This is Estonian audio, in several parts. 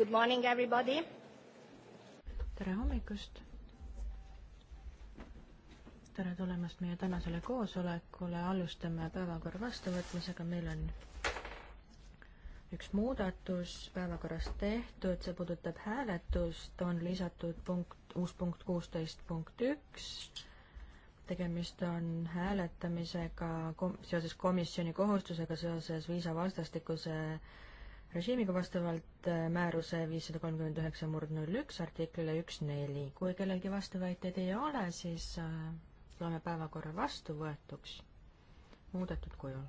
Good morning, everybody! tere hommikust! tere tulemast meie tänasele koosolekule, alustame päevakorra vastuvõtmisega, meil on üks muudatus päevakorras tehtud, see puudutab hääletust, on lisatud punkt, uus punkt kuusteist punkt üks, tegemist on hääletamisega kom-, seoses komisjoni kohustusega seoses viisa vastastikuse äh, režiimiga vastavalt äh, määruse viissada kolmkümmend üheksa murd null üks artiklile üks neli. kui kellelgi vastuväiteid ei ole, siis äh, loeme päevakorra vastuvõetuks muudetud kujul.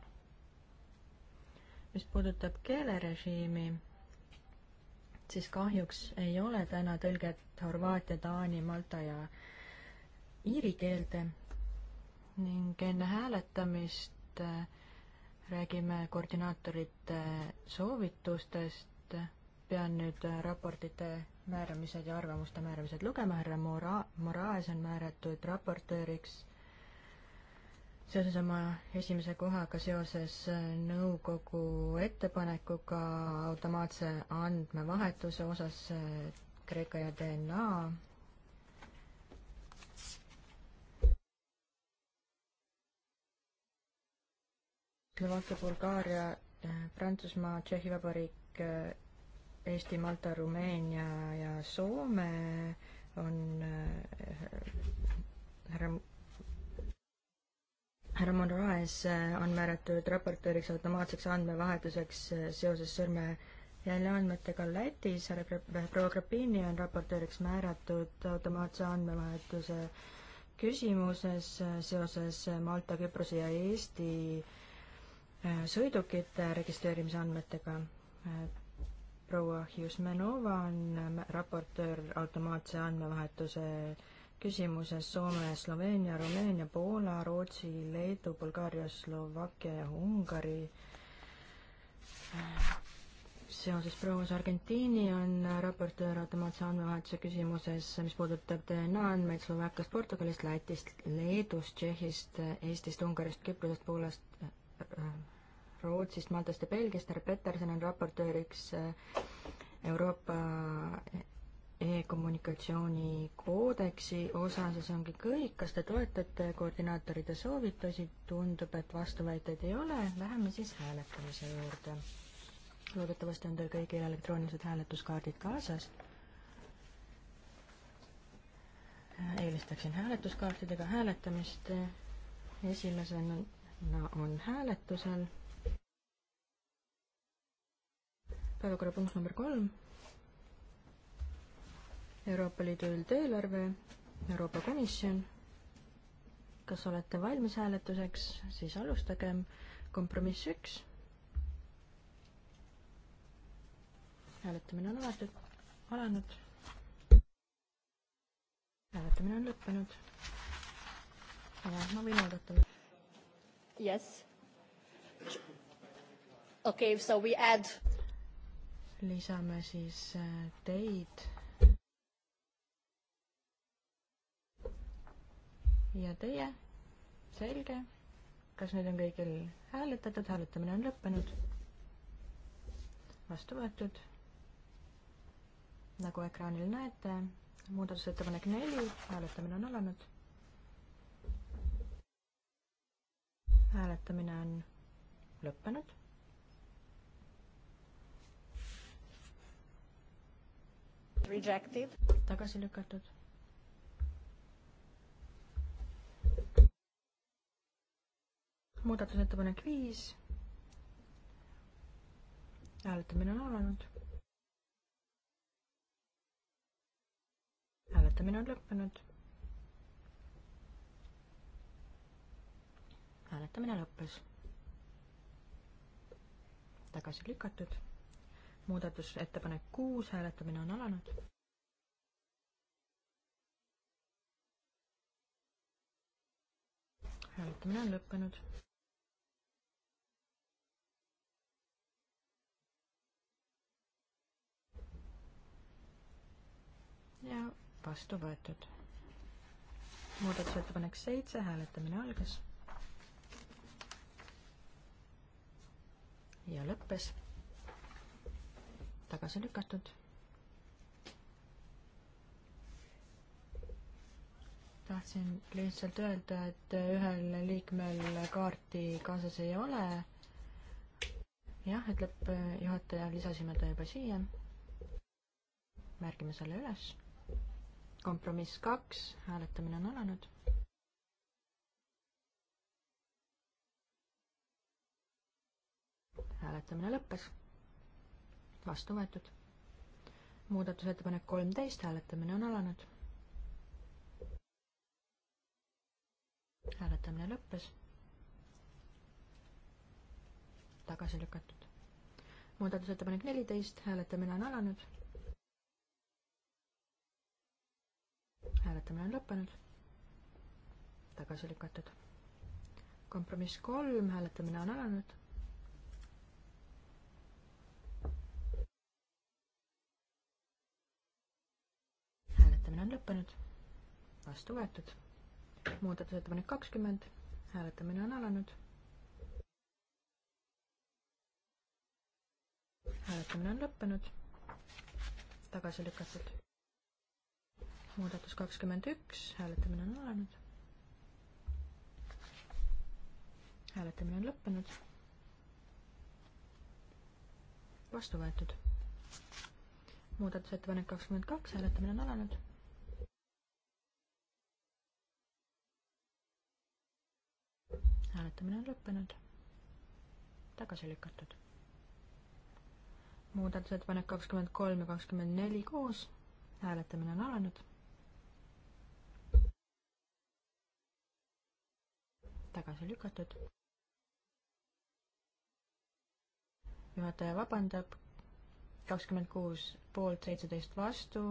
mis puudutab keelerežiimi, siis kahjuks ei ole täna tõlget Horvaatia, Taani, Malta ja Iiri keelde ning enne hääletamist äh, räägime koordinaatorite soovitustest, pean nüüd raportite määramised ja arvamuste määramised lugema, härra Mora-, Moraes on määratud raportööriks seoses oma esimese kohaga seoses nõukogu ettepanekuga automaatse andmevahetuse osas Kreeka ja DNA Slovakkia, Bulgaaria, Prantsusmaa, Tšehhi Vabariik, Eesti, Malta, Rumeenia ja Soome on äh, härra härra Monroes äh, on määratud raportööriks automaatseks andmevahetuseks äh, seoses sõrmejälje andmetega Lätis, härra proua Grapini on raportööriks määratud automaatse andmevahetuse küsimuses seoses Malta, Küprose ja Eesti sõidukite registreerimise andmetega. proua Hjusmenova on raportöör automaatse andmevahetuse küsimuses Soome, Sloveenia, Rumeenia, Poola, Rootsi, Leedu, Bulgaaria, Slovakkia ja Ungari. seoses prouas Argentiini on raportöör automaatse andmevahetuse küsimuses, mis puudutab DNA andmeid Slovakkiast, Portugalist, Lätist, Leedust, Tšehhist, Eestist, Ungarist, Küprosest, Poolast, Rootsist, Maltast ja Belgiast, härra Peterson on raportööriks eh, Euroopa e-kommunikatsiooni koodeksi osas ja see ongi kõik, kas te toetate koordinaatoride soovitusi, tundub, et vastuväiteid ei ole, läheme siis hääletamise juurde. loodetavasti on teil kõigil elektroonilised hääletuskaardid kaasas. eelistaksin hääletuskaartidega hääletamist, esimesena on hääletusel päevakorrapunkt number kolm. Euroopa Liidu üldeelarve, Euroopa Komisjon. kas olete valmis hääletuseks, siis alustagem. kompromiss üks. hääletamine on avatud, alanud. hääletamine on lõppenud. ma võin oodata. Yes. Okay, so we add lisame siis äh, teid. ja teie, selge. kas nüüd on kõigil hääletatud, hääletamine on lõppenud? vastu võetud. nagu ekraanil näete, muudatusettepanek neli, hääletamine on alanud. hääletamine on lõppenud Rejected. tagasi lükatud. muudatusettepanek viis. hääletamine on alanud. hääletamine on lõppenud. hääletamine lõppes. tagasi lükatud muudatusettepanek kuus, hääletamine on alanud. hääletamine on lõppenud. ja vastu võetud. muudatusettepanek seitse, hääletamine algas. ja lõppes tagasi lükatud. tahtsin lihtsalt öelda, et ühel liikmel kaarti kaasas ei ole. jah, ütleb juhataja, lisasime ta juba siia. märgime selle üles. kompromiss kaks, hääletamine on alanud hääletamine lõppes vastu võetud. muudatusettepanek kolmteist, hääletamine on alanud. hääletamine lõppes. tagasi lükatud. muudatusettepanek neliteist, hääletamine on alanud. hääletamine on lõppenud. tagasi lükatud. kompromiss kolm, hääletamine on alanud hääletamine on lõppenud, vastu võetud. muudatusettepanek kakskümmend, hääletamine on alanud. hääletamine on lõppenud, tagasi lükatud. muudatus kakskümmend üks, hääletamine on alanud. hääletamine on lõppenud. vastu võetud muudatusettepanek kakskümmend kaks, hääletamine on alanud hääletamine on lõppenud, tagasi lükatud. muudatusettepanek kakskümmend kolm ja kakskümmend neli koos, hääletamine on alanud. tagasi lükatud. juhataja vabandab, kakskümmend kuus poolt, seitseteist vastu,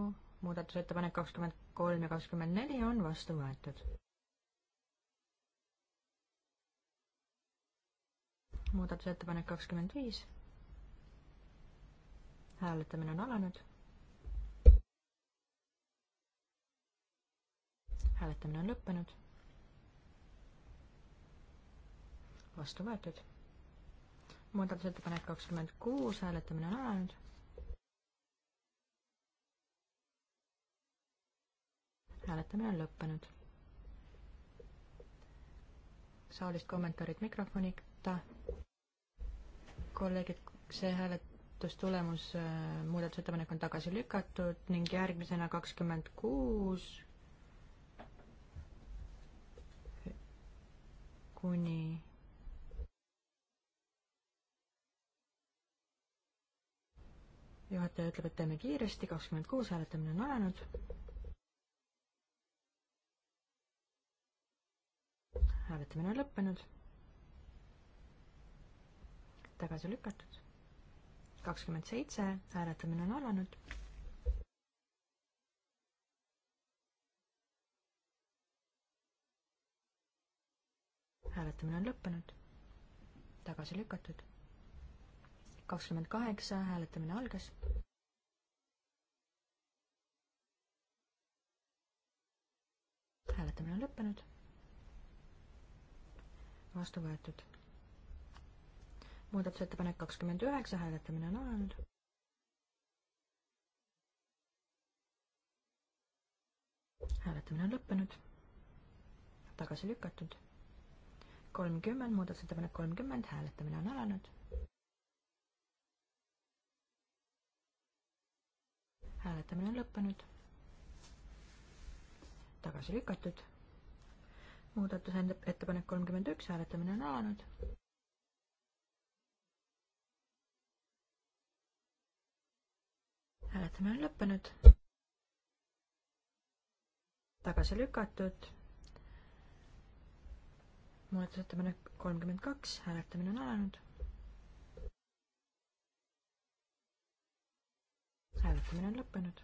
muudatusettepanek kakskümmend kolm ja kakskümmend neli on vastu võetud. muudatusettepanek kakskümmend viis. hääletamine on alanud. hääletamine on lõppenud. vastu võetud. muudatusettepanek kakskümmend kuus, hääletamine on alanud. hääletamine on lõppenud. saalist kommentaarid mikrofonita kolleegid, see hääletustulemus, äh, muudatusettepanek on tagasi lükatud ning järgmisena kakskümmend kuus kuni juhataja ütleb, et teeme kiiresti, kakskümmend kuus hääletamine on alanud. hääletamine on lõppenud tagasi lükatud. kakskümmend seitse, hääletamine on alanud. hääletamine on lõppenud, tagasi lükatud. kakskümmend kaheksa, hääletamine algas. hääletamine on lõppenud. vastu võetud muudatusettepanek kakskümmend üheksa, hääletamine on alanud. hääletamine on lõppenud. tagasi lükatud. kolmkümmend, muudatusettepanek kolmkümmend, hääletamine on alanud. hääletamine on lõppenud. tagasi lükatud. muudatusettepanek kolmkümmend üks, hääletamine on alanud. hääletamine on lõppenud. tagasi lükatud. muudatusettepanek kolmkümmend kaks, hääletamine on alanud hääletamine on lõppenud.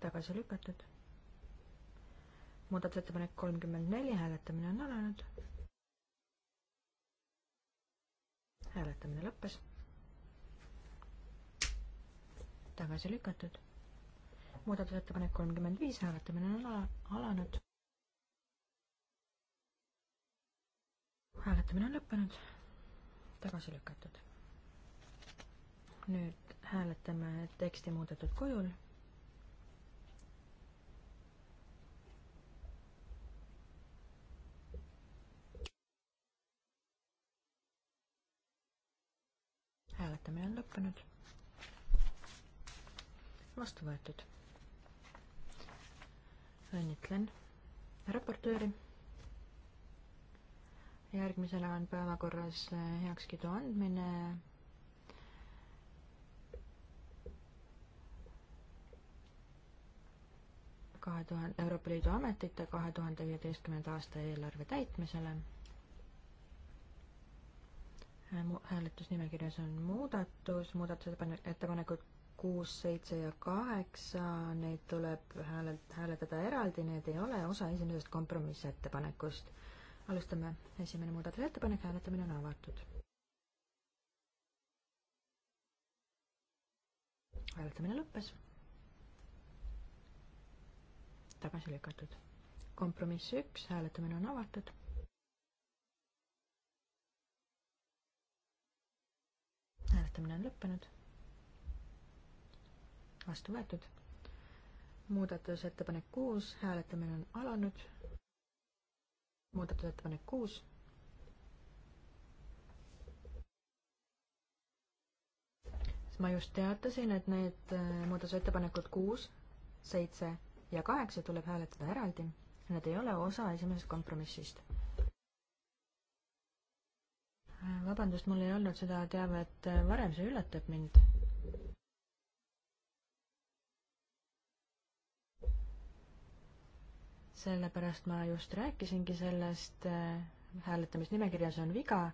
tagasi lükatud. muudatusettepanek kolmkümmend neli, hääletamine on alanud. hääletamine lõppes. tagasi lükatud. muudatusettepanek kolmkümmend viis, hääletamine on ala, alanud. hääletamine on lõppenud, tagasi lükatud. nüüd hääletame teksti muudetud kujul. hääletamine on lõppenud vastu võetud. õnnitlen raportööri. järgmisena on päevakorras heakskiidu andmine kahe tuhande, Euroopa Liidu ametite kahe tuhande viieteistkümnenda aasta eelarve täitmisele. hääletusnimekirjas on muudatus, muudatusettepanekud kuus, seitse ja kaheksa, neid tuleb hääle, hääletada eraldi, need ei ole osa esimesest kompromissettepanekust. alustame, esimene muudatusettepanek, hääletamine on avatud. hääletamine lõppes. tagasi lükatud. kompromiss üks, hääletamine on avatud. hääletamine on lõppenud vastu võetud. muudatusettepanek kuus, hääletamine on alanud. muudatusettepanek kuus. ma just teatasin, et need äh, muudatusettepanekud kuus, seitse ja kaheksa tuleb hääletada eraldi. Need ei ole osa esimesest kompromissist äh, vabandust, mul ei olnud seda teavet äh, varem, see üllatab mind. sellepärast ma just rääkisingi sellest, äh, hääletamisnimekirjas on viga.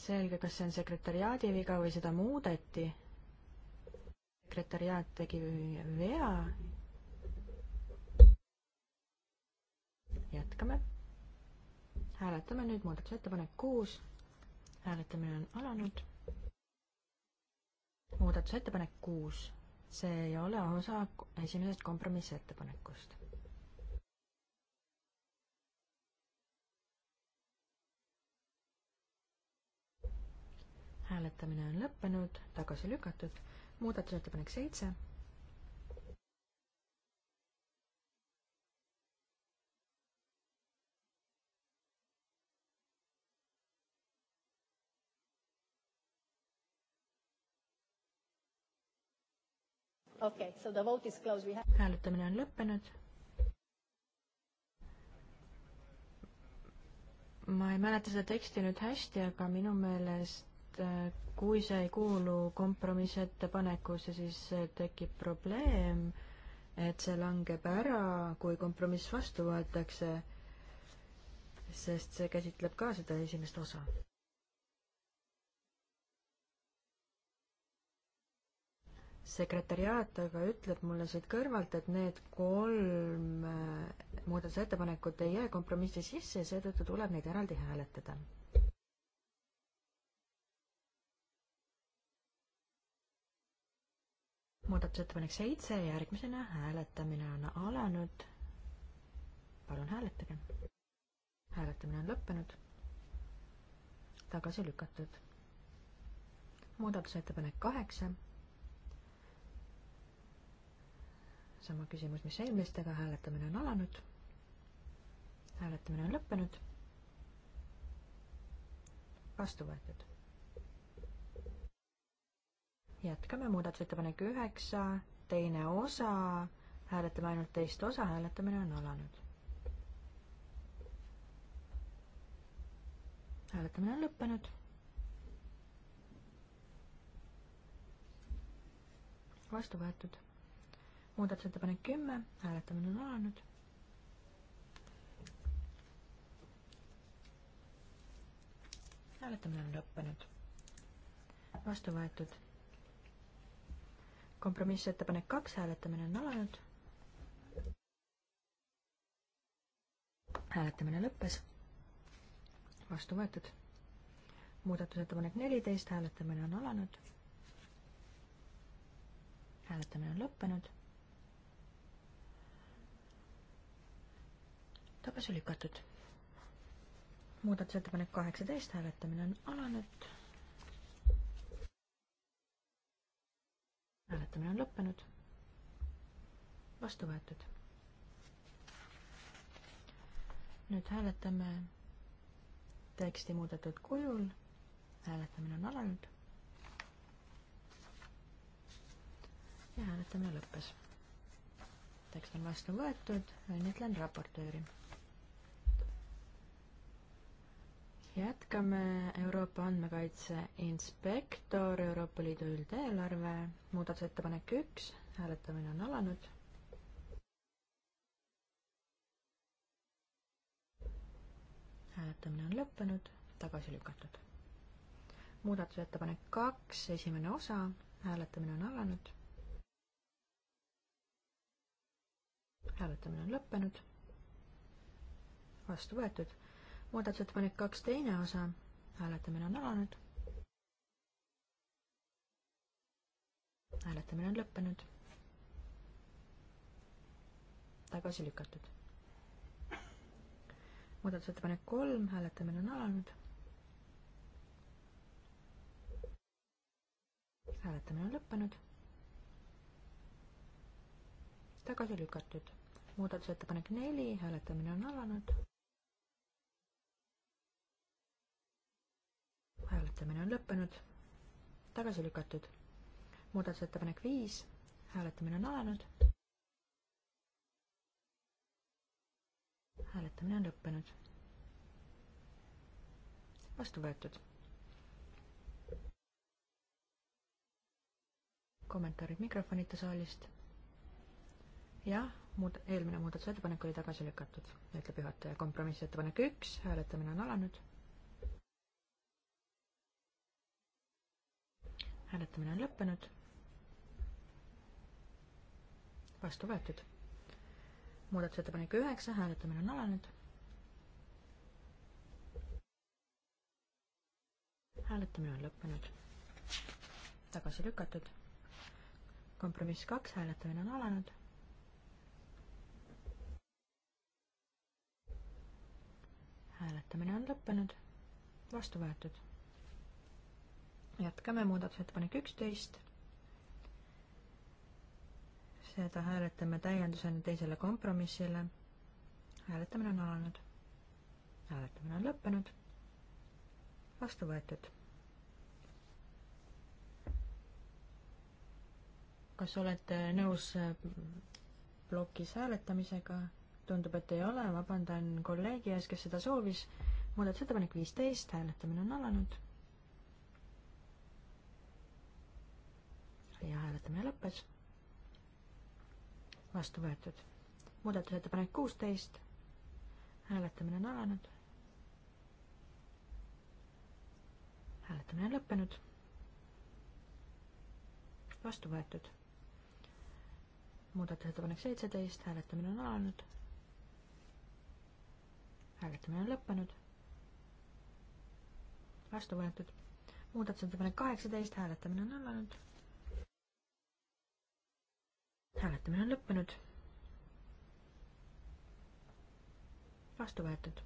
selge, kas see on sekretariaadi viga või seda muudeti? sekretariaat tegi vea. jätkame. hääletame nüüd muudatusettepanek kuus. hääletamine on alanud. muudatusettepanek kuus see ei ole osa esimesest kompromissettepanekust. hääletamine on lõppenud, tagasi lükatud, muudatusettepanek seitse okay,. Have... hääletamine on lõppenud. ma ei mäleta seda teksti nüüd hästi, aga minu meelest äh, kui see ei kuulu kompromissettepanekusse, siis tekib probleem, et see langeb ära, kui kompromiss vastu võetakse, sest see käsitleb ka seda esimest osa. sekretäriaat aga ütleb mulle siit kõrvalt, et need kolm äh, muudatusettepanekut ei jää kompromissi sisse ja seetõttu tuleb neid eraldi hääletada. muudatusettepanek seitse, järgmisena hääletamine on alanud. palun hääletage. hääletamine on lõppenud. tagasi lükatud. muudatusettepanek kaheksa sama küsimus, mis eelmistega, hääletamine on alanud. hääletamine on lõppenud. vastu võetud. jätkame muudatusettepaneku üheksa, teine osa, hääletame ainult teist osa, hääletamine on alanud. hääletamine on lõppenud. vastu võetud muudatusettepanek kümme, hääletamine on alanud. hääletamine on lõppenud. vastu võetud. kompromissettepanek kaks, hääletamine on alanud. hääletamine lõppes. vastu võetud. muudatusettepanek neliteist, hääletamine on alanud. hääletamine on lõppenud tagasi lükatud. muudatusettepanek kaheksateist, hääletamine on alanud. hääletamine on lõppenud. vastu võetud. nüüd hääletame teksti muudetud kujul. hääletamine on alanud. ja hääletamine lõppes. tekst on vastu võetud, õnnitlen raportööri jätkame Euroopa Andmekaitse Inspektor, Euroopa Liidu üldeelarve, muudatusettepanek üks, hääletamine on alanud. hääletamine on lõppenud, tagasi lükatud. muudatusettepanek kaks, esimene osa, hääletamine on alanud. hääletamine on lõppenud, vastu võetud muudatusettepanek kaks, teine osa, hääletamine on alanud. hääletamine on lõppenud. tagasi lükatud. muudatusettepanek kolm, hääletamine on alanud. hääletamine on lõppenud. tagasi lükatud. muudatusettepanek neli, hääletamine on alanud. hääletamine on lõppenud, tagasi lükatud. muudatusettepanek viis, hääletamine on alanud. hääletamine on lõppenud. vastu võetud. kommentaarid mikrofonita saalist. jah, muud, eelmine muudatusettepanek oli tagasi lükatud, ütleb juhataja. kompromissettepanek üks, hääletamine on alanud hääletamine on lõppenud. vastu võetud. muudatusettepanek üheksa, hääletamine on alanud. hääletamine on lõppenud. tagasi lükatud. kompromiss kaks, hääletamine on alanud hääletamine on lõppenud, vastu võetud jätkame muudatusettepanek üksteist. seda hääletame täiendusena teisele kompromissile. hääletamine on alanud. hääletamine on lõppenud. vastu võetud. kas olete nõus plokis äh, hääletamisega? tundub, et ei ole, vabandan kolleegi ees, kes seda soovis. muudatusettepanek viisteist, hääletamine on alanud ja hääletamine lõppes. vastu võetud. muudatusettepanek kuusteist. hääletamine on alanud. hääletamine on lõppenud. vastu võetud muudatusettepanek seitseteist, hääletamine on alanud. hääletamine on lõppenud. vastu võetud. muudatusettepanek kaheksateist, hääletamine on alanud hääletamine on lõppenud. vastu võetud.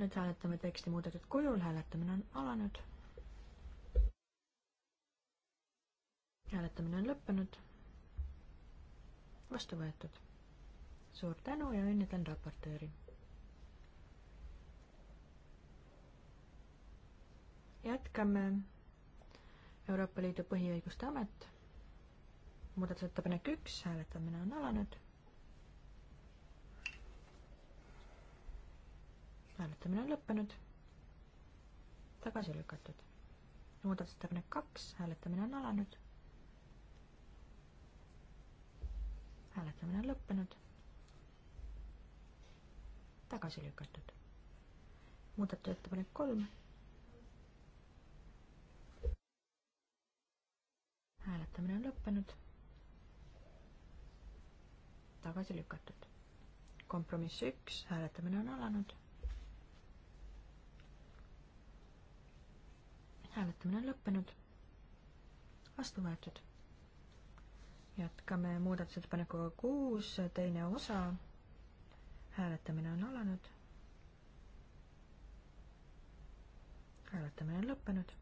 nüüd hääletame teksti muudetud kujul, hääletamine on alanud. hääletamine on lõppenud. vastu võetud. suur tänu ja õnnitlen raportööri. jätkame Euroopa Liidu põhiõiguste amet muudatusettepanek üks, hääletamine on alanud. hääletamine on lõppenud. tagasi lükatud. muudatusettepanek kaks, hääletamine on alanud. hääletamine on lõppenud. tagasi lükatud. muudatusettepanek kolm. hääletamine on lõppenud tagasi lükatud. kompromiss üks, hääletamine on alanud. hääletamine on lõppenud. vastu võetud. jätkame muudatusettepanekuga kuus, teine osa. hääletamine on alanud hääletamine on lõppenud.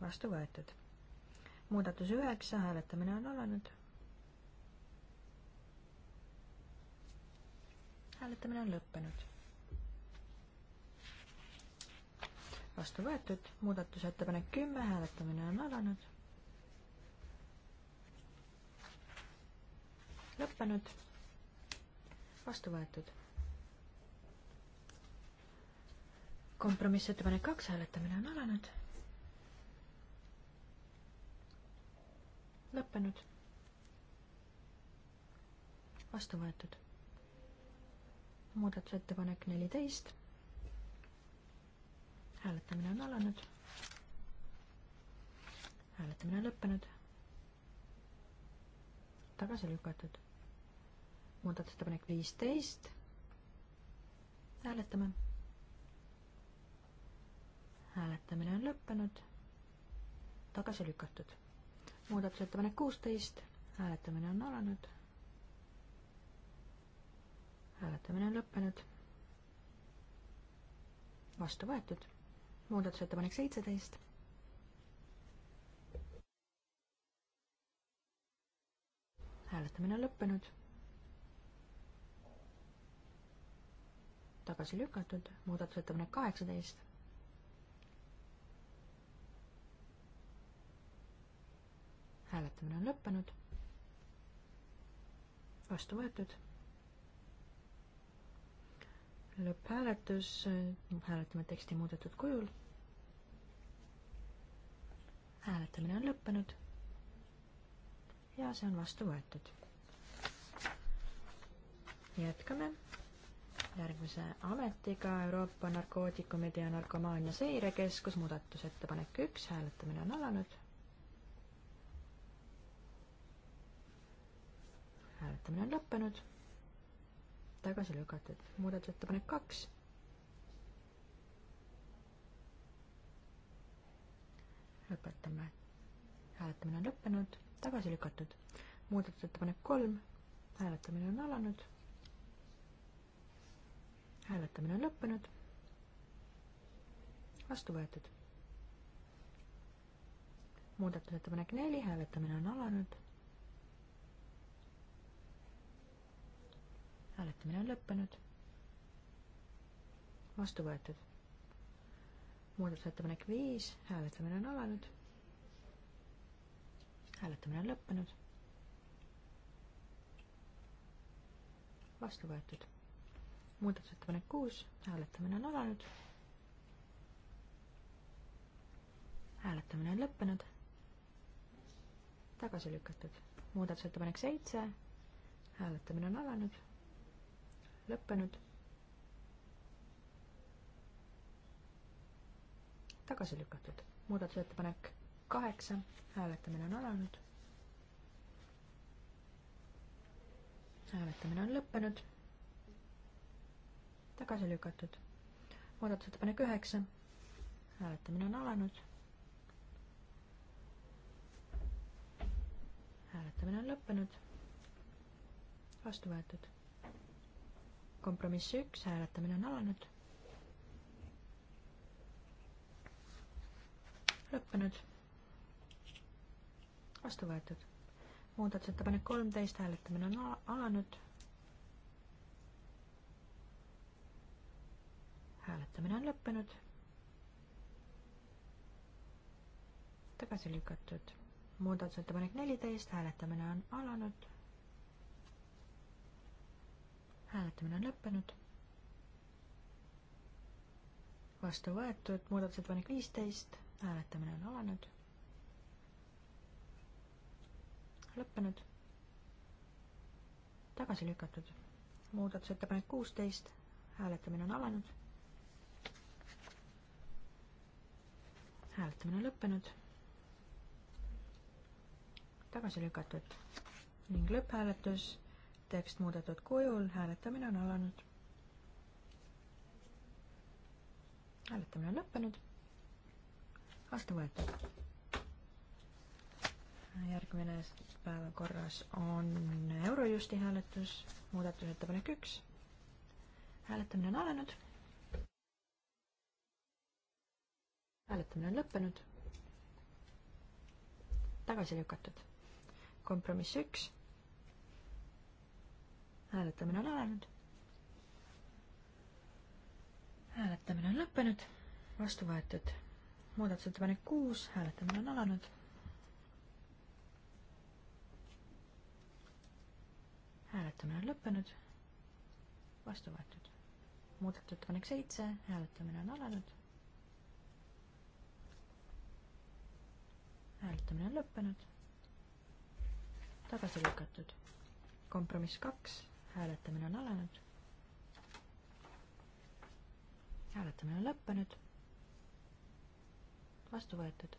vastu võetud. muudatus üheksa, hääletamine on alanud. hääletamine on lõppenud. vastu võetud, muudatusettepanek kümme, hääletamine on alanud. lõppenud, vastu võetud. kompromissettepanek kaks, hääletamine on alanud. lõppenud, vastu võetud muudatusettepanek neliteist. hääletamine on alanud. hääletamine on lõppenud. tagasi lükatud. muudatusettepanek viisteist. hääletame hääletamine on lõppenud, tagasi lükatud. muudatusettepanek kuusteist, hääletamine on alanud hääletamine on lõppenud. vastu võetud. muudatusettepanek seitseteist. hääletamine on lõppenud. tagasi lükatud, muudatusettepanek kaheksateist. hääletamine on lõppenud. vastu võetud lõpphääletus, hääletame teksti muudetud kujul. hääletamine on lõppenud ja see on vastu võetud. jätkame järgmise ametiga Euroopa narkootikumide ja narkomaania seirekeskus, muudatusettepanek üks, hääletamine on alanud. hääletamine on lõppenud tagasi lükatud. muudatusettepanek kaks. lõpetame. hääletamine on lõppenud, tagasi lükatud. muudatusettepanek kolm. hääletamine on alanud. hääletamine on lõppenud. vastu võetud. muudatusettepanek neli, hääletamine on alanud hääletamine on lõppenud. vastu võetud. muudatusettepanek viis, hääletamine on alanud. hääletamine on lõppenud. vastu võetud. muudatusettepanek kuus, hääletamine on alanud. hääletamine on lõppenud. tagasi lükatud. muudatusettepanek seitse, hääletamine on alanud lõppenud. tagasi lükatud. muudatusettepanek kaheksa, hääletamine on alanud. hääletamine on lõppenud. tagasi lükatud. muudatusettepanek üheksa, hääletamine on alanud. hääletamine on lõppenud. vastu võetud kompromiss üks, hääletamine on alanud. lõppenud. vastu võetud. muudatusettepanek kolmteist, hääletamine on alanud. hääletamine on lõppenud. tagasi lükatud. muudatusettepanek neliteist, hääletamine on alanud hääletamine on lõppenud. vastu võetud muudatusettepanek viisteist, hääletamine on alanud. lõppenud. tagasi lükatud muudatusettepanek kuusteist, hääletamine on alanud. hääletamine on lõppenud. tagasi lükatud ning lõpphääletus tekst muudetud kujul, hääletamine on alanud. hääletamine on lõppenud. vastu võetud. järgmine päevakorras on Eurojusti hääletus, muudatusettepanek üks. hääletamine on alanud. hääletamine on lõppenud. tagasi lükatud. kompromiss üks hääletamine on alanud. hääletamine on lõppenud, vastu võetud. muudatusettepanek kuus, hääletamine on alanud. hääletamine on lõppenud, vastu võetud. muudatusettepanek seitse, hääletamine on alanud hääletamine on lõppenud. tagasi lükatud. kompromiss kaks, hääletamine on alanud. hääletamine on lõppenud. vastu võetud.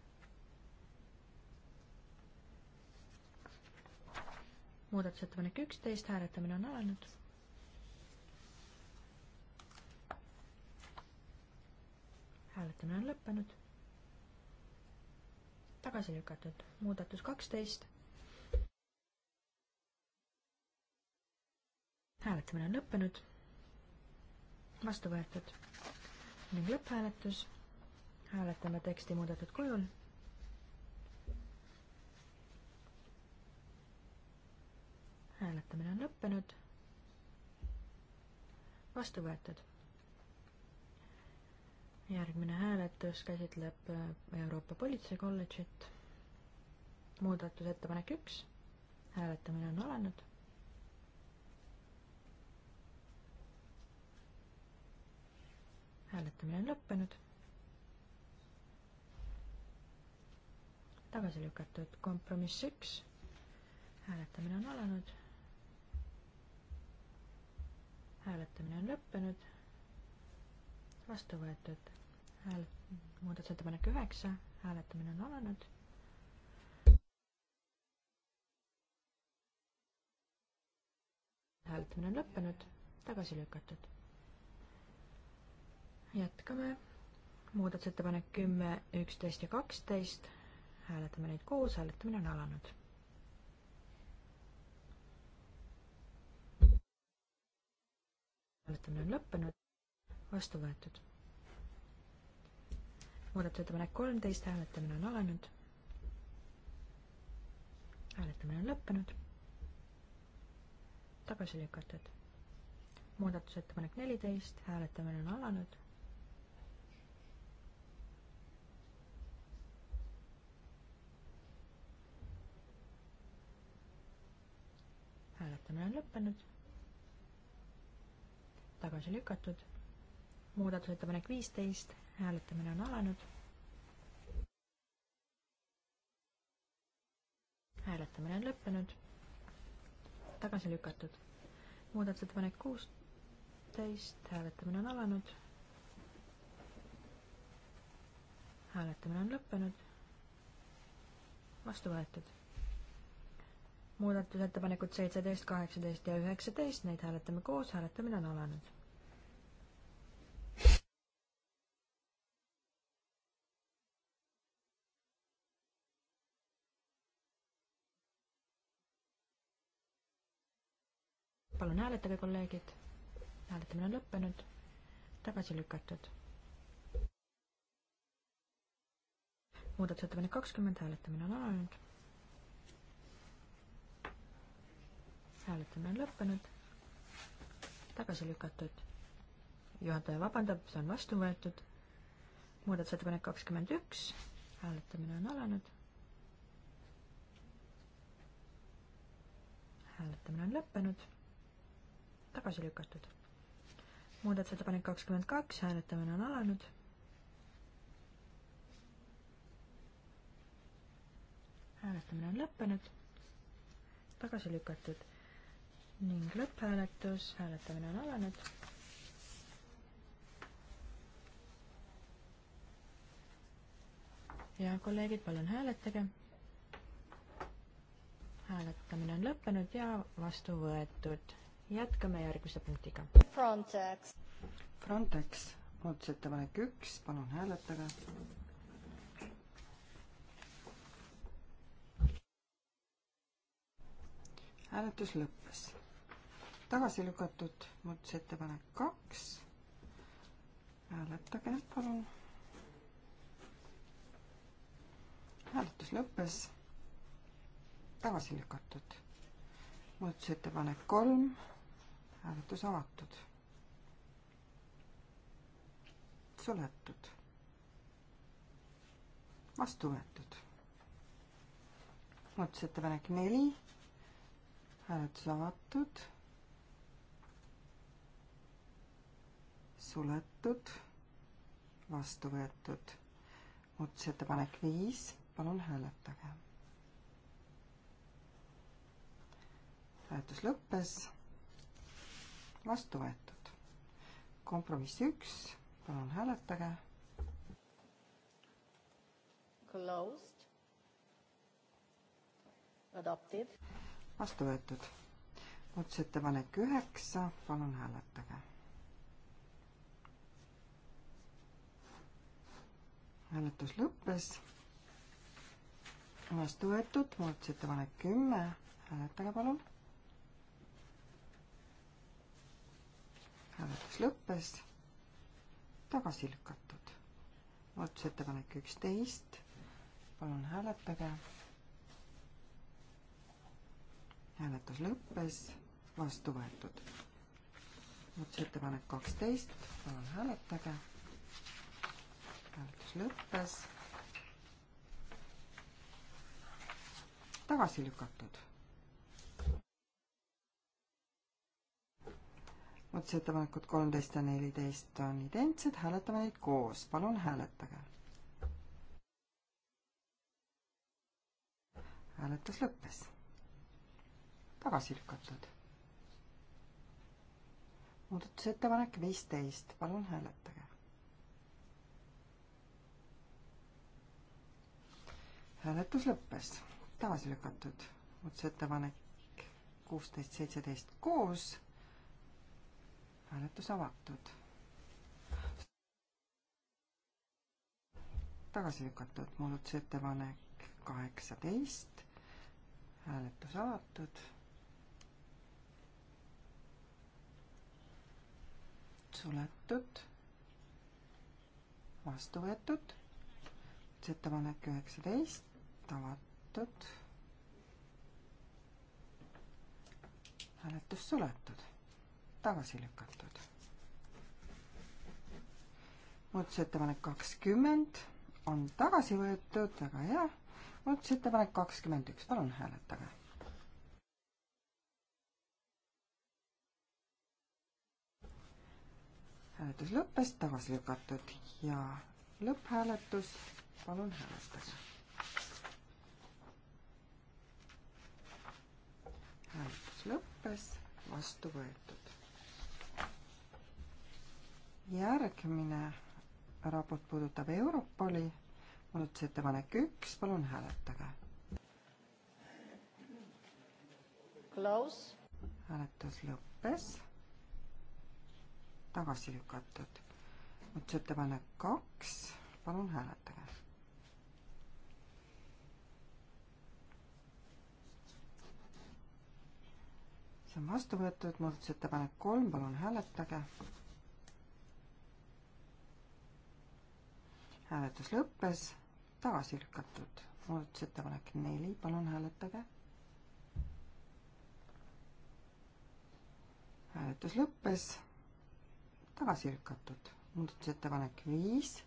muudatusettepanek üksteist, hääletamine on alanud. hääletamine on lõppenud. tagasi lükatud. muudatus kaksteist hääletamine on lõppenud, vastu võetud ning lõpphääletus. hääletame teksti muudetud kujul. hääletamine on lõppenud, vastu võetud järgmine hääletus käsitleb äh, Euroopa Politsei kolledžit. muudatusettepanek üks, hääletamine on alanud hääletamine on lõppenud. tagasi lükatud kompromiss üks, hääletamine on alanud. hääletamine on lõppenud, vastu võetud hääl, muudatusettepanek üheksa, hääletamine on alanud hääletamine on lõppenud, tagasi lükatud jätkame. muudatusettepanek kümme, üksteist ja kaksteist. hääletame neid koos, hääletamine on alanud. hääletamine on lõppenud, vastu võetud. muudatusettepanek kolmteist, hääletamine on alanud. hääletamine on lõppenud, tagasi lükatud muudatusettepanek neliteist, hääletamine on alanud hääletamine on lõppenud. tagasi lükatud. muudatusettepanek viisteist, hääletamine on alanud. hääletamine on lõppenud. tagasi lükatud. muudatusettepanek kuusteist, hääletamine on alanud. hääletamine on lõppenud. vastu võetud muudatusettepanekud seitseteist, kaheksateist ja üheksateist, neid hääletame koos, hääletamine on alanud. palun hääletage, kolleegid. hääletamine on lõppenud, tagasi lükatud. muudatusettepanek kakskümmend, hääletamine on alanud hääletamine on lõppenud, tagasi lükatud. juhataja vabandab, see on vastu võetud. muudatusettepanek kakskümmend üks, hääletamine on alanud hääletamine on lõppenud, tagasi lükatud. muudatusettepanek kakskümmend kaks, hääletamine on alanud. hääletamine on lõppenud, tagasi lükatud ning lõpphääletus, hääletamine on alanud. ja kolleegid, palun hääletage. hääletamine on lõppenud ja vastu võetud. jätkame järgmise punktiga. Frontex. Frontex, muudatusettepanek üks, palun hääletage. hääletus lõppes tagasi lükatud muudatusettepanek kaks. hääletage, palun. hääletus lõppes. tagasi lükatud. muudatusettepanek kolm. hääletus avatud. suletud. vastu võetud. muudatusettepanek neli hääletus avatud suletud, vastu võetud. muudatusettepanek viis, palun hääletage. hääletus lõppes, vastu võetud. kompromiss üks, palun hääletage. Closed. Adopted. vastu võetud muudatusettepanek üheksa, palun hääletage. hääletus lõppes. vastu võetud muudatusettepanek kümme, hääletage palun. hääletus lõppes, tagasi lükatud. muudatusettepanek üksteist, palun hääletage hääletus lõppes, vastu võetud. muudatusettepanek kaksteist, palun hääletage hääletus lõppes. tagasi lükatud. muudatusettepanekud kolmteist ja neliteist on identsed, hääletame neid koos, palun hääletage. hääletus lõppes. tagasi lükatud muudatusettepanek viisteist, palun hääletage. hääletus lõppes, tagasi lükatud muudatusettepanek kuusteist, seitseteist koos, hääletus avatud. tagasi lükatud muudatusettepanek kaheksateist, hääletus avatud suletud, vastu võetud, ettepanek üheksateist, hääletus avatud. hääletus suletud, tagasi lükatud. muudatusettepanek kakskümmend on tagasi võetud, väga hea. muudatusettepanek kakskümmend üks, palun hääletage hääletus lõppes, tagasi lükatud ja lõpphääletus, palun hääletage. hääletus lõppes, vastu võetud. järgmine raport puudutab Europoli, muudatusettepanek üks, palun hääletage. Close. hääletus lõppes, tagasi lükatud. muudatusettepanek kaks, palun hääletage see on vastu võetud, muudatusettepanek kolm, palun hääletage. hääletus lõppes, tagasi lükatud. muudatusettepanek neli, palun hääletage. hääletus lõppes, tagasi lükatud. muudatusettepanek viis,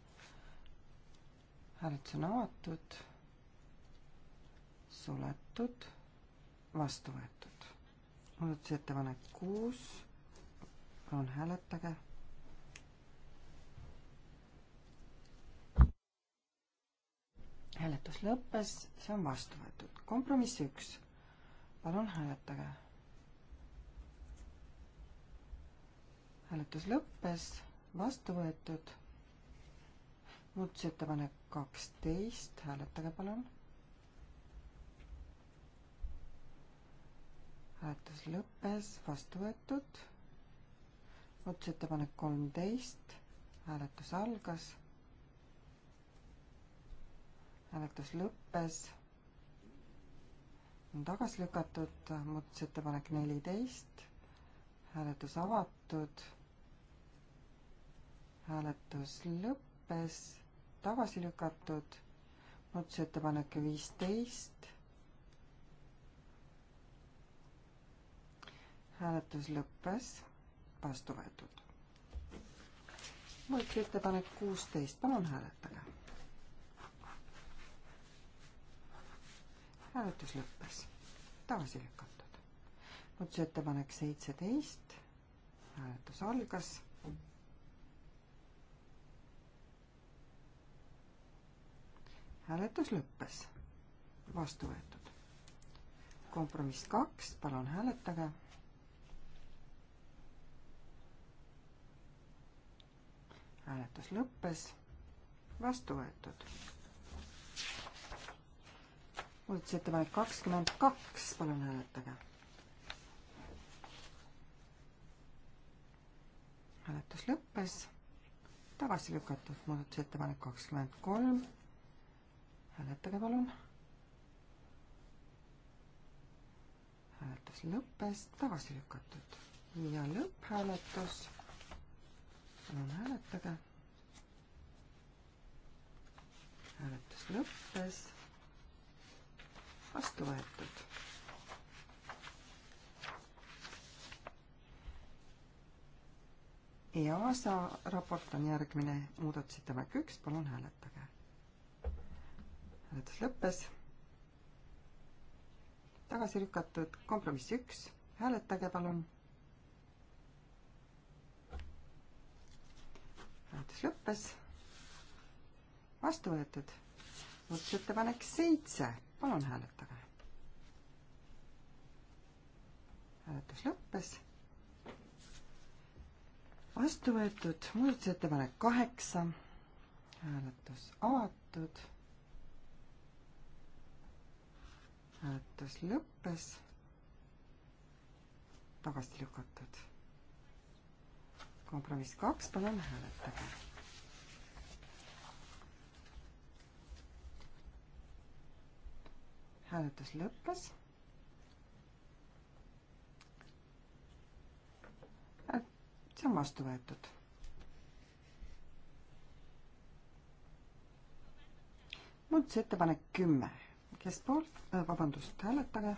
hääletus on avatud, suletud, vastu võetud muudatusettepanek kuus, palun hääletage hääletus lõppes, see on vastu võetud. kompromiss üks. palun hääletage. hääletus lõppes, vastu võetud. muudatusettepanek kaksteist, hääletage palun. hääletus lõppes, vastu võetud. muudatusettepanek kolmteist, hääletus algas. hääletus lõppes, on tagasi lükatud, muudatusettepanek neliteist, hääletus avatud, hääletus lõppes, tagasi lükatud, muudatusettepanek viisteist hääletus lõppes, vastu võetud. muudatusettepanek kuusteist, palun hääletage. hääletus lõppes, tagasi lükatud. muudatusettepanek seitseteist, hääletus algas. hääletus lõppes, vastu võetud. kompromiss kaks, palun hääletage hääletus lõppes, vastu võetud. muudatusettepanek kakskümmend kaks, palun hääletage. hääletus lõppes, tagasi lükatud muudatusettepanek kakskümmend kolm. hääletage palun hääletus lõppes, tagasi lükatud ja lõpphääletus palun hääletage. hääletus lõppes. vastu võetud. EASA raport on järgmine, muudatusettepanek üks, palun hääletage. hääletus lõppes. tagasi lükatud kompromiss üks, hääletage palun hääletus lõppes. vastu võetud. muudatusettepanek seitse, palun hääletage. hääletus lõppes. vastu võetud muudatusettepanek kaheksa, hääletus avatud hääletus lõppes, tagasi lükatud kompromiss kaks, palun hääletage. hääletus lõppes. Äh, see on vastu võetud. muudatusettepanek kümme, kes poolt, äh, vabandust, hääletage.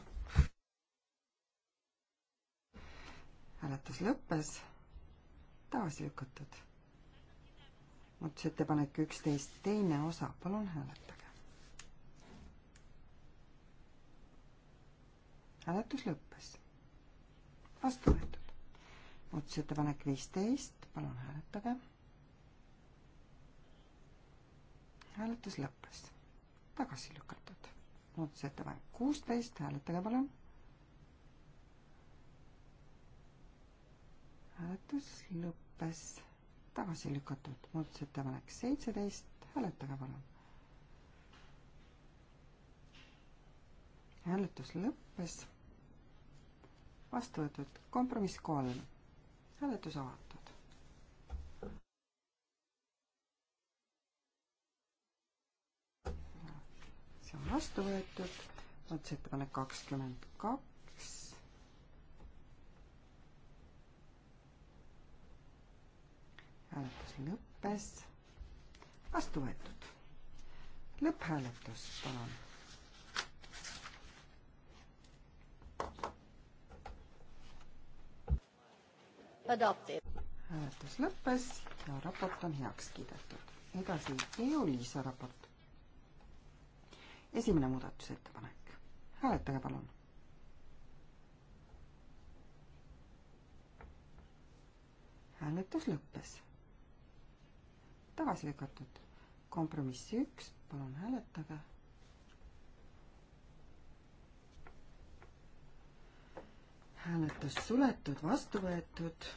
hääletus lõppes tagasi lükatud. muudatusettepanek üksteist, teine osa, palun hääletage. hääletus lõppes. vastu võetud. muudatusettepanek viisteist, palun hääletage. hääletus lõppes. tagasi lükatud. muudatusettepanek kuusteist, hääletage palun hääletus lõppes tagasi lükatud. muudatusettepanek seitseteist, hääletage palun. hääletus lõppes. vastu võetud kompromiss kolm. hääletus avatud. see on vastu võetud. muudatusettepanek kakskümmend kaks hääletus lõppes. vastu võetud. lõpphääletus, palun adopted. hääletus lõppes ja raport on heaks kiidetud. edasi EU-Liisa raport. esimene muudatusettepanek. hääletage palun. hääletus lõppes tagasi lükatud. kompromissi üks, palun hääletage. hääletus suletud, vastu võetud.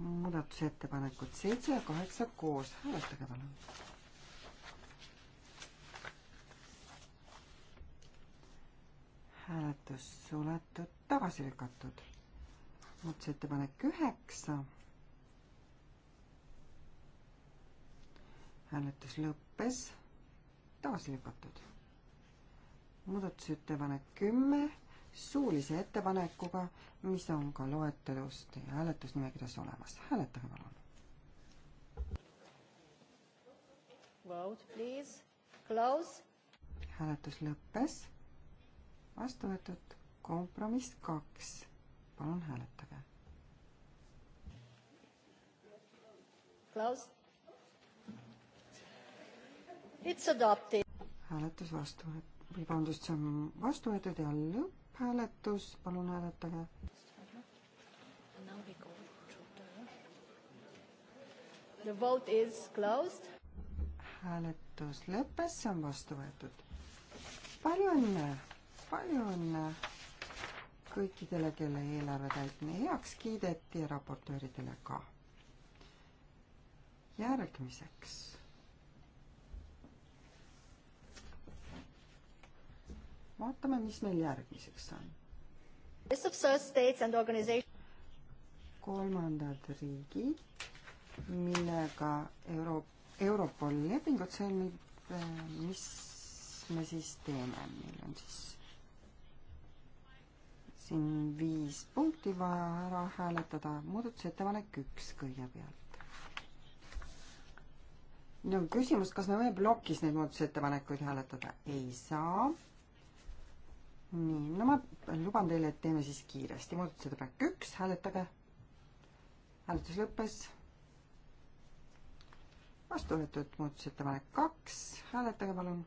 muudatusettepanekud seitse ja kaheksa koos, hääletage palun. hääletus suletud, tagasi lükatud. muudatusettepanek üheksa hääletus lõppes, tagasi lükatud. muudatusettepanek kümme suulise ettepanekuga, mis on ka loetelus teie hääletusnimekirjas olemas. hääletage palun. Vote please. Close. hääletus lõppes. vastu võetud kompromiss kaks. palun hääletage. Close hääletus vastu, või vabandust, see on vastu võetud ja lõpphääletus, palun hääletage. The vote is closed. hääletus lõppes, see on vastu võetud. palju õnne, palju õnne kõikidele, kelle eelarve täitmine heaks kiideti ja raportööridele ka. järgmiseks vaatame, mis meil järgmiseks on. kolmandad riigid, millega Euro-, Europol lepingut sõlmib, eh, mis me siis teeme, meil on siis siin viis punkti vaja ära hääletada, muudatusettepanek üks kõigepealt. no küsimus, kas me võime plokis neid muudatusettepanekuid hääletada? ei saa nii, no ma luban teile, et teeme siis kiiresti, muudatusettepanek üks, hääletage. hääletus lõppes. vastu võetud muudatusettepanek kaks, hääletage palun.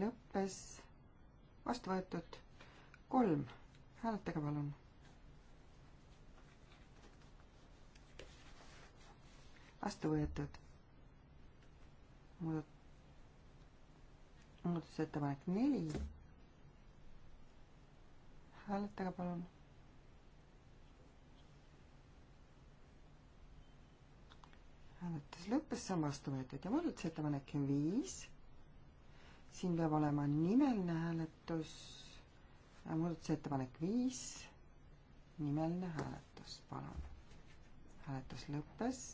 lõppes, vastu võetud kolm, hääletage palun vastu võetud muudatusettepanek neli. hääletage palun. hääletus lõppes, see on vastu võetud ja muudatusettepanek viis. siin peab olema nimeline hääletus. muudatusettepanek viis, nimeline hääletus, palun. hääletus lõppes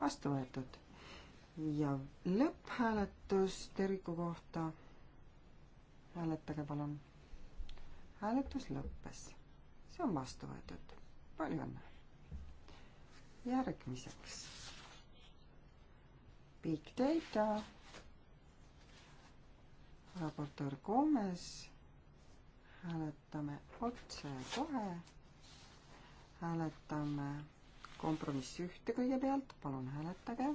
vastu võetud. ja lõpphääletus terviku kohta. hääletage palun. hääletus lõppes. see on vastu võetud. palju õnne. järgmiseks. Big Data. raportöör Gomes. hääletame otse kohe. hääletame kompromissi ühte kõigepealt, palun hääletage.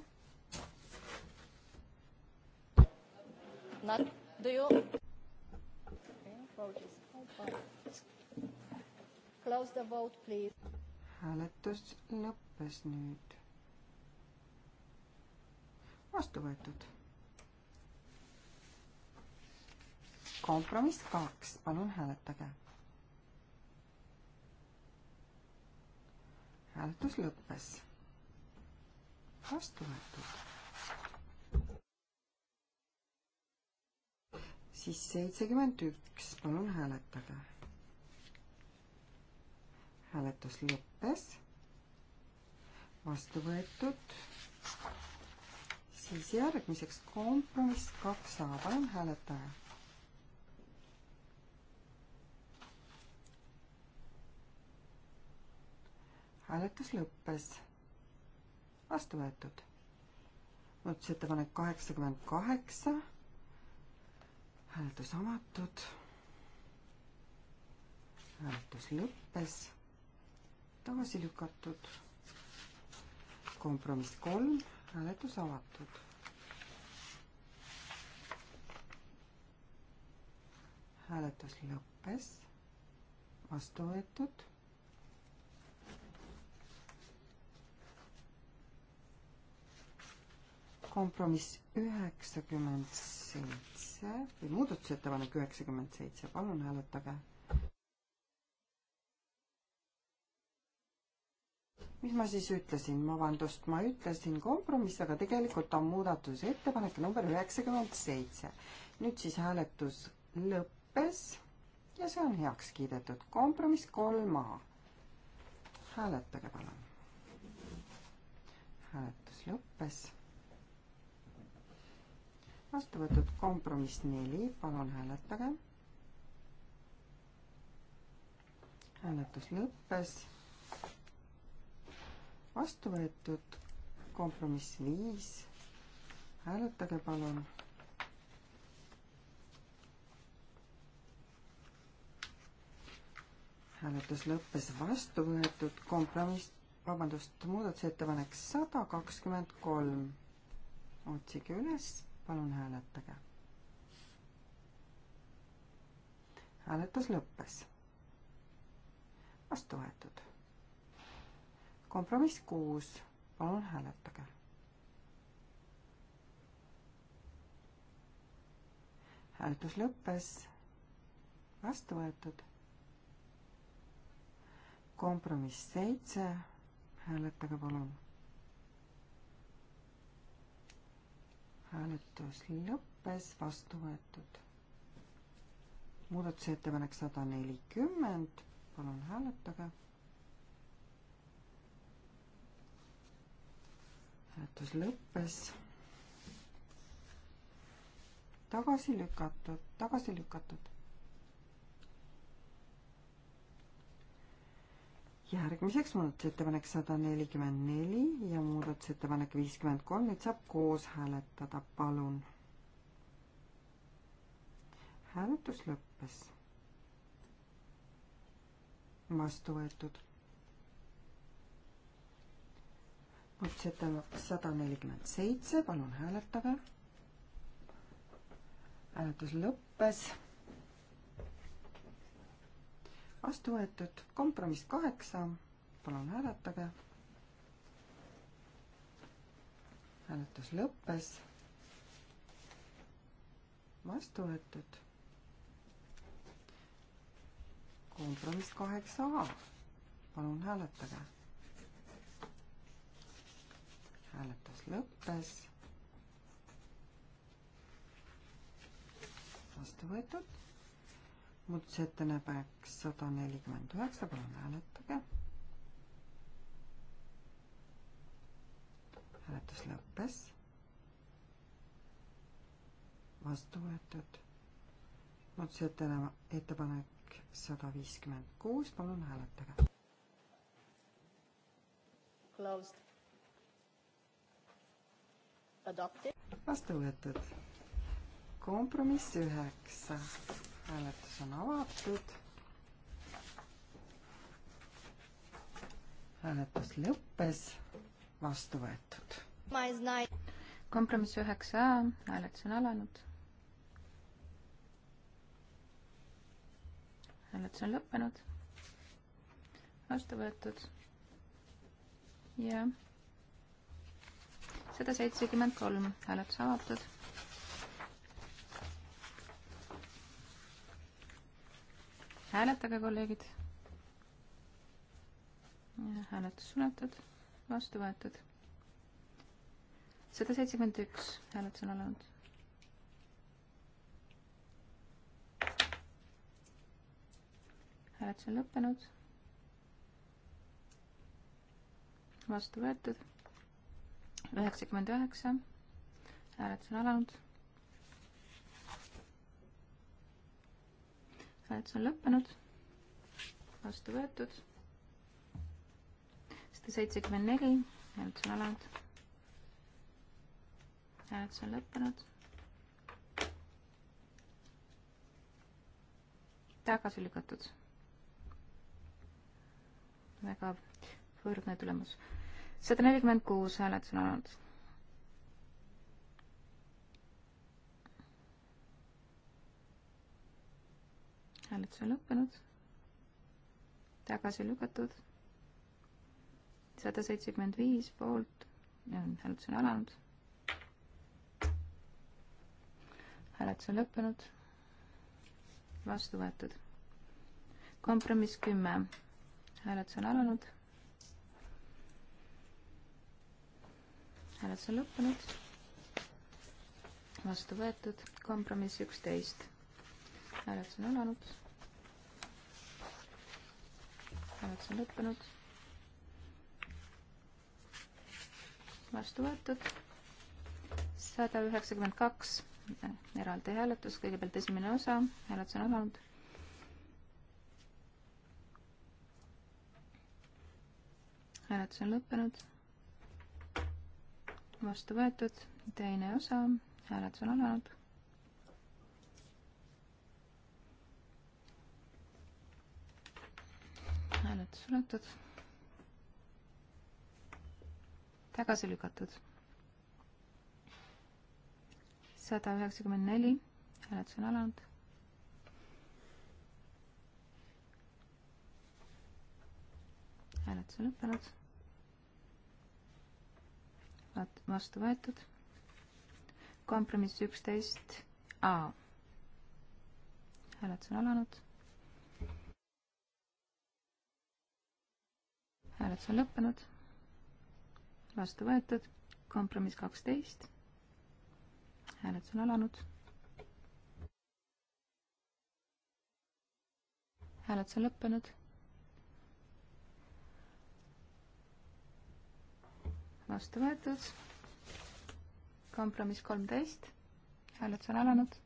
hääletus lõppes nüüd. vastu võetud. kompromiss kaks, palun hääletage hääletus lõppes. vastu võetud. siis seitsekümmend üks, palun hääletage. hääletus lõppes. vastu võetud. siis järgmiseks kompromiss kaks A, palun hääletage hääletus lõppes. vastu võetud. muudatusettepanek kaheksakümmend kaheksa. hääletus avatud. hääletus lõppes. tagasi lükatud. kompromiss kolm, hääletus avatud. hääletus lõppes. vastu võetud kompromiss üheksakümmend seitse või muudatusettepanek üheksakümmend seitse, palun hääletage. mis ma siis ütlesin, vabandust, ma ütlesin kompromiss, aga tegelikult on muudatusettepanek number üheksakümmend seitse. nüüd siis hääletus lõppes ja see on heaks kiidetud. kompromiss kolm A. hääletage palun. hääletus lõppes vastu võetud kompromiss neli, palun hääletage. hääletus lõppes. vastu võetud kompromiss viis, hääletage palun. hääletus lõppes vastu võetud kompromiss, vabandust, muudatusettepanek sada kakskümmend kolm. otsige üles palun hääletage. hääletus lõppes. vastu võetud. kompromiss kuus, palun hääletage. hääletus lõppes, vastu võetud. kompromiss seitse, hääletage palun hääletus lõppes, vastu võetud. muudatusettepanek sada nelikümmend, palun hääletage. hääletus lõppes. tagasi lükatud, tagasi lükatud. järgmiseks muudatusettepanek sada nelikümmend neli ja muudatusettepanek viiskümmend kolm, neid saab koos hääletada, palun. hääletus lõppes. vastu võetud. muudatusettepanek sada nelikümmend seitse, palun hääletage. hääletus lõppes vastu võetud kompromiss kaheksa, palun hääletage. hääletus lõppes. vastu võetud. kompromiss kaheksa A, palun hääletage. hääletus lõppes. vastu võetud muudatusettepanek sada nelikümmend üheksa, palun hääletage. hääletus lõppes. vastu võetud. muudatusettepanek sada viiskümmend kuus, palun hääletage. Closed. Adopted. vastu võetud. kompromiss üheksa hääletus on avatud. hääletus lõppes, vastu võetud. kompromiss üheksa A, hääletus on alanud. hääletus on lõppenud, vastu võetud ja sada seitsekümmend kolm hääletus avatud hääletage, kolleegid. hääletus suletud, vastu võetud. sada seitsekümmend üks hääletus on alanud. hääletus on lõppenud. vastu võetud. üheksakümmend üheksa hääletus on alanud hääletus on lõppenud, vastu võetud. sada seitsekümmend neli, hääletus on alanud. hääletus on lõppenud. tagasi lükatud. väga võrdne tulemus. sada nelikümmend kuus hääletus on alanud hääletus on lõppenud. tagasi lükatud. sada seitsekümmend viis poolt, hääletus on alanud. hääletus on lõppenud. vastu võetud. kompromiss kümme, hääletus on alanud. hääletus on lõppenud vastu võetud, kompromiss üksteist. hääletus on alanud hääletus on lõppenud. vastu võetud. sada üheksakümmend kaks eraldi hääletus, kõigepealt esimene osa, hääletus on alanud. hääletus on lõppenud. vastu võetud, teine osa, hääletus on alanud hääletus suletud. tagasi lükatud. sada üheksakümmend neli, hääletus on alanud. hääletus on lõppenud. vaat-, vastu võetud. kompromiss üksteist A. hääletus on alanud hääletus on lõppenud, vastu võetud, kompromiss kaksteist, hääletus on alanud. hääletus on lõppenud. vastu võetud, kompromiss kolmteist, hääletus on alanud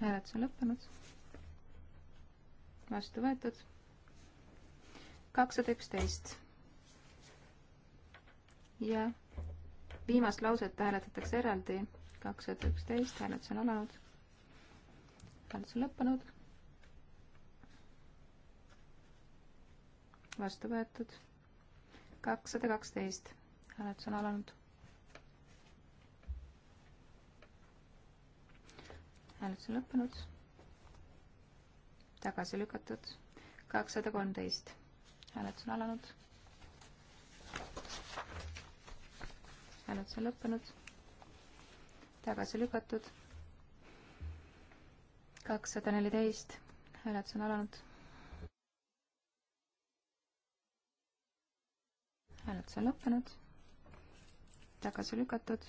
hääletus on lõppenud. vastu võetud. kakssada üksteist. ja viimast lauset hääletatakse eraldi. kakssada üksteist, hääletus on alanud. hääletus on lõppenud. vastu võetud. kakssada kaksteist, hääletus on alanud hääletus on lõppenud. tagasi lükatud. kakssada kolmteist. hääletus on alanud. hääletus on lõppenud. tagasi lükatud. kakssada neliteist. hääletus on alanud. hääletus on lõppenud. tagasi lükatud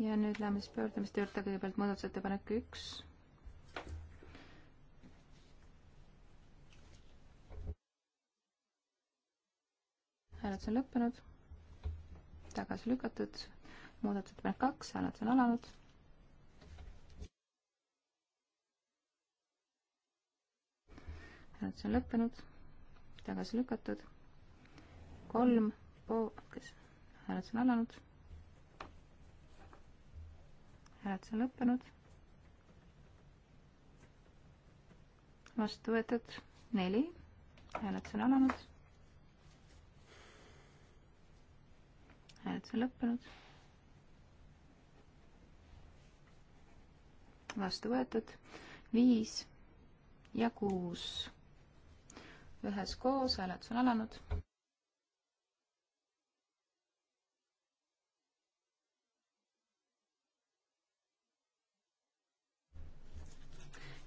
ja nüüd läheme siis pöördumiste juurde, kõigepealt muudatusettepanek üks. hääletus on lõppenud, tagasi lükatud, muudatusettepanek kaks, hääletus on alanud. hääletus on lõppenud, tagasi lükatud, kolm, hääletus on alanud hääletus on lõppenud. vastu võetud neli, hääletus on alanud. hääletus on lõppenud. vastu võetud viis ja kuus. üheskoos hääletus on alanud.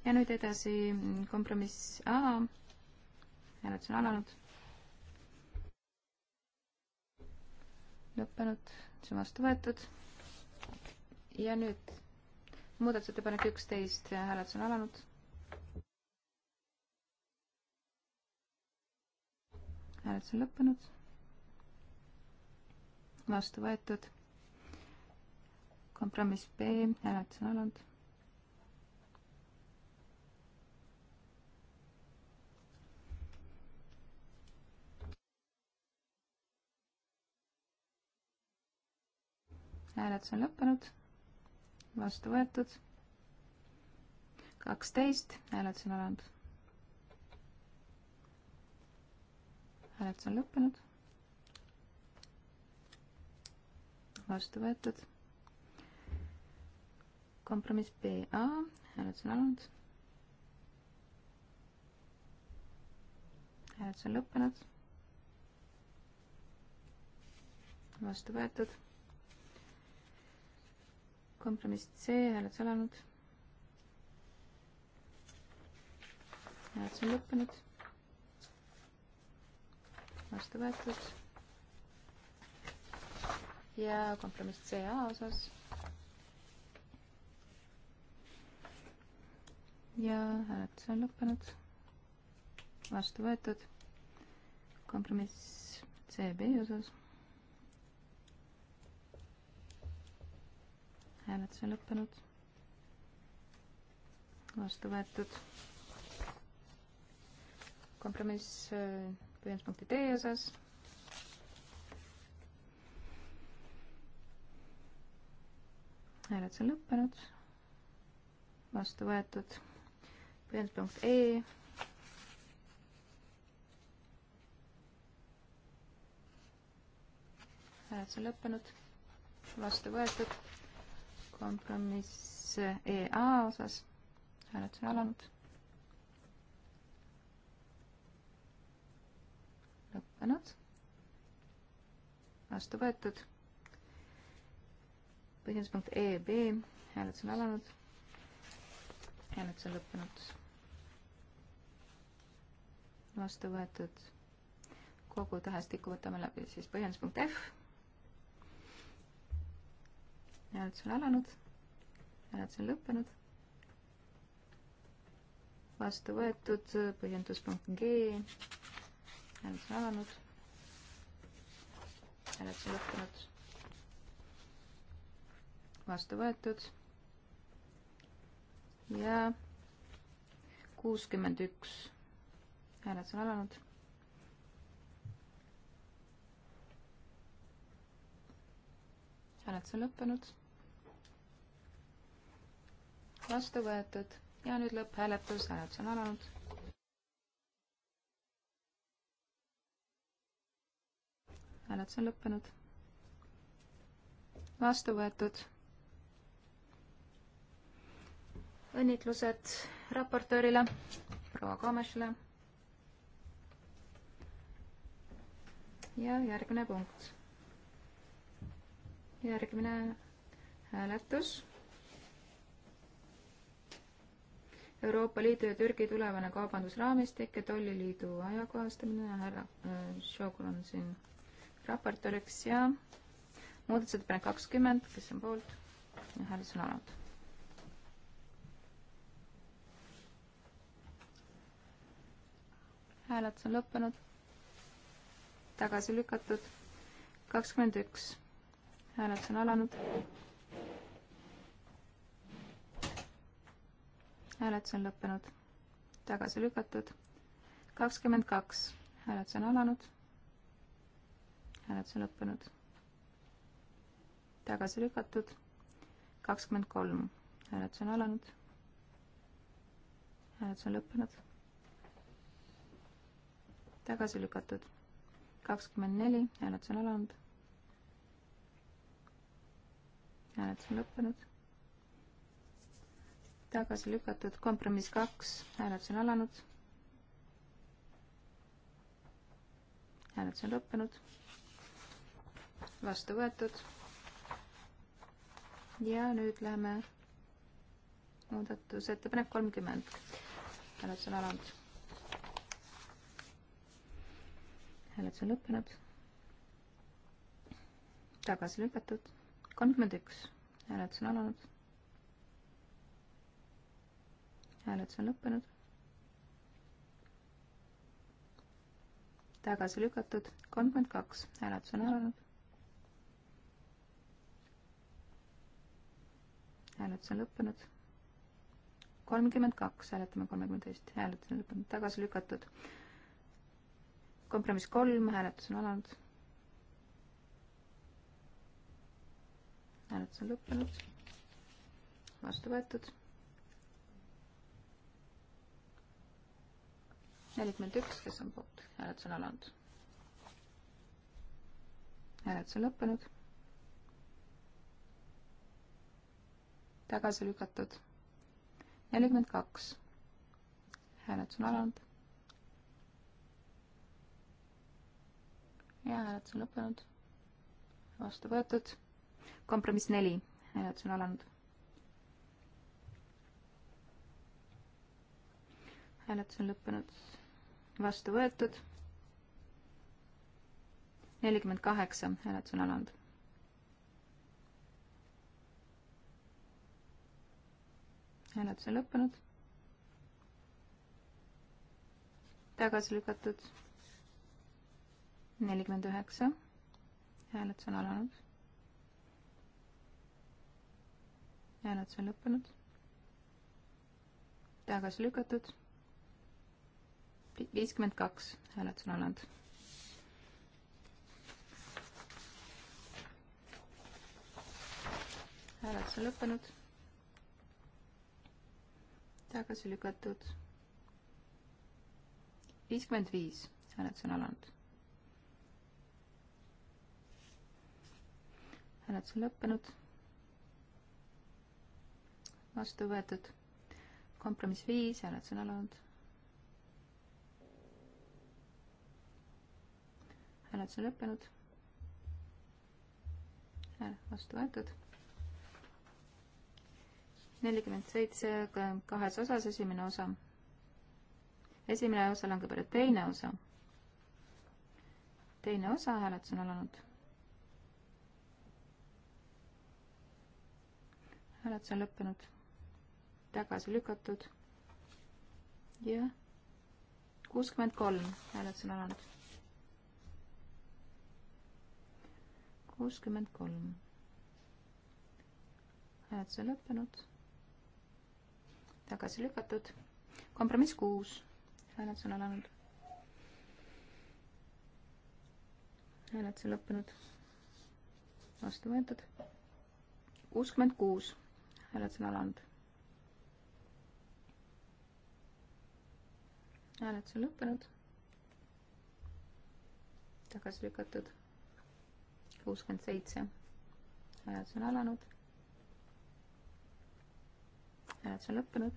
ja nüüd edasi kompromiss A. hääletus on alanud. lõppenud, see on vastu võetud. ja nüüd muudatusettepanek üksteist, hääletus on alanud. hääletus on lõppenud. vastu võetud. kompromiss B, hääletus on alanud hääletus on lõppenud, vastu võetud. kaksteist, hääletus on alanud. hääletus on lõppenud. vastu võetud. kompromiss BA, hääletus on alanud. hääletus on lõppenud. vastu võetud kompromiss C, hääletus alanud. hääletus on lõppenud. vastu võetud. ja kompromiss CA osas. ja hääletus on lõppenud. vastu võetud. kompromiss CB osas hääletus on lõppenud. vastu võetud. kompromiss äh, põhjenduspunkti D osas. hääletus on lõppenud. vastu võetud. põhjenduspunkt E hääletus on lõppenud, vastu võetud kompromiss EA osas, hääletus on alanud. lõppenud. vastu võetud. põhjenduspunkt EB, hääletus on alanud. hääletus on lõppenud. vastu võetud. kogu tähestiku võtame läbi siis põhjenduspunkt F hääletus on alanud, hääletus on lõppenud. vastu võetud, põhjenduspunkt G, hääletus on alanud, hääletus on lõppenud vastu võetud. ja kuuskümmend üks hääletus on alanud. hääletus on lõppenud vastu võetud ja nüüd lõpphääletus, hääletus on alanud. hääletus on lõppenud. vastu võetud. õnnitlused raportöörile, proua Koomešile. ja järgmine punkt. järgmine hääletus Euroopa Liidu ja Türgi tulevane kaubandusraamistik ja tolliliidu ajakohastamine, härra äh, Šokul on siin raportööriks ja muudatusettepanek kakskümmend, kes on poolt, hääletus on alanud. hääletus on lõppenud, tagasi lükatud, kakskümmend üks, hääletus on alanud hääletus on lõppenud, tagasi lükatud. kakskümmend kaks, hääletus on alanud, hääletus on lõppenud, tagasi lükatud. kakskümmend kolm, hääletus on alanud, hääletus on lõppenud, tagasi lükatud. kakskümmend neli, hääletus on alanud, hääletus on lõppenud tagasi lükatud, kompromiss kaks, hääletus on alanud. hääletus on lõppenud. vastu võetud. ja nüüd läheme muudatusettepanek kolmkümmend. hääletus on alanud. hääletus on lõppenud. tagasi lükatud, kolmkümmend üks, hääletus on alanud hääletus on lõppenud. tagasi lükatud, kolmkümmend kaks, hääletus on alanud. hääletus on lõppenud. kolmkümmend kaks, hääletame kolmekümne teist, hääletus on lõppenud, tagasi lükatud. kompromiss kolm, hääletus on alanud. hääletus on lõppenud. vastu võetud nelikümmend üks, kes on poolt, hääletus on alanud. hääletus on lõppenud. tagasi lükatud. nelikümmend kaks. hääletus on alanud. ja hääletus on lõppenud. vastu võetud. kompromiss neli, hääletus on alanud. hääletus on lõppenud vastu võetud. nelikümmend kaheksa, hääletus on alanud. hääletus on lõppenud. tagasi lükatud. nelikümmend üheksa, hääletus on alanud. hääletus on lõppenud. tagasi lükatud viiskümmend kaks hääletus on alanud. hääletus on lõppenud. tagasi lükatud. viiskümmend viis hääletus on alanud. hääletus on lõppenud. vastu võetud. kompromiss viis hääletus on alanud hääletus on lõppenud. vastu võetud. nelikümmend seitse kahes osas, esimene osa. esimene osa langeb ära, teine osa. teine osa, hääletus on alanud. hääletus on lõppenud. tagasi lükatud. jah. kuuskümmend kolm hääletus on alanud kuuskümmend kolm. hääletus on lõppenud. tagasi lükatud. kompromiss kuus. hääletus on alanud. hääletus on lõppenud. vastu võetud. kuuskümmend kuus. hääletus on alanud hääletus on lõppenud. tagasi lükatud kuuskümmend seitse. hääletus on alanud. hääletus on lõppenud.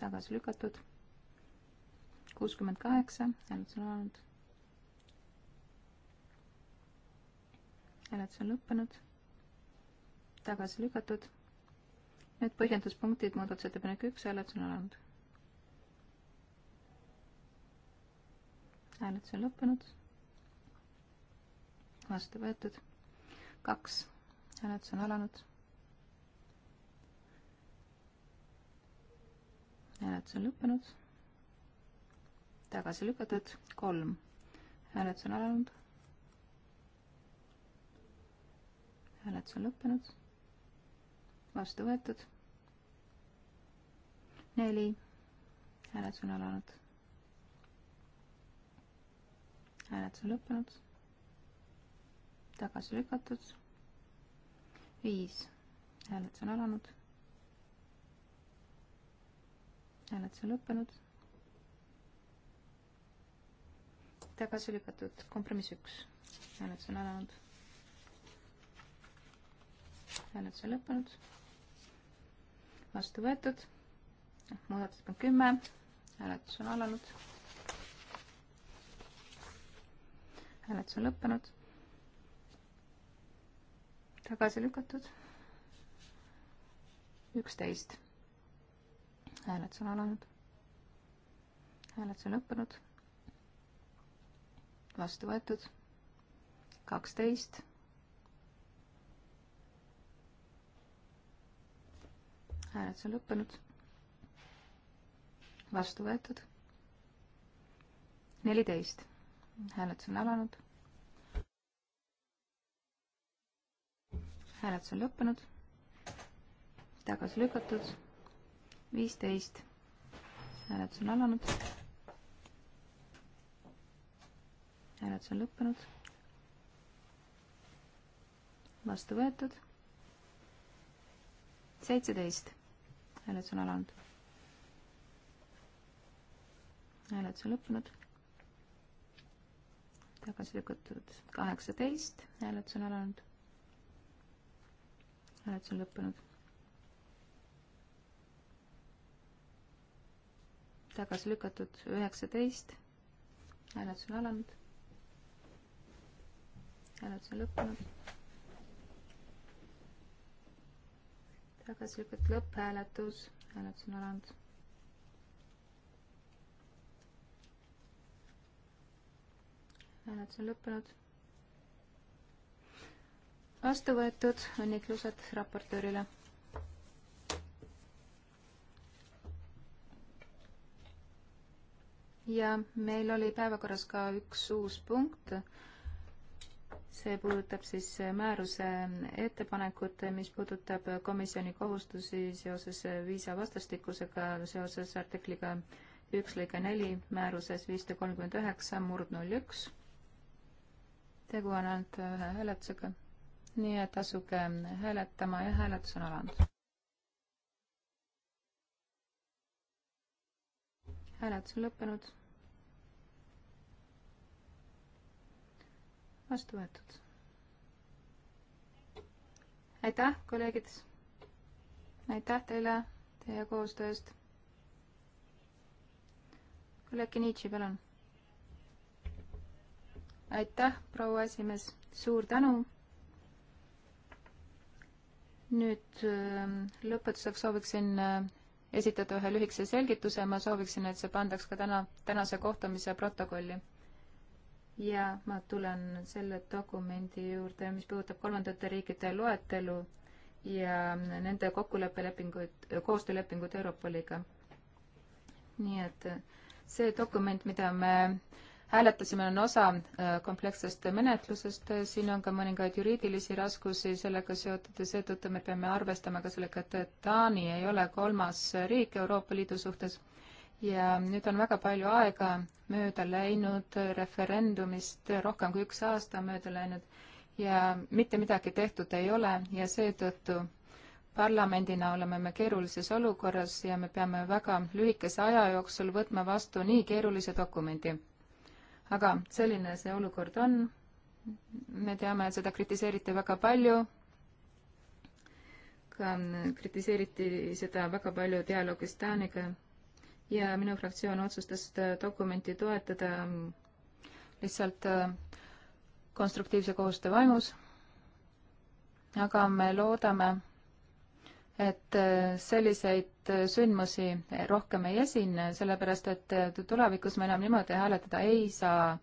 tagasi lükatud. kuuskümmend kaheksa, hääletus on alanud. hääletus on lõppenud. tagasi lükatud. nüüd põhjenduspunktid, muudatusettepanek üks, hääletus on alanud hääletus on lõppenud vastu võetud. kaks, hääletus on alanud. hääletus on lõppenud. tagasi lükatud, kolm, hääletus on alanud. hääletus on lõppenud. vastu võetud neli, hääletus on alanud. hääletus on lõppenud tagasi lükatud. viis, hääletus on alanud. hääletus on lõppenud. tagasi lükatud, kompromiss üks, hääletus on alanud. hääletus on lõppenud. vastu võetud, muudatusettepanek kümme, hääletus on alanud. hääletus on lõppenud tagasi lükatud. üksteist. hääletus on alanud. hääletus on lõppenud. vastu võetud. kaksteist hääletus on lõppenud. vastu võetud. neliteist. hääletus on alanud. hääletus on lõppenud, tagasi lükatud, viisteist, hääletus on alanud, hääletus on lõppenud, vastu võetud, seitseteist, hääletus on alanud, hääletus on lõppenud, tagasi lükatud kaheksateist, hääletus on alanud hääletus on lõppenud. tagasi lükatud üheksateist, hääletus on alanud. hääletus on lõppenud. tagasi lükatud lõpphääletus, hääletus on alanud hääletus on lõppenud vastu võetud, õnnitlused raportöörile. ja meil oli päevakorras ka üks uus punkt, see puudutab siis määruse ettepanekut, mis puudutab komisjoni kohustusi seoses viisa vastastikusega, seoses artikliga üks lõige neli määruses viissada kolmkümmend üheksa murd null üks. tegu on ainult ühe hääletusega nii et asuge hääletama ja hääletus on alanud. hääletus on lõppenud. vastu võetud. aitäh, kolleegid. aitäh teile teie koostöö eest. kolleeg Kinitši, palun aitäh, proua esimees, suur tänu nüüd ähm, lõpetuseks sooviksin äh, esitada ühe lühikese selgituse, ma sooviksin, et see pandaks ka täna, tänase kohtumise protokolli. ja ma tulen selle dokumendi juurde, mis puudutab kolmandate riikide loetelu ja nende kokkuleppelepinguid, koostöölepingud Europoliga. nii et äh, see dokument, mida me äh, hääletasime, on osa äh, komplekssest menetlusest, siin on ka mõningaid juriidilisi raskusi sellega seotud ja seetõttu me peame arvestama ka sellega, et Taani ei ole kolmas riik Euroopa Liidu suhtes ja nüüd on väga palju aega mööda läinud, referendumist rohkem kui üks aasta mööda läinud ja mitte midagi tehtud ei ole ja seetõttu parlamendina oleme me keerulises olukorras ja me peame väga lühikese aja jooksul võtma vastu nii keerulise dokumendi aga selline see olukord on. me teame, et seda kritiseeriti väga palju. ka kritiseeriti seda väga palju dialoogistaniga ja minu fraktsioon otsustas seda dokumenti toetada lihtsalt äh, konstruktiivse koostöö vaimus. aga me loodame et äh, selliseid äh, sündmusi rohkem ei esine, sellepärast et äh, tulevikus me enam niimoodi hääletada ei saa.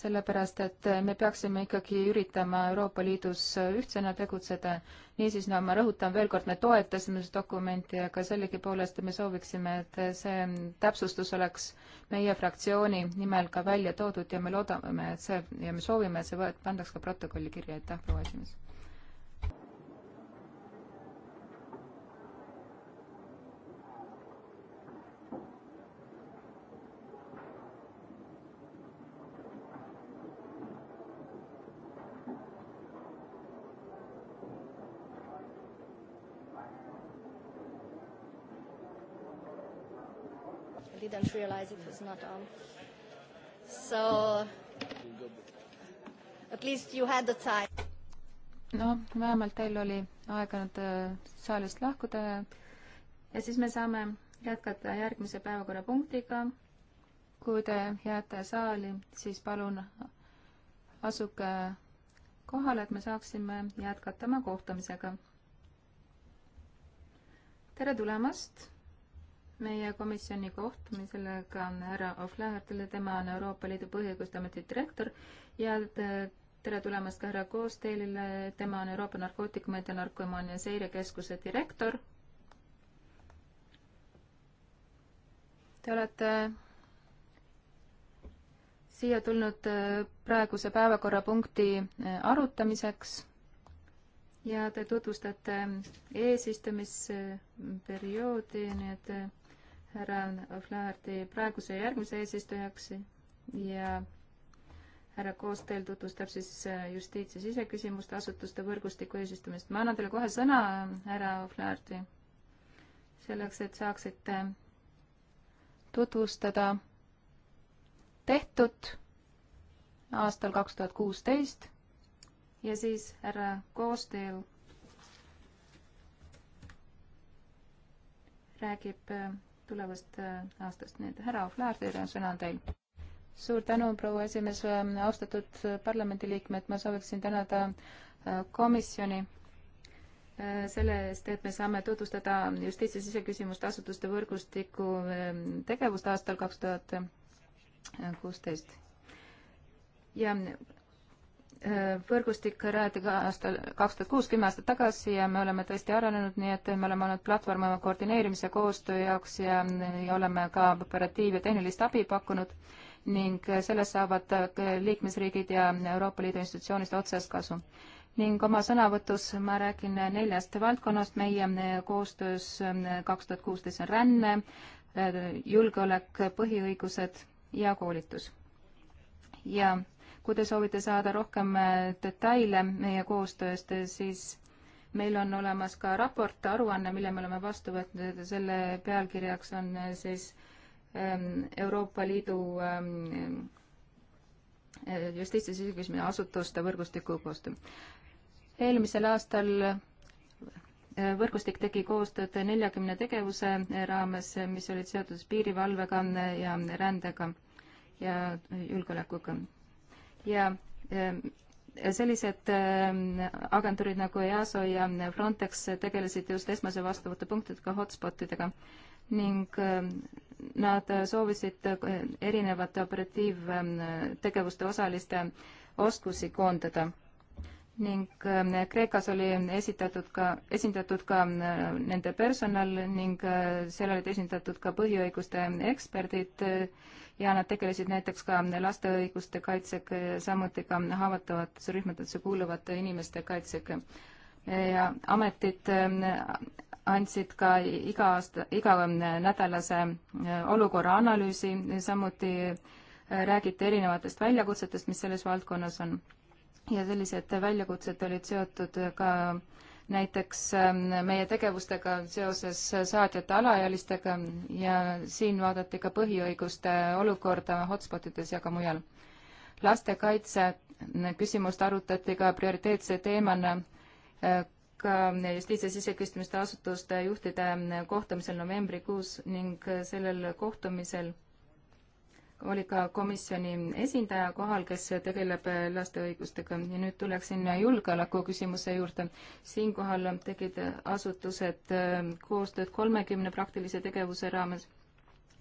sellepärast, et me peaksime ikkagi üritama Euroopa Liidus ühtsena tegutseda. niisiis, no ma rõhutan veel kord, me toetasime seda dokumenti, aga sellegipoolest me sooviksime, et see täpsustus oleks meie fraktsiooni nimel ka välja toodud ja me loodame, et see ja me soovime, et see pandaks ka protokolli kirja, aitäh, proua esimees realize it was not on. So at least you had the time. no vähemalt teil oli aega nüüd äh, saalist lahkuda ja, ja siis me saame jätkata järgmise päevakorrapunktiga. kui te jääte saali, siis palun asuge kohale, et me saaksime jätkata oma kohtumisega. tere tulemast meie komisjoni kohtumisega härra Oflahertile, tema on Euroopa Liidu Põhiõiguste Ameti direktor ja tere tulemast ka härra Koostelile, tema on Euroopa Narkootikumide Narkomaania Seirekeskuse direktor. Te olete siia tulnud äh, praeguse päevakorrapunkti äh, arutamiseks ja te tutvustate eesistumisperioodi, nii et äh, härra Flaherty praeguse ja järgmise eesistujaks ja härra Koos, teil tutvustab siis äh, justiits- ja siseküsimuste asutuste võrgustiku eesistumist. ma annan teile kohe sõna, härra Flaherty, selleks, et saaksite tutvustada tehtud aastal kaks tuhat kuusteist ja siis härra Koos teil räägib äh, tulevast äh, aastast. nii et härra Flaarder, sõna on teil. suur tänu, proua esimees, äh, austatud äh, parlamendiliikmed, ma sooviksin tänada komisjoni selle eest, et me saame tutvustada justiits- ja siseküsimuste asutuste võrgustiku tegevust aastal kaks tuhat kuusteist. ja võrgustik rajati ka aastal kaks tuhat kuus, kümme aastat tagasi ja me oleme tõesti arenenud, nii et me oleme olnud platvorm oma koordineerimise koostöö jaoks ja, ja oleme ka operatiiv- ja tehnilist abi pakkunud ning sellest saavad liikmesriigid ja Euroopa Liidu institutsioonist otsest kasu. ning oma sõnavõtus ma räägin neljast valdkonnast meie koostöös kaks tuhat kuusteist on ränne, julgeolek, põhiõigused ja koolitus. ja kui te soovite saada rohkem äh, detaile meie koostööst, äh, siis meil on olemas ka raport, aruanne, mille me oleme vastu võtnud, selle pealkirjaks on äh, siis ähm, Euroopa Liidu ähm, justiits- ja siseküsimuste asutuste võrgustiku koostöö. eelmisel aastal võrgustik tegi koostööd neljakümne tegevuse raames, mis olid seotud piirivalvega ja rändega ja julgeolekuga ja eh, sellised eh, agentuurid nagu EASO ja Frontex tegelesid just esmase vastuvõtupunktidega, hotspotidega ning eh, nad soovisid erinevate operatiivtegevuste osaliste oskusi koondada. ning Kreekas oli esitatud ka, esindatud ka nende personal ning seal olid esindatud ka põhiõiguste eksperdid ja nad tegelesid näiteks ka laste õiguste kaitsega ja samuti ka haavatavatesse rühmadesse kuuluvate inimeste kaitsega. ja ametid äh, andsid ka iga aasta, iganädalase äh, äh, olukorra analüüsi, samuti räägiti erinevatest väljakutsetest, mis selles valdkonnas on. ja sellised väljakutsed olid seotud ka äh, näiteks ähm, meie tegevustega seoses saatjate alaealistega ja siin vaadati ka põhiõiguste olukorda hotspotides ja ka mujal. lastekaitse küsimust arutati ka prioriteetse teemana äh, ka justiits- ja siseküsimuste asutuste juhtide kohtumisel novembrikuus ning äh, sellel kohtumisel oli ka komisjoni esindaja kohal, kes tegeleb laste õigustega ja nüüd tuleksin julgeoleku küsimuse juurde. siinkohal tegid asutused ähm, koostööd kolmekümne praktilise tegevuse raames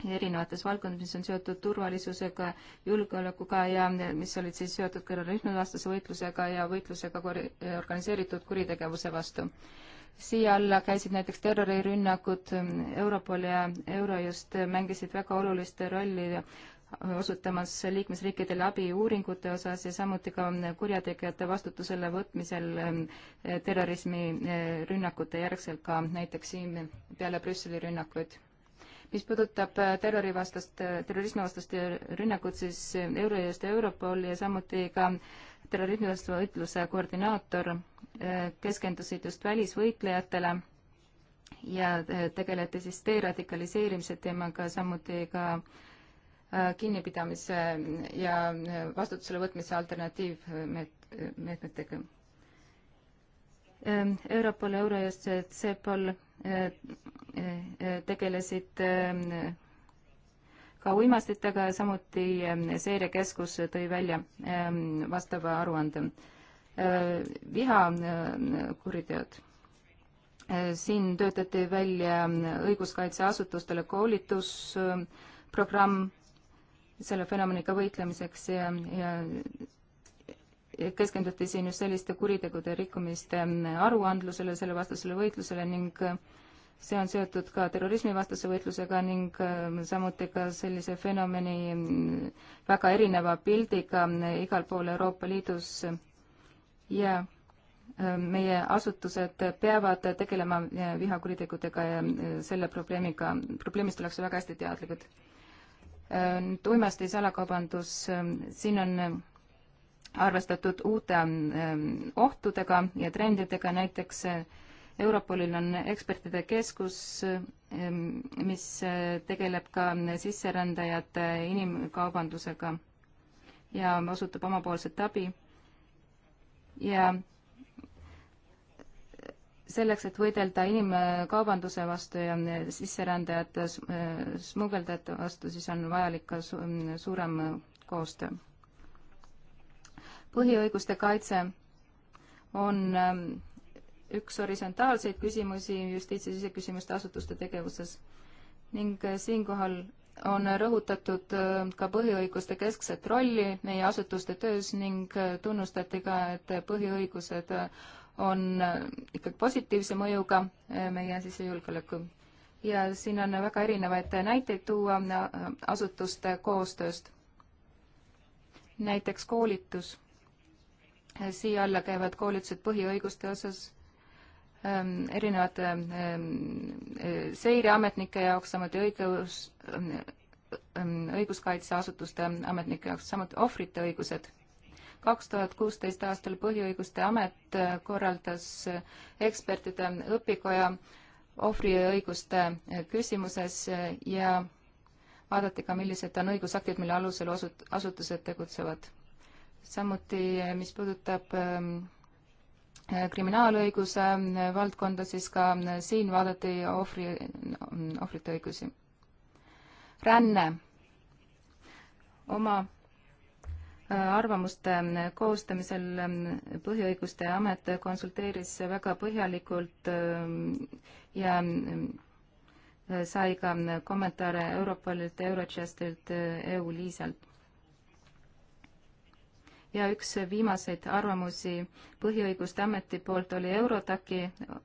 erinevates valdkondades, mis on seotud turvalisusega, julgeolekuga ja mis olid siis seotud terrorismivastase võitlusega ja võitlusega kuri, organiseeritud kuritegevuse vastu. siia alla käisid näiteks terrorirünnakud, ähm, Europol ja Eurojust mängisid väga olulist rolli osutamas liikmesriikidele abi uuringute osas ja samuti ka kurjategijate vastutusele võtmisel eh, terrorismirünnakute eh, järgselt ka näiteks siin peale Brüsseli rünnakuid. mis puudutab eh, terrorivastast, terrorismivastast rünnakut, siis Eurojust ja Europol ja samuti ka terrorismivastase võitluse koordinaator keskendusid just välisvõitlejatele ja tegeleti siis deradikaliseerimise teemaga, samuti ka äh, Äh, kinnipidamise ja äh, vastutusele võtmise alternatiivmeetmetega. Ähm, Europol, Eurojust, CEPOL äh, tegelesid ähm, ka uimastitega ja samuti ähm, seirekeskus tõi välja vastava aruande. vihakuriteod. siin töötati välja õiguskaitseasutustele koolitusprogramm selle fenomeniga võitlemiseks ja, ja keskenduti siin just selliste kuritegude rikkumiste ähm, aruandlusele, selle vastasele võitlusele ning äh, see on seotud ka terrorismivastase võitlusega ning ähm, samuti ka sellise fenomeni ähm, väga erineva pildiga igal pool Euroopa Liidus ja meie asutused peavad tegelema äh, vihakuritegudega ja äh, selle probleemiga, probleemist ollakse väga hästi teadlikud Äh, tuimasti salakaubandus, ähm, siin on äh, arvestatud uute ähm, ohtudega ja trendidega, näiteks äh, Europolil on ekspertide keskus, ähm, mis tegeleb ka sisserändajate inimkaubandusega ja osutab omapoolset abi. ja selleks, et võidelda inimkaubanduse vastu ja sisserändajate, smugeldajate vastu, siis on vajalik ka su suurem koostöö. põhiõiguste kaitse on ähm, üks horisontaalseid küsimusi justiits- ja siseküsimuste asutuste tegevuses ning äh, siinkohal on rõhutatud äh, ka põhiõiguste keskset rolli meie asutuste töös ning äh, tunnustati ka, et põhiõigused on äh, ikkagi positiivse mõjuga äh, meie sisejulgeoleku. ja siin on väga erinevaid näiteid tuua äh, asutuste koostööst. näiteks koolitus. siia alla käivad koolitused põhiõiguste osas, ähm, erinevate ähm, seireametnike jaoks, samuti õigus, ähm, õiguskaitseasutuste ametnike jaoks, samuti ohvrite õigused kaks tuhat kuusteist aastal Põhiõiguste Amet äh, korraldas äh, ekspertide õpikoja ohvriõiguste äh, küsimuses ja vaadati ka, millised on õigusaktid, mille alusel osut-, asutused tegutsevad. samuti, mis puudutab ähm, kriminaalõiguse valdkonda, siis ka siin vaadati ohvri, mm, ohvrite õigusi. ränne oma arvamuste koostamisel ähm, Põhiõiguste Amet konsulteeris väga põhjalikult ähm, ja ähm, sai ka kommentaare Europolilt, Eurojustilt, äh, EU-Liisalt. ja üks viimaseid arvamusi Põhiõiguste Ameti poolt oli Eurotaki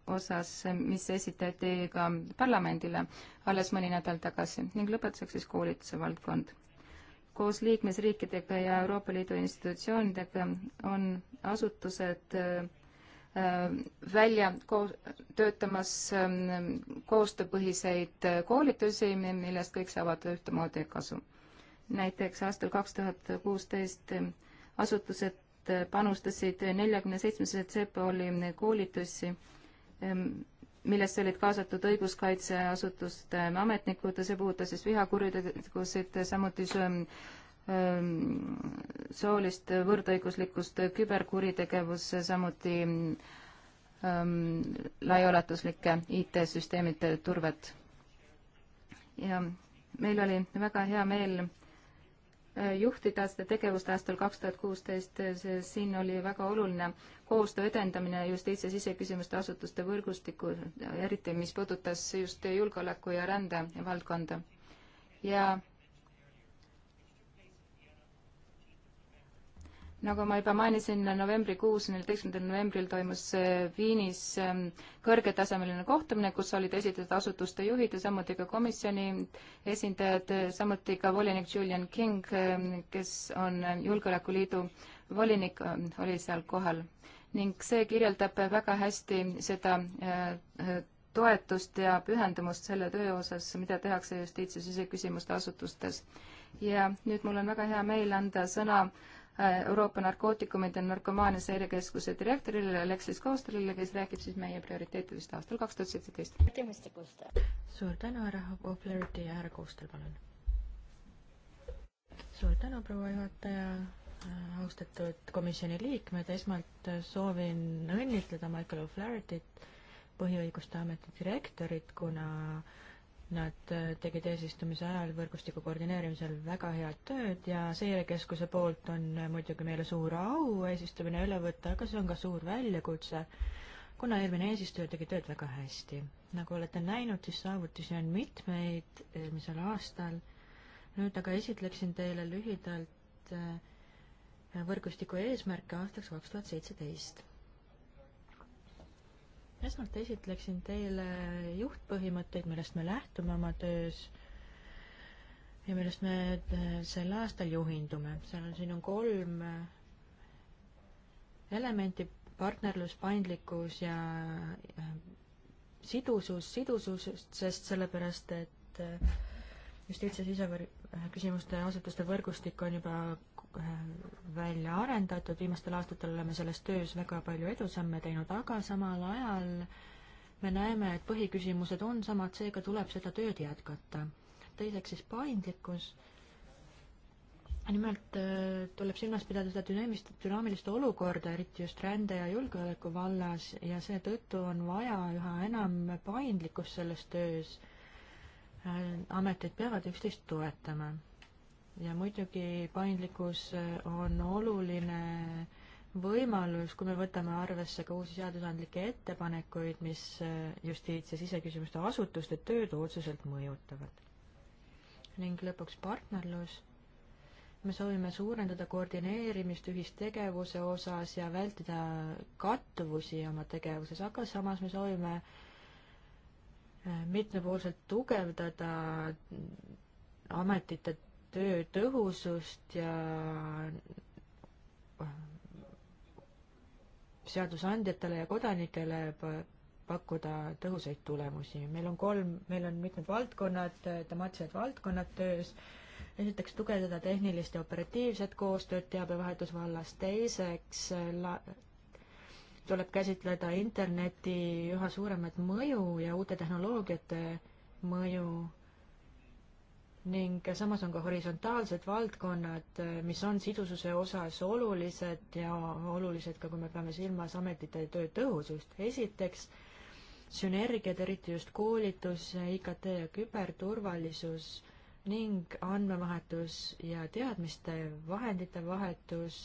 osas, mis esitati ka parlamendile alles mõni nädal tagasi ning lõpetuseks siis koolituse valdkond koos liikmesriikidega ja Euroopa Liidu institutsioonidega on asutused äh, välja koos, töötamas ähm, koostööpõhiseid äh, koolitusi, millest kõik saavad ühtemoodi kasu. näiteks aastal kaks tuhat kuusteist äh, asutused panustasid neljakümne seitsmesse CEPOL-i koolitusi ähm, millesse olid kaasatud õiguskaitseasutuste ametnikud, see puudutas siis vihakuritegusid, samuti ähm, soolist võrdõiguslikkust, küberkuritegevus, samuti ähm, laiaulatuslike IT-süsteemide turvet. ja meil oli väga hea meel juhtida seda tegevust aastal kaks tuhat kuusteist, siin oli väga oluline koostöö edendamine justiits- ja siseküsimuste asutuste võrgustiku, eriti mis puudutas just julgeoleku ja rände valdkonda. ja nagu ma juba mainisin, novembrikuus, neljateistkümnendal novembril toimus äh, Viinis ähm, kõrgetasemeline kohtumine, kus olid esitatud asutuste juhid ja samuti ka komisjoni esindajad, äh, samuti ka volinik Julian King, ähm, kes on äh, Julgeolekuliidu volinik, oli seal kohal. ning see kirjeldab väga hästi seda toetust ja pühendumust selle töö osas, mida tehakse justiits- ja siseküsimuste asutustes. ja nüüd mul on väga hea meel anda sõna äh, Äh, Euroopa narkootikumide narkomaania seirekeskuse direktorile Aleksis Koostrile, kes räägib siis meie prioriteetidest aastal kaks tuhat seitseteist. suur tänu, härra O'Flaherty ja härra Koostel, palun. suur tänu, proua juhataja, äh, austatud komisjoni liikmed, esmalt äh, soovin õnnitleda Michael O'Flaherty't, põhiõiguste ameti direktorit, kuna äh, Nad äh, tegid eesistumise ajal võrgustiku koordineerimisel väga head tööd ja seirekeskuse poolt on äh, muidugi meile suur au eesistumine üle võtta, aga see on ka suur väljakutse, kuna eelmine eesistuja tegi tööd väga hästi. nagu olete näinud, siis saavutusi on mitmeid äh, eelmisel aastal. nüüd aga esitleksin teile lühidalt võrgustiku eesmärke aastaks kaks tuhat seitseteist esmalt esitleksin teile juhtpõhimõtteid, millest me lähtume oma töös ja millest me eh, sel aastal juhindume. seal on, siin on kolm eh, elementi, partnerlus, paindlikkus ja eh, sidusus, sidususest, sest sellepärast, et justiits- ja siseküsimuste asutuste võrgustik on juba Äh, välja arendatud, viimastel aastatel oleme selles töös väga palju edusamme teinud, aga samal ajal me näeme, et põhiküsimused on samad, seega tuleb seda tööd jätkata. teiseks siis paindlikkus. nimelt äh, tuleb silmas pidada seda dünaamilist, dünaamilist olukorda, eriti just rände ja julgeoleku vallas ja seetõttu on vaja üha enam paindlikkust selles töös. Äh, ametid peavad üksteist toetama ja muidugi paindlikkus äh, on oluline võimalus, kui me võtame arvesse ka uusi seadusandlikke ettepanekuid, mis äh, justiits- ja siseküsimuste asutuste tööd otseselt mõjutavad. ning lõpuks partnerlus. me soovime suurendada koordineerimist ühistegevuse osas ja vältida kattuvusi oma tegevuses, aga samas me soovime äh, mitmepoolselt tugevdada ametite töö tõhusust ja äh, seadusandjatele ja kodanikele pakkuda tõhusaid tulemusi. meil on kolm, meil on mitmed valdkonnad, äh, temaatilised valdkonnad töös, esiteks tugevdada tehnilist ja operatiivset koostööd teabevahetusvallas, teiseks äh, la-, tuleb käsitleda interneti üha suuremat mõju ja uute tehnoloogiate mõju ning samas on ka horisontaalsed valdkonnad, mis on sidususe osas olulised ja olulised ka, kui me peame silmas ametite töö tõhusust. esiteks, sünergiad, eriti just koolitus, IKT ja küberturvalisus ning andmevahetus ja teadmiste vahendite vahetus,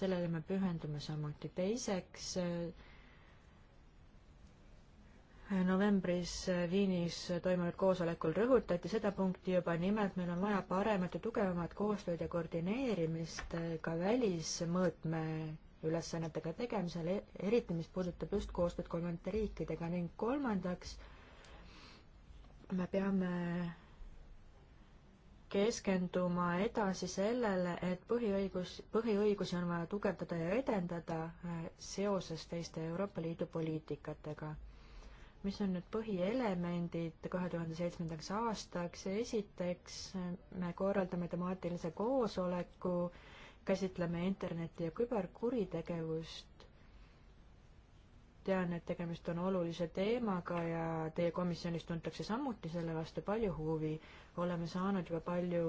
sellele me pühendume samuti. teiseks äh,, novembris Viinis toimunud koosolekul rõhutati seda punkti juba nimelt, meil on vaja paremat ja tugevamat koostööd ja koordineerimist ka välismõõtme ülesannetega tegemisel, eriti mis puudutab just koostööd kolmandate riikidega ning kolmandaks me peame keskenduma edasi sellele, et põhiõigus, põhiõigusi on vaja tugevdada ja edendada eh, seoses teiste Euroopa Liidu poliitikatega mis on nüüd põhielemendid kahe tuhande seitsmendaks aastaks. esiteks me korraldame temaatilise koosoleku, käsitleme interneti ja küberkuritegevust. tean, et tegemist on olulise teemaga ja teie komisjonis tuntakse samuti selle vastu palju huvi. oleme saanud juba palju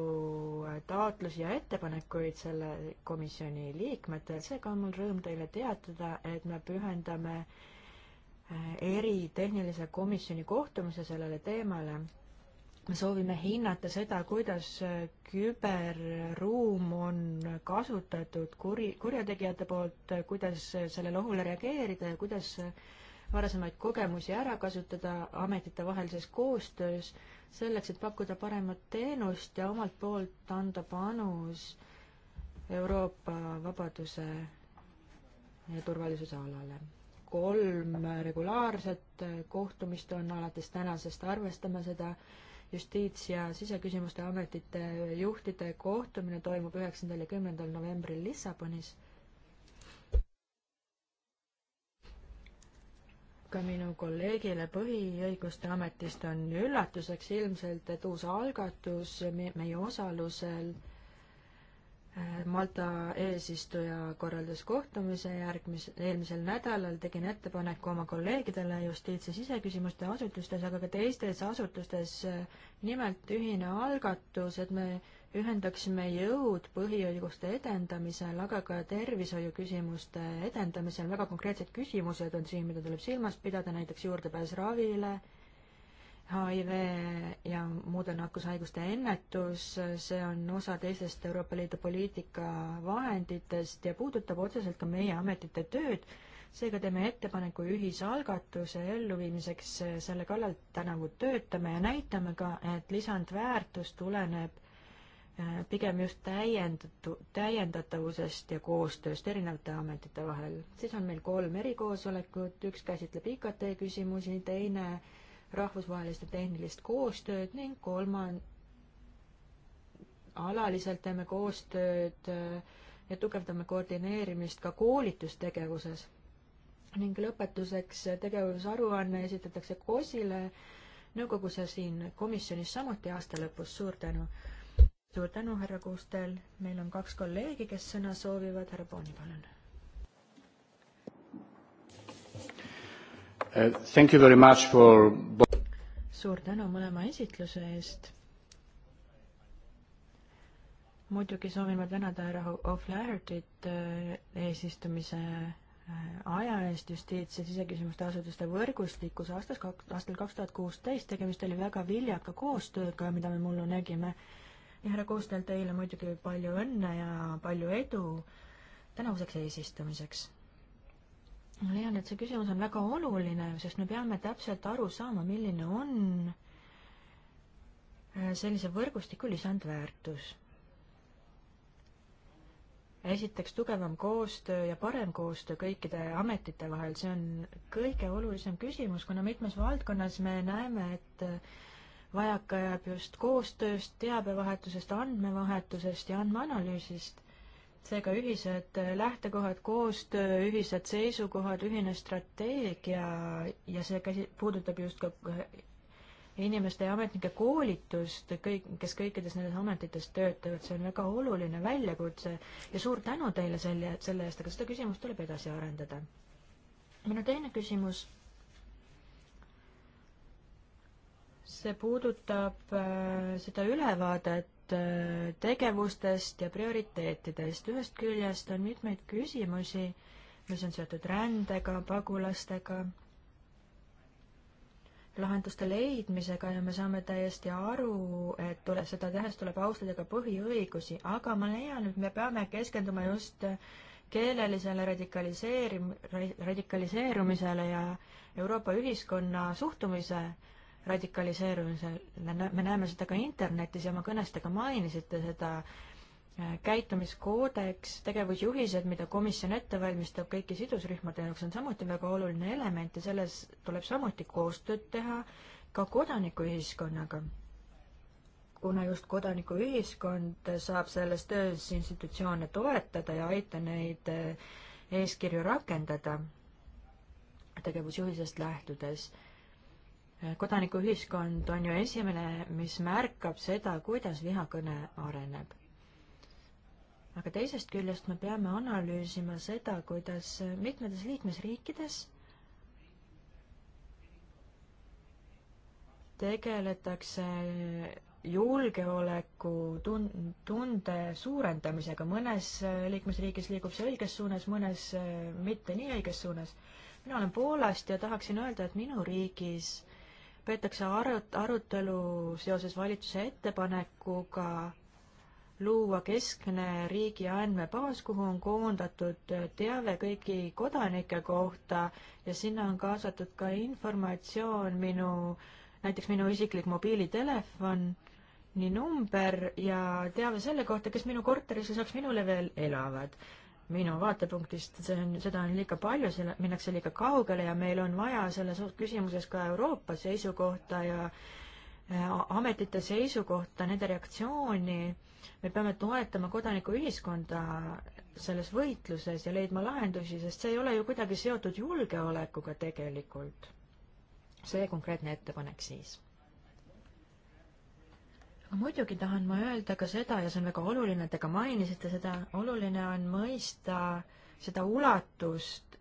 äh, taotlusi ja ettepanekuid selle komisjoni liikmetelt, seega on mul rõõm teile teatada, et me pühendame äh, eritehnilise komisjoni kohtumise sellele teemale. me soovime hinnata seda, kuidas küberruum on kasutatud kuri, kurjategijate poolt, kuidas sellele ohule reageerida ja kuidas varasemaid kogemusi ära kasutada ametitevahelises koostöös, selleks, et pakkuda paremat teenust ja omalt poolt anda panus Euroopa vabaduse ja turvalisuse alale kolm regulaarset kohtumist on alates tänasest, arvestame seda. justiits- ja siseküsimuste ametite juhtide kohtumine toimub üheksandal ja kümnendal novembril Lissabonis. ka minu kolleegile Põhiõiguste Ametist on üllatuseks ilmselt, et uus algatus meie osalusel äh, Malta eesistuja korraldas kohtumise järgmis-, eelmisel nädalal, tegin ettepaneku oma kolleegidele justiits- ja siseküsimuste asutustes, aga ka teistes asutustes nimelt ühine algatus, et me ühendaksime jõud põhiõiguste edendamisel, aga ka tervishoiuküsimuste edendamisel, väga konkreetsed küsimused on siin, mida tuleb silmas pidada, näiteks juurdepääs ravile, HIV ja muude nakkushaiguste ennetus, see on osa teisest Euroopa Liidu poliitika vahenditest ja puudutab otseselt ka meie ametite tööd, seega teeme ettepaneku ühisalgatuse elluviimiseks, selle kallal tänavu nagu töötame ja näitame ka, et lisandväärtus tuleneb äh, pigem just täiendatu-, täiendatavusest ja koostööst erinevate ametite vahel. siis on meil kolm erikoosolekut, üks käsitleb IKT küsimusi, teine äh, rahvusvahelist ja tehnilist koostööd ning kolman-, alaliselt teeme koostööd äh, ja tugevdame koordineerimist ka koolitustegevuses. ning lõpetuseks äh, tegevusaruanne esitatakse KOS-ile nõukogus ja siin komisjonis samuti aasta lõpus, suur tänu! suur tänu, härra Kuustel, meil on kaks kolleegi, kes sõna soovivad, härra Pooni, palun! Uh, thank you very much for suur tänu mõlema esitluse eest. muidugi soovin ma tänada härra O'Flahertit uh, eesistumise uh, aja eest justiits- ja siseküsimuste asutuste võrgustikus aastas, aastal kaks tuhat kuusteist. tegemist oli väga viljaka koostööga, mida me mullu nägime. ja härra Koostel, teile muidugi palju õnne ja palju edu tänavuseks eesistumiseks leian, et see küsimus on väga oluline, sest me peame täpselt aru saama, milline on äh, sellise võrgustiku lisandväärtus. esiteks tugevam koostöö ja parem koostöö kõikide ametite vahel, see on kõige olulisem küsimus, kuna mitmes valdkonnas me näeme, et äh, vajaka jääb just koostööst, teabevahetusest, andmevahetusest ja andmeanalüüsist seega ühised lähtekohad, koostöö, ühised seisukohad, ühine strateegia ja see käsi-, puudutab just ka inimeste ja ametnike koolitust, kõik, kes kõikides nendes ametites töötavad, see on väga oluline väljakutse ja suur tänu teile selle, selle eest, aga seda küsimust tuleb edasi arendada. minu teine küsimus, see puudutab äh, seda ülevaadet, Äh, tegevustest ja prioriteetidest. ühest küljest on mitmeid küsimusi, mis on seotud rändega, pagulastega, lahenduste leidmisega ja me saame täiesti aru, et tule, seda tehes tuleb austada ka põhiõigusi, aga ma leian, et me peame keskenduma just keelelisele radikaliseerim-, radikaliseerumisele ja Euroopa ühiskonna suhtumise radikaliseerumisel, me näeme seda ka internetis ja oma kõnes te ka mainisite seda, äh, käitumiskoodeks, tegevusjuhised, mida komisjon ette valmistab kõiki sidusrühmade jaoks, on samuti väga oluline element ja selles tuleb samuti koostööd teha ka kodanikuühiskonnaga. kuna just kodanikuühiskond saab selles töös institutsioone toetada ja aita neid äh, eeskirju rakendada tegevusjuhisest lähtudes kodanikuühiskond on ju esimene, mis märkab seda, kuidas vihakõne areneb. aga teisest küljest me peame analüüsima seda, kuidas mitmetes liikmesriikides tegeletakse julgeoleku tun-, tunde suurendamisega, mõnes liikmesriigis liigub see õiges suunas, mõnes mitte nii õiges suunas. mina olen Poolast ja tahaksin öelda, et minu riigis äh, peetakse arut-, arutelu seoses valitsuse ettepanekuga luua keskne riigi andmebaas, kuhu on koondatud teave kõigi kodanike kohta ja sinna on kaasatud ka informatsioon minu, näiteks minu isiklik mobiilitelefon, nii number ja teave selle kohta, kes minu korteris lisaks minule veel elavad minu vaatepunktist, see on, seda on liiga palju, selle, minnakse liiga kaugele ja meil on vaja selles küsimuses ka Euroopa seisukohta ja äh, ametite seisukohta, nende reaktsiooni, me peame toetama kodanikuühiskonda selles võitluses ja leidma lahendusi, sest see ei ole ju kuidagi seotud julgeolekuga tegelikult. see konkreetne ettepanek siis muidugi tahan ma öelda ka seda ja see on väga oluline, et te ka mainisite seda, oluline on mõista seda ulatust,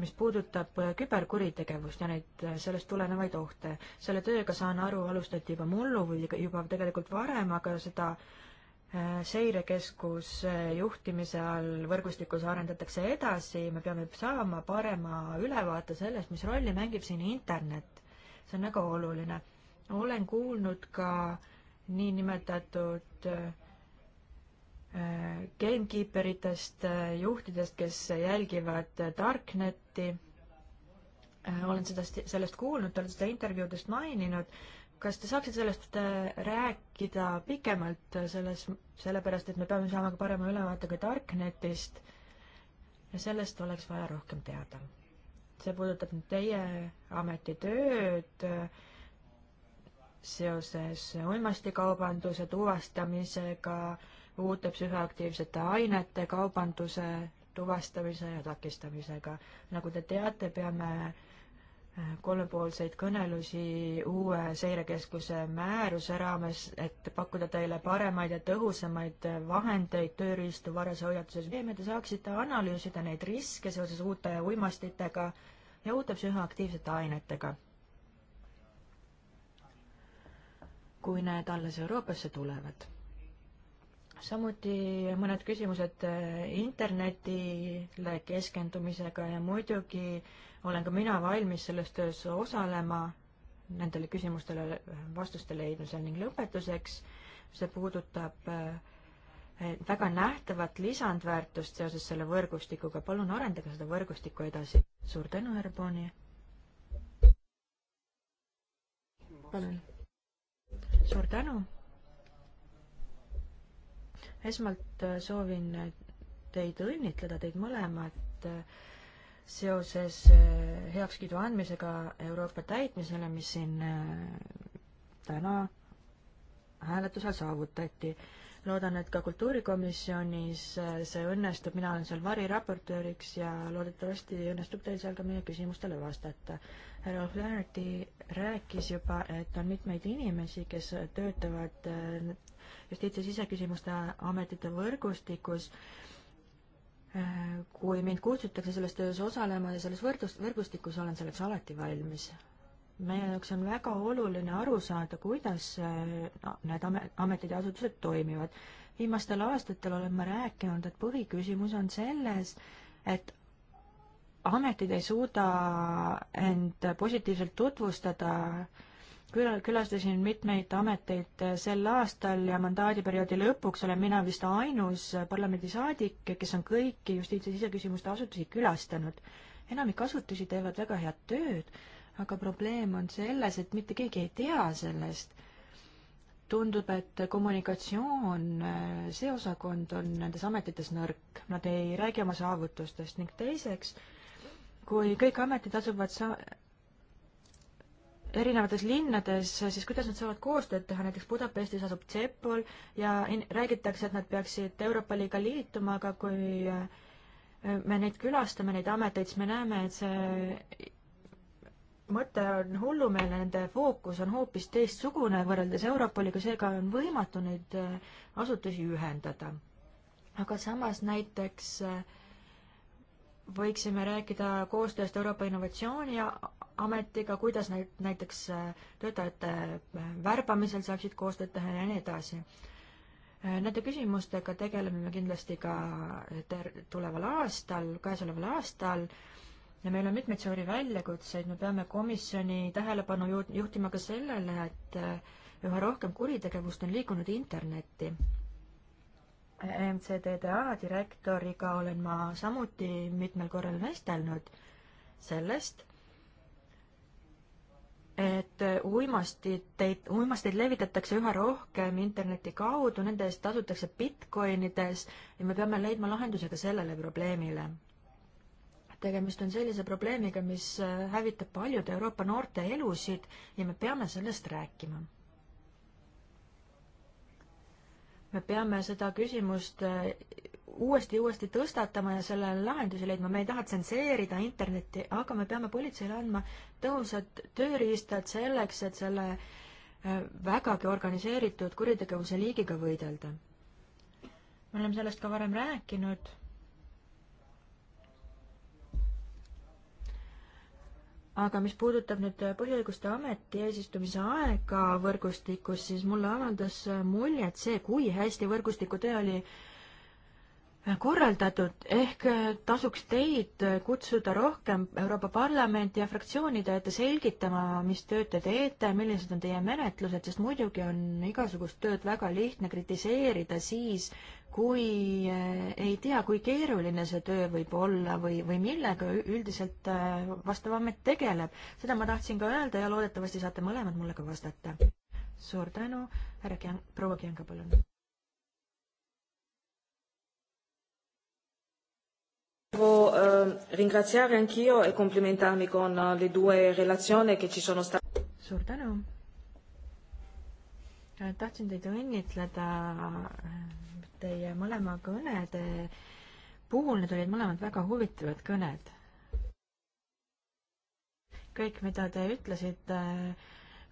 mis puudutab äh, küberkuritegevust ja neid äh, sellest tulenevaid ohte. selle tööga, saan aru, alustati juba mullu või juba tegelikult varem, aga seda äh, seirekeskuse juhtimise all võrgustikus arendatakse edasi, me peame saama parema ülevaate sellest, mis rolli mängib siin internet. see on väga oluline. olen kuulnud ka äh, niinimetatud äh, gamekeeperitest, äh, juhtidest, kes jälgivad äh, Darknetti. olen seda, sellest kuulnud, te olete seda intervjuudest maininud. kas te saaksite sellest rääkida pikemalt, selles, sellepärast et me peame saama ka parema ülevaate ka Darknetist ja sellest oleks vaja rohkem teada. see puudutab nüüd teie ametitööd äh,, seoses uimastikaubanduse tuvastamisega, uute psühhoaktiivsete ainete kaubanduse tuvastamise ja takistamisega. nagu te teate, peame äh, kolmepoolseid kõnelusi uue seirekeskuse määruse raames, et pakkuda teile paremaid ja tõhusamaid vahendeid, tööriistu varase hoiatuses, et te saaksite analüüsida neid riske seoses uute uimastitega ja uute psühhoaktiivsete ainetega kui need alles Euroopasse tulevad. samuti mõned küsimused eh, internetile keskendumisega ja muidugi olen ka mina valmis selles töös osalema, nendele küsimustele vastuste leidmisel ning lõpetuseks see puudutab eh, väga nähtavat lisandväärtust seoses selle võrgustikuga, palun arendage seda võrgustikku edasi. suur tänu, härra Boni. palun suur tänu. esmalt äh, soovin äh, teid õnnitleda, teid mõlemat äh, seoses heakskiidu andmisega Euroopa täitmisele, mis siin täna hääletusel saavutati loodan, et ka kultuurikomisjonis äh, see õnnestub, mina olen seal variraportööriks ja loodetavasti õnnestub teil seal ka meie küsimustele vastata. härra Flaherty rääkis juba, et on mitmeid inimesi, kes töötavad äh, justiits- ja siseküsimuste ametite võrgustikus äh, kui mind kutsutakse selles töös osalema ja selles võrdus, võrgustikus olen selleks alati valmis meie jaoks on väga oluline aru saada, kuidas äh, need ametid ja asutused toimivad. viimastel aastatel olen ma rääkinud, et põhiküsimus on selles, et ametid ei suuda end positiivselt tutvustada küla-, külastasin mitmeid ameteid äh, sel aastal ja mandaadiperioodi lõpuks olen mina vist ainus parlamendisaadik, kes on kõiki justiits- ja siseküsimuste asutusi külastanud. enamik asutusi teevad väga head tööd, aga probleem on selles, et mitte keegi ei tea sellest. tundub, et kommunikatsioon, äh, see osakond on nendes ametites nõrk, nad ei räägi oma saavutustest ning teiseks, kui kõik ametid asuvad sa-, erinevates linnades, siis kuidas nad saavad koostööd teha, näiteks Budapestis asub CEPOL ja in-, räägitakse, et nad peaksid Euroopa Liiga liituma, aga kui äh, me neid külastame, neid ameteid, siis me näeme, et see mõte on hullumeelne, nende fookus on hoopis teistsugune võrreldes Europoliga, seega on võimatu neid äh, asutusi ühendada. aga samas näiteks äh, võiksime rääkida koostööst Euroopa Innovatsiooniametiga, kuidas näit-, näiteks äh, töötajate värbamisel saaksid koostööd teha ja nii edasi Nende küsimustega tegeleme me kindlasti ka ter-, tuleval aastal, käesoleval aastal ja meil on mitmeid suuri väljakutseid, me peame komisjoni tähelepanu juhtima ka sellele, et äh, üha rohkem kuritegevust on liikunud internetti. MCDDA direktoriga olen ma samuti mitmel korral vestelnud sellest, et uimastiteid, uimasteid levitatakse üha rohkem interneti kaudu, nende eest tasutakse Bitcoinides ja me peame leidma lahenduse ka sellele probleemile tegemist on sellise probleemiga, mis äh, hävitab paljude Euroopa noorte elusid ja me peame sellest rääkima. me peame seda küsimust äh, uuesti ja uuesti tõstatama ja selle lahendusi leidma, me ei taha tsenseerida internetti, aga me peame politseile andma tõhusad tööriistad selleks, et selle äh, vägagi organiseeritud kuritegevuse liigiga võidelda. me oleme sellest ka varem rääkinud aga mis puudutab nüüd Põhiõiguste Ameti eesistumise aega võrgustikus, siis mulle avaldas mulje, et see, kui hästi võrgustiku töö oli äh, korraldatud, ehk äh, tasuks teid äh, kutsuda rohkem Euroopa Parlamenti ja fraktsioonide ette selgitama, mis tööd te teete, millised on teie menetlused, sest muidugi on igasugust tööd väga lihtne kritiseerida siis, kui äh, ei tea, kui keeruline see töö võib olla või, või millega üldiselt vastav amet tegeleb. seda ma tahtsin ka öelda ja loodetavasti saate mõlemad mulle ka vastata. suur tänu, härra Kiang-, proua Kianga, palun Devo eh, ringraziare anch'io e complimentarmi con eh, le due relazioni che ci sono state. suur tänu. Äh, tahtsin teid õnnitleda äh, teie mõlema kõnede puhul, need olid mõlemad väga huvitavad kõned. kõik, mida te ütlesite,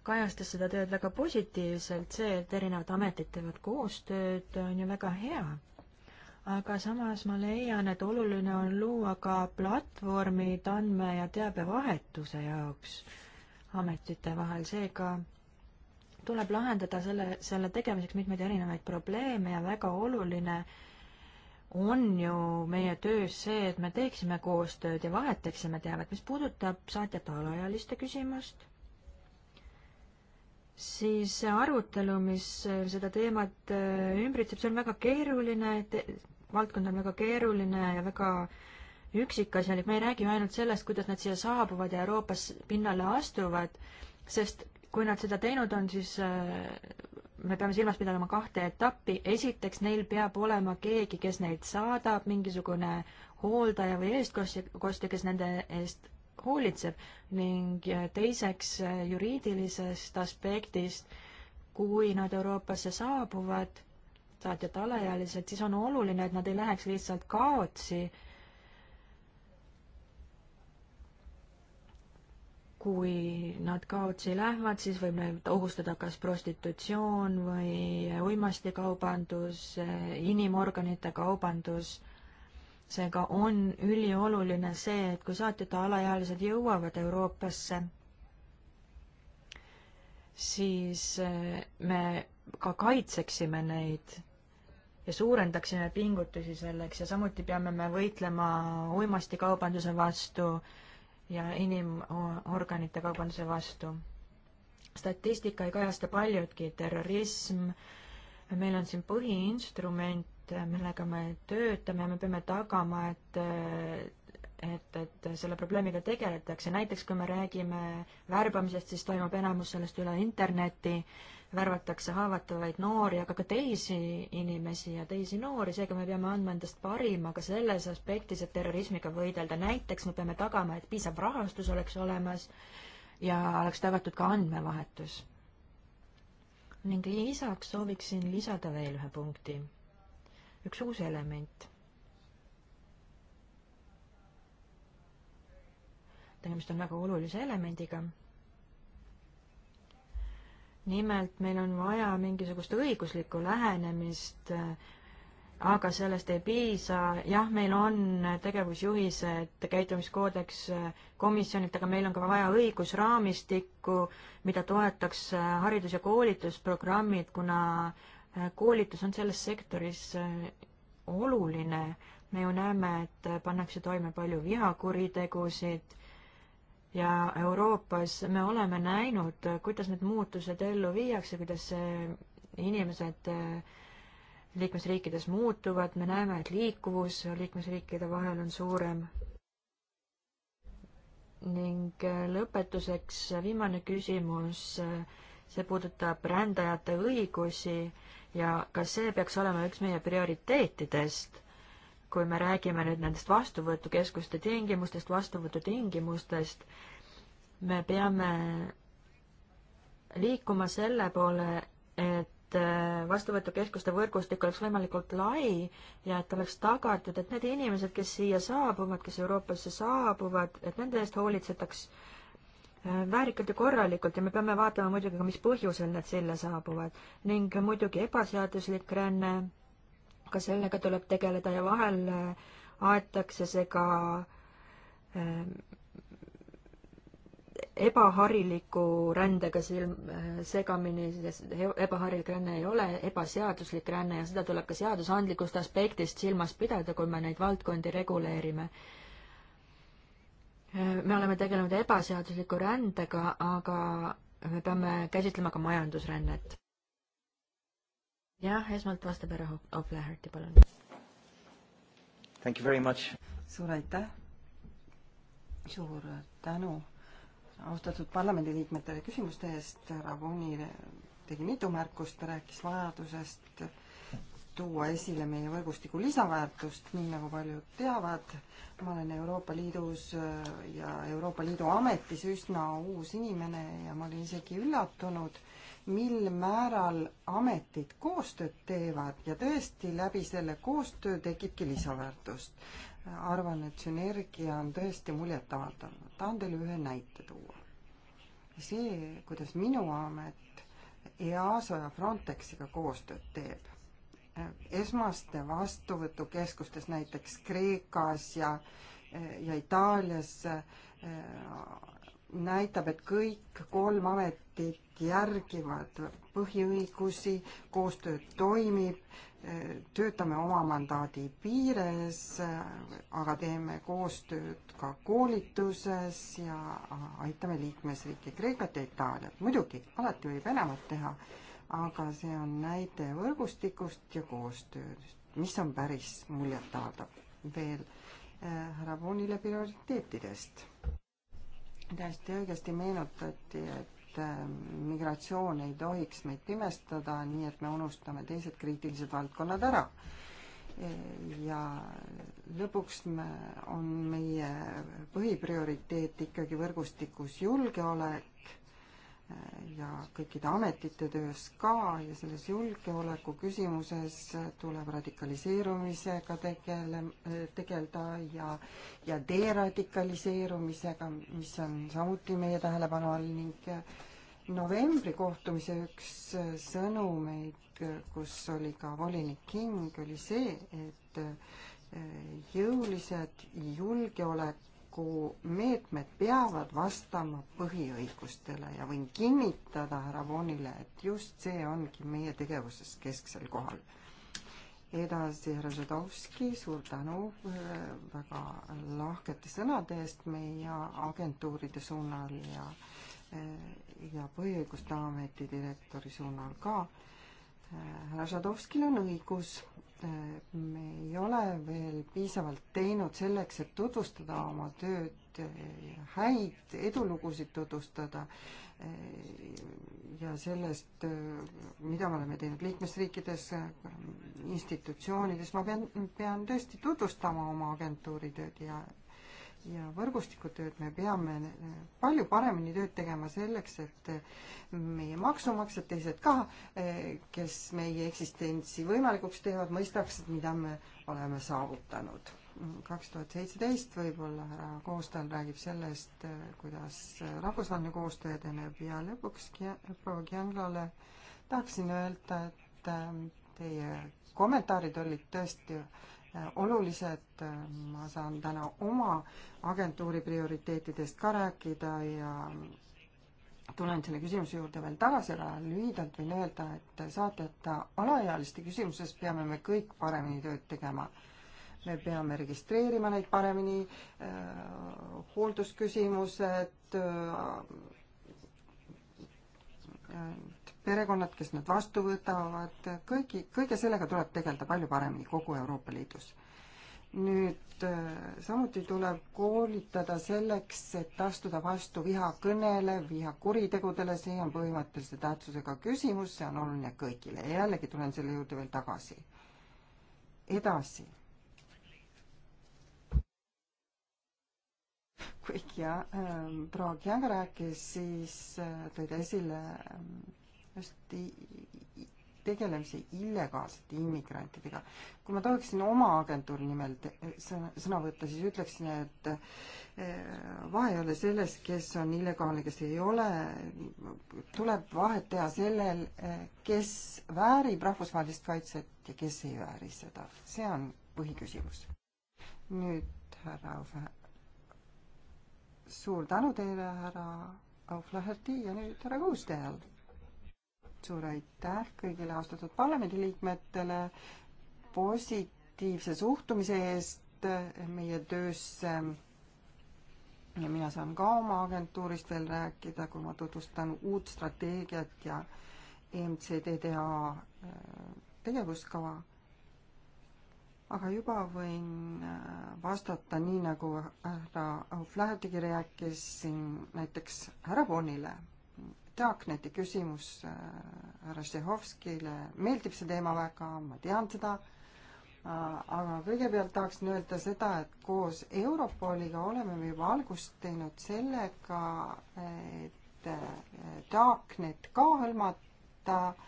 kajastas seda tööd väga positiivselt, see, et erinevad ametid teevad koostööd, on ju väga hea aga samas ma leian, et oluline on luua ka platvormid andme- ja teabevahetuse jaoks ametite vahel, seega tuleb lahendada selle, selle tegemiseks mitmeid erinevaid probleeme ja väga oluline on ju meie töös see, et me teeksime koostööd ja vahetaksime teavet, mis puudutab saatjate alaealiste küsimust siis see arutelu, mis seda teemat äh, ümbritseb, see on väga keeruline, valdkond on väga keeruline ja väga üksikasjalik, me ei räägi ainult sellest, kuidas nad siia saabuvad ja Euroopas pinnale astuvad, sest kui nad seda teinud on, siis äh, me peame silmas pidama kahte etappi, esiteks neil peab olema keegi, kes neid saadab, mingisugune hooldaja või eestkostja, kes nende eest hoolitseb ning teiseks juriidilisest aspektist, kui nad Euroopasse saabuvad, saatjad alaealised, siis on oluline, et nad ei läheks lihtsalt kaotsi, kui nad kaotsi lähevad, siis võib neid ohustada kas prostitutsioon või uimastikaubandus, inimorganite kaubandus seega on ülioluline see, et kui saatjata alaealised jõuavad Euroopasse, siis eh, me ka kaitseksime neid ja suurendaksime pingutusi selleks ja samuti peame me võitlema uimastikaubanduse vastu ja inimorganite kaubanduse vastu. statistika ei kajasta paljutki, terrorism, meil on siin põhiinstrument, Äh, millega me töötame ja me peame tagama, et äh, et, et selle probleemiga tegeletakse, näiteks kui me räägime värbamisest, siis toimub enamus sellest üle interneti, värvatakse haavatavaid noori, aga ka teisi inimesi ja teisi noori, seega me peame andma endast parima ka selles aspektis, et terrorismiga võidelda, näiteks me peame tagama, et piisav rahastus oleks olemas ja oleks tagatud ka andmevahetus. ning lisaks sooviksin lisada veel ühe punkti üks uus element. tegemist on väga olulise elemendiga. nimelt meil on vaja mingisugust õiguslikku lähenemist, aga sellest ei piisa, jah, meil on tegevusjuhised, käitumiskoodeks komisjonilt, aga meil on ka vaja õigusraamistikku, mida toetaks haridus- ja koolitusprogrammid, kuna koolitus on selles sektoris äh, oluline, me ju näeme, et pannakse toime palju vihakuritegusid ja Euroopas me oleme näinud, kuidas need muutused ellu viiakse, kuidas äh, inimesed äh, liikmesriikides muutuvad, me näeme, et liikuvus liikmesriikide vahel on suurem. ning lõpetuseks viimane küsimus, see puudutab rändajate õigusi ja ka see peaks olema üks meie prioriteetidest, kui me räägime nüüd nendest vastuvõtukeskuste tingimustest, vastuvõtutingimustest, me peame liikuma selle poole, et äh, vastuvõtukeskuste võrgustik oleks võimalikult lai ja et oleks tagatud, et need inimesed, kes siia saabuvad, kes Euroopasse saabuvad, et nende eest hoolitsetaks äh, väärikalt ja korralikult ja me peame vaatama muidugi ka, mis põhjusel nad sinna saabuvad ning muidugi ebaseaduslik ränne, ka sellega tuleb tegeleda ja vahel äh, aetakse see ka äh, ebahariliku rändega silm, äh, segamini, sest ebaharilik ränne ei ole ebaseaduslik ränne ja seda tuleb ka seadusandlikust aspektist silmas pidada, kui me neid valdkondi reguleerime me oleme tegelenud ebaseadusliku rändega, aga me peame käsitlema ka majandusrännet. jah, esmalt vastab härra O'Flaherty, palun. suur aitäh. suur tänu austatud parlamendiliikmetele küsimuste eest. härra Vooni tegi mitu märkust, ta rääkis vajadusest tuua esile meie võrgustiku lisaväärtust, nii nagu paljud teavad. ma olen Euroopa Liidus äh, ja Euroopa Liidu ametis üsna uus inimene ja ma olin isegi üllatunud, mil määral ametid koostööd teevad ja tõesti läbi selle koostöö tekibki lisaväärtust. arvan, et sünergia on tõesti muljetavaldav. tahan teile ühe näite tuua. see, kuidas minu amet EASO ja Frontexiga koostööd teeb esmaste vastuvõtukeskustes näiteks Kreekas ja, ja Itaalias näitab, et kõik kolm ametit järgivad põhiõigusi, koostöö toimib, töötame oma mandaadi piires, aga teeme koostööd ka koolituses ja aitame liikmesriike Kreekat ja Itaaliat. muidugi, alati võib enamat teha aga see on näide võrgustikust ja koostööst, mis on päris muljetavaldav. veel äh, härra Voonile prioriteetidest. täiesti õigesti meenutati, et äh, migratsioon ei tohiks meid pimestada, nii et me unustame teised kriitilised valdkonnad ära äh, ja lõpuks me, on meie põhiprioriteet ikkagi võrgustikus julgeolek ja kõikide ametite töös ka ja selles julgeoleku küsimuses tuleb radikaliseerumisega tegele, tegeleda ja, ja deradikaliseerumisega, mis on samuti meie tähelepanu all ning novembri kohtumise üks sõnumeid, kus oli ka volinik King, oli see, et jõulised julgeolek arengumeetmed peavad vastama põhiõigustele ja võin kinnitada härra Voonile, et just see ongi meie tegevuses kesksel kohal. edasi, härra Žadovski, suur tänu äh, väga lahkete sõnade eest meie agentuuride suunal ja äh, ja Põhiõiguste Ameti direktori suunal ka. Äh, härra Žadovskil on õigus, Äh, me ei ole veel piisavalt teinud selleks, et tutvustada oma tööd, äh, häid edulugusid tutvustada äh, ja sellest, mida me oleme teinud liikmesriikides, institutsioonides, ma pean, pean tõesti tutvustama oma agentuuri tööd ja ja võrgustikutööd, me peame palju paremini tööd tegema selleks, et meie maksumaksjad, teised ka, kes meie eksistentsi võimalikuks teevad, mõistaksid, mida me oleme saavutanud. kaks tuhat seitseteist võib-olla härra Koostal räägib sellest, kuidas rahvusvaheline koostöö edeneb ja lõpuks proua Kianglale tahaksin öelda, et ähm, teie kommentaarid olid tõesti olulised, ma saan täna oma agentuuri prioriteetidest ka rääkida ja tulen selle küsimuse juurde veel tagasi, aga lühidalt võin öelda, et saatjata alaealiste küsimuses peame me kõik paremini tööd tegema. me peame registreerima neid paremini äh,, hooldusküsimused äh,, perekonnad, kes nad vastu võtavad, kõigi, kõige sellega tuleb tegeleda palju paremini kogu Euroopa Liidus. nüüd äh, samuti tuleb koolitada selleks, et astuda vastu vihakõnele, vihakuritegudele, see on põhimõttelise tähtsusega küsimus, see on oluline kõigile ja jällegi tulen selle juurde veel tagasi. edasi. kuigi jah ähm,, proua Kiang rääkis, siis äh, tõi ta esile ähm, just tegelemise illegaalsete immigrantidega. kui ma tohiksin oma agentuuri nimel sõna, sõna võtta, siis ütleksin, et eh, vahe ei ole selles, kes on illegaalne, kes ei ole, tuleb vahet teha sellel, eh, kes väärib rahvusvahelist kaitset ja kes ei vääri seda. see on põhiküsimus. nüüd härra Aufe, suur tänu teile, härra Auflaherti ja nüüd härra Kuustajal suur aitäh kõigile austatud parlamendiliikmetele positiivse suhtumise eest meie töösse. ja mina saan ka oma agentuurist veel rääkida, kui ma tutvustan uut strateegiat ja MCDDA äh, tegevuskava. aga juba võin äh, vastata nii, nagu härra Flahertigi rääkis siin näiteks härra Bonnile Darkneti küsimus äh, härra Štehovskile, meeldib see teema väga, ma tean seda, äh, aga kõigepealt tahaksin öelda seda, et koos Europoliga oleme me juba algust teinud sellega, et äh, Darknet ka hõlmata äh,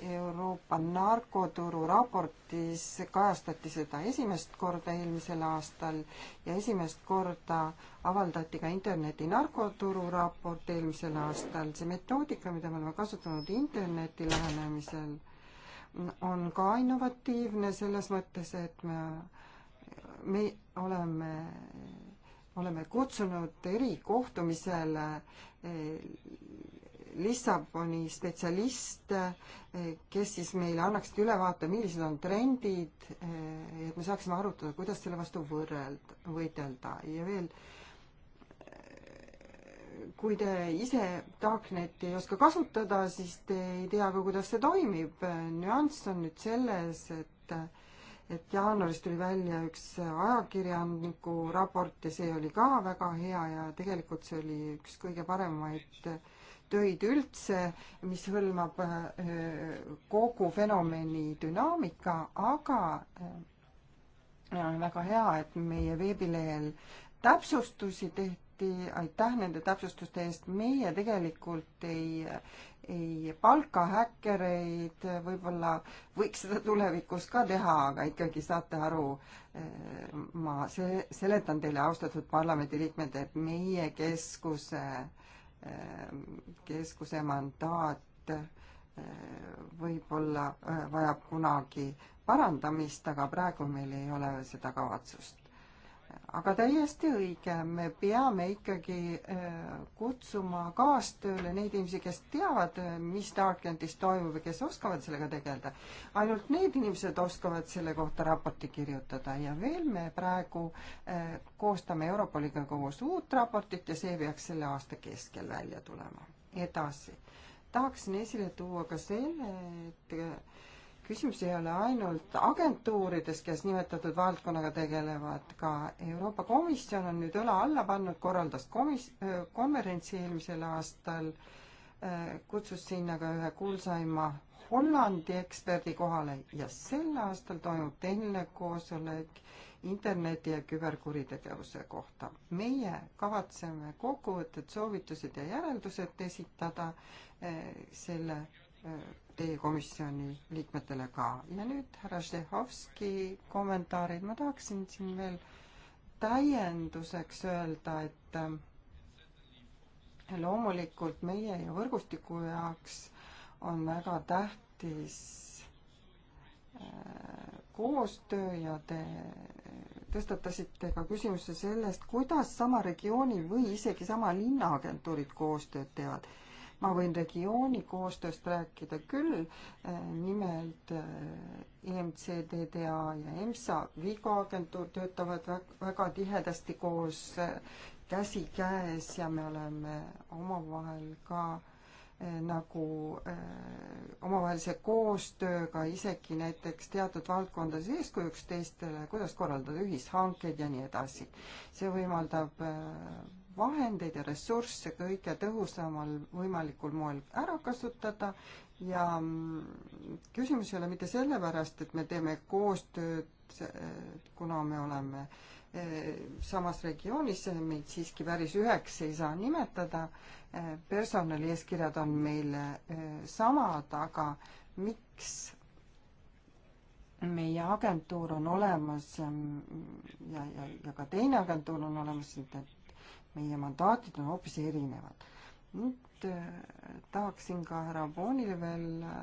Euroopa narkoturu raportis kajastati seda esimest korda eelmisel aastal ja esimest korda avaldati ka interneti narkoturu raport eelmisel aastal. see metoodika, mida me oleme kasutanud interneti lähenemisel, on ka innovatiivne selles mõttes, et me, me oleme oleme kutsunud erikohtumisele Lissaboni spetsialiste, kes siis meile annaksid ülevaate, millised on trendid, et me saaksime arutada, kuidas selle vastu võrreld-, võidelda ja veel kui te ise Darkneti ei oska kasutada, siis te ei tea ka, kuidas see toimib. nüanss on nüüd selles, et et jaanuaris tuli välja üks ajakirjaniku raport ja see oli ka väga hea ja tegelikult see oli üks kõige paremaid äh, töid üldse, mis hõlmab äh, kogu fenomeni dünaamika, aga äh, on väga hea, et meie veebilehel täpsustusi tehti, aitäh nende täpsustuste eest, meie tegelikult ei, ei palka häkkereid, võib-olla võiks seda tulevikus ka teha, aga ikkagi saate aru, äh, ma see, seletan teile, austatud parlamendiliikmed, et meie keskuse äh, keskuse mandaat äh, võib-olla äh, vajab kunagi parandamist, aga praegu meil ei ole seda kavatsust aga täiesti õige, me peame ikkagi äh, kutsuma kaastööle neid inimesi, kes teavad, äh, mis Darknetis toimub ja kes oskavad sellega tegeleda. ainult need inimesed oskavad selle kohta raporti kirjutada ja veel me praegu äh, koostame Europoliga koos uut raportit ja see peaks selle aasta keskel välja tulema. edasi, tahaksin esile tuua ka selle, et küsimus ei ole ainult agentuurides, kes nimetatud valdkonnaga tegelevad, ka Euroopa Komisjon on nüüd õla alla pannud, korraldas komis-, konverentsi eelmisel aastal, kutsus sinna ka ühe kuulsaima Hollandi eksperdi kohale ja sel aastal toimub tehniline koosolek interneti ja küberkuritegevuse kohta. meie kavatseme kokkuvõtted, soovitused ja järeldused esitada selle teie komisjoni liikmetele ka. ja nüüd härra Štehovski kommentaarid, ma tahaksin siin veel täienduseks öelda, et eh, loomulikult meie ja võrgustiku jaoks on väga tähtis eh, koostöö ja te tõstatasite ka küsimuse sellest, kuidas sama regiooni või isegi sama linna agentuurid koostööd teevad ma võin regiooni koostööst rääkida küll, äh, nimelt EMCDDA äh, ja EMSA Vigo agentuur töötavad väga tihedasti koos äh, käsikäes ja me oleme omavahel ka nagu äh, omavahelise koostööga isegi näiteks teatud valdkondades eeskujuks teistele, kuidas korraldada ühishankeid ja nii edasi. see võimaldab äh, vahendeid ja ressursse kõige tõhusamal võimalikul moel ära kasutada ja mm, küsimus ei ole mitte sellepärast, et me teeme koostööd, kuna me oleme e, samas regioonis, meid siiski päris üheks ei saa nimetada, e, personalieeskirjad on meil e, samad, aga miks meie agentuur on olemas mm, ja, ja, ja ka teine agentuur on olemas, et meie mandaatid on hoopis erinevad. nüüd äh, tahaksin ka härra Voonile veel äh,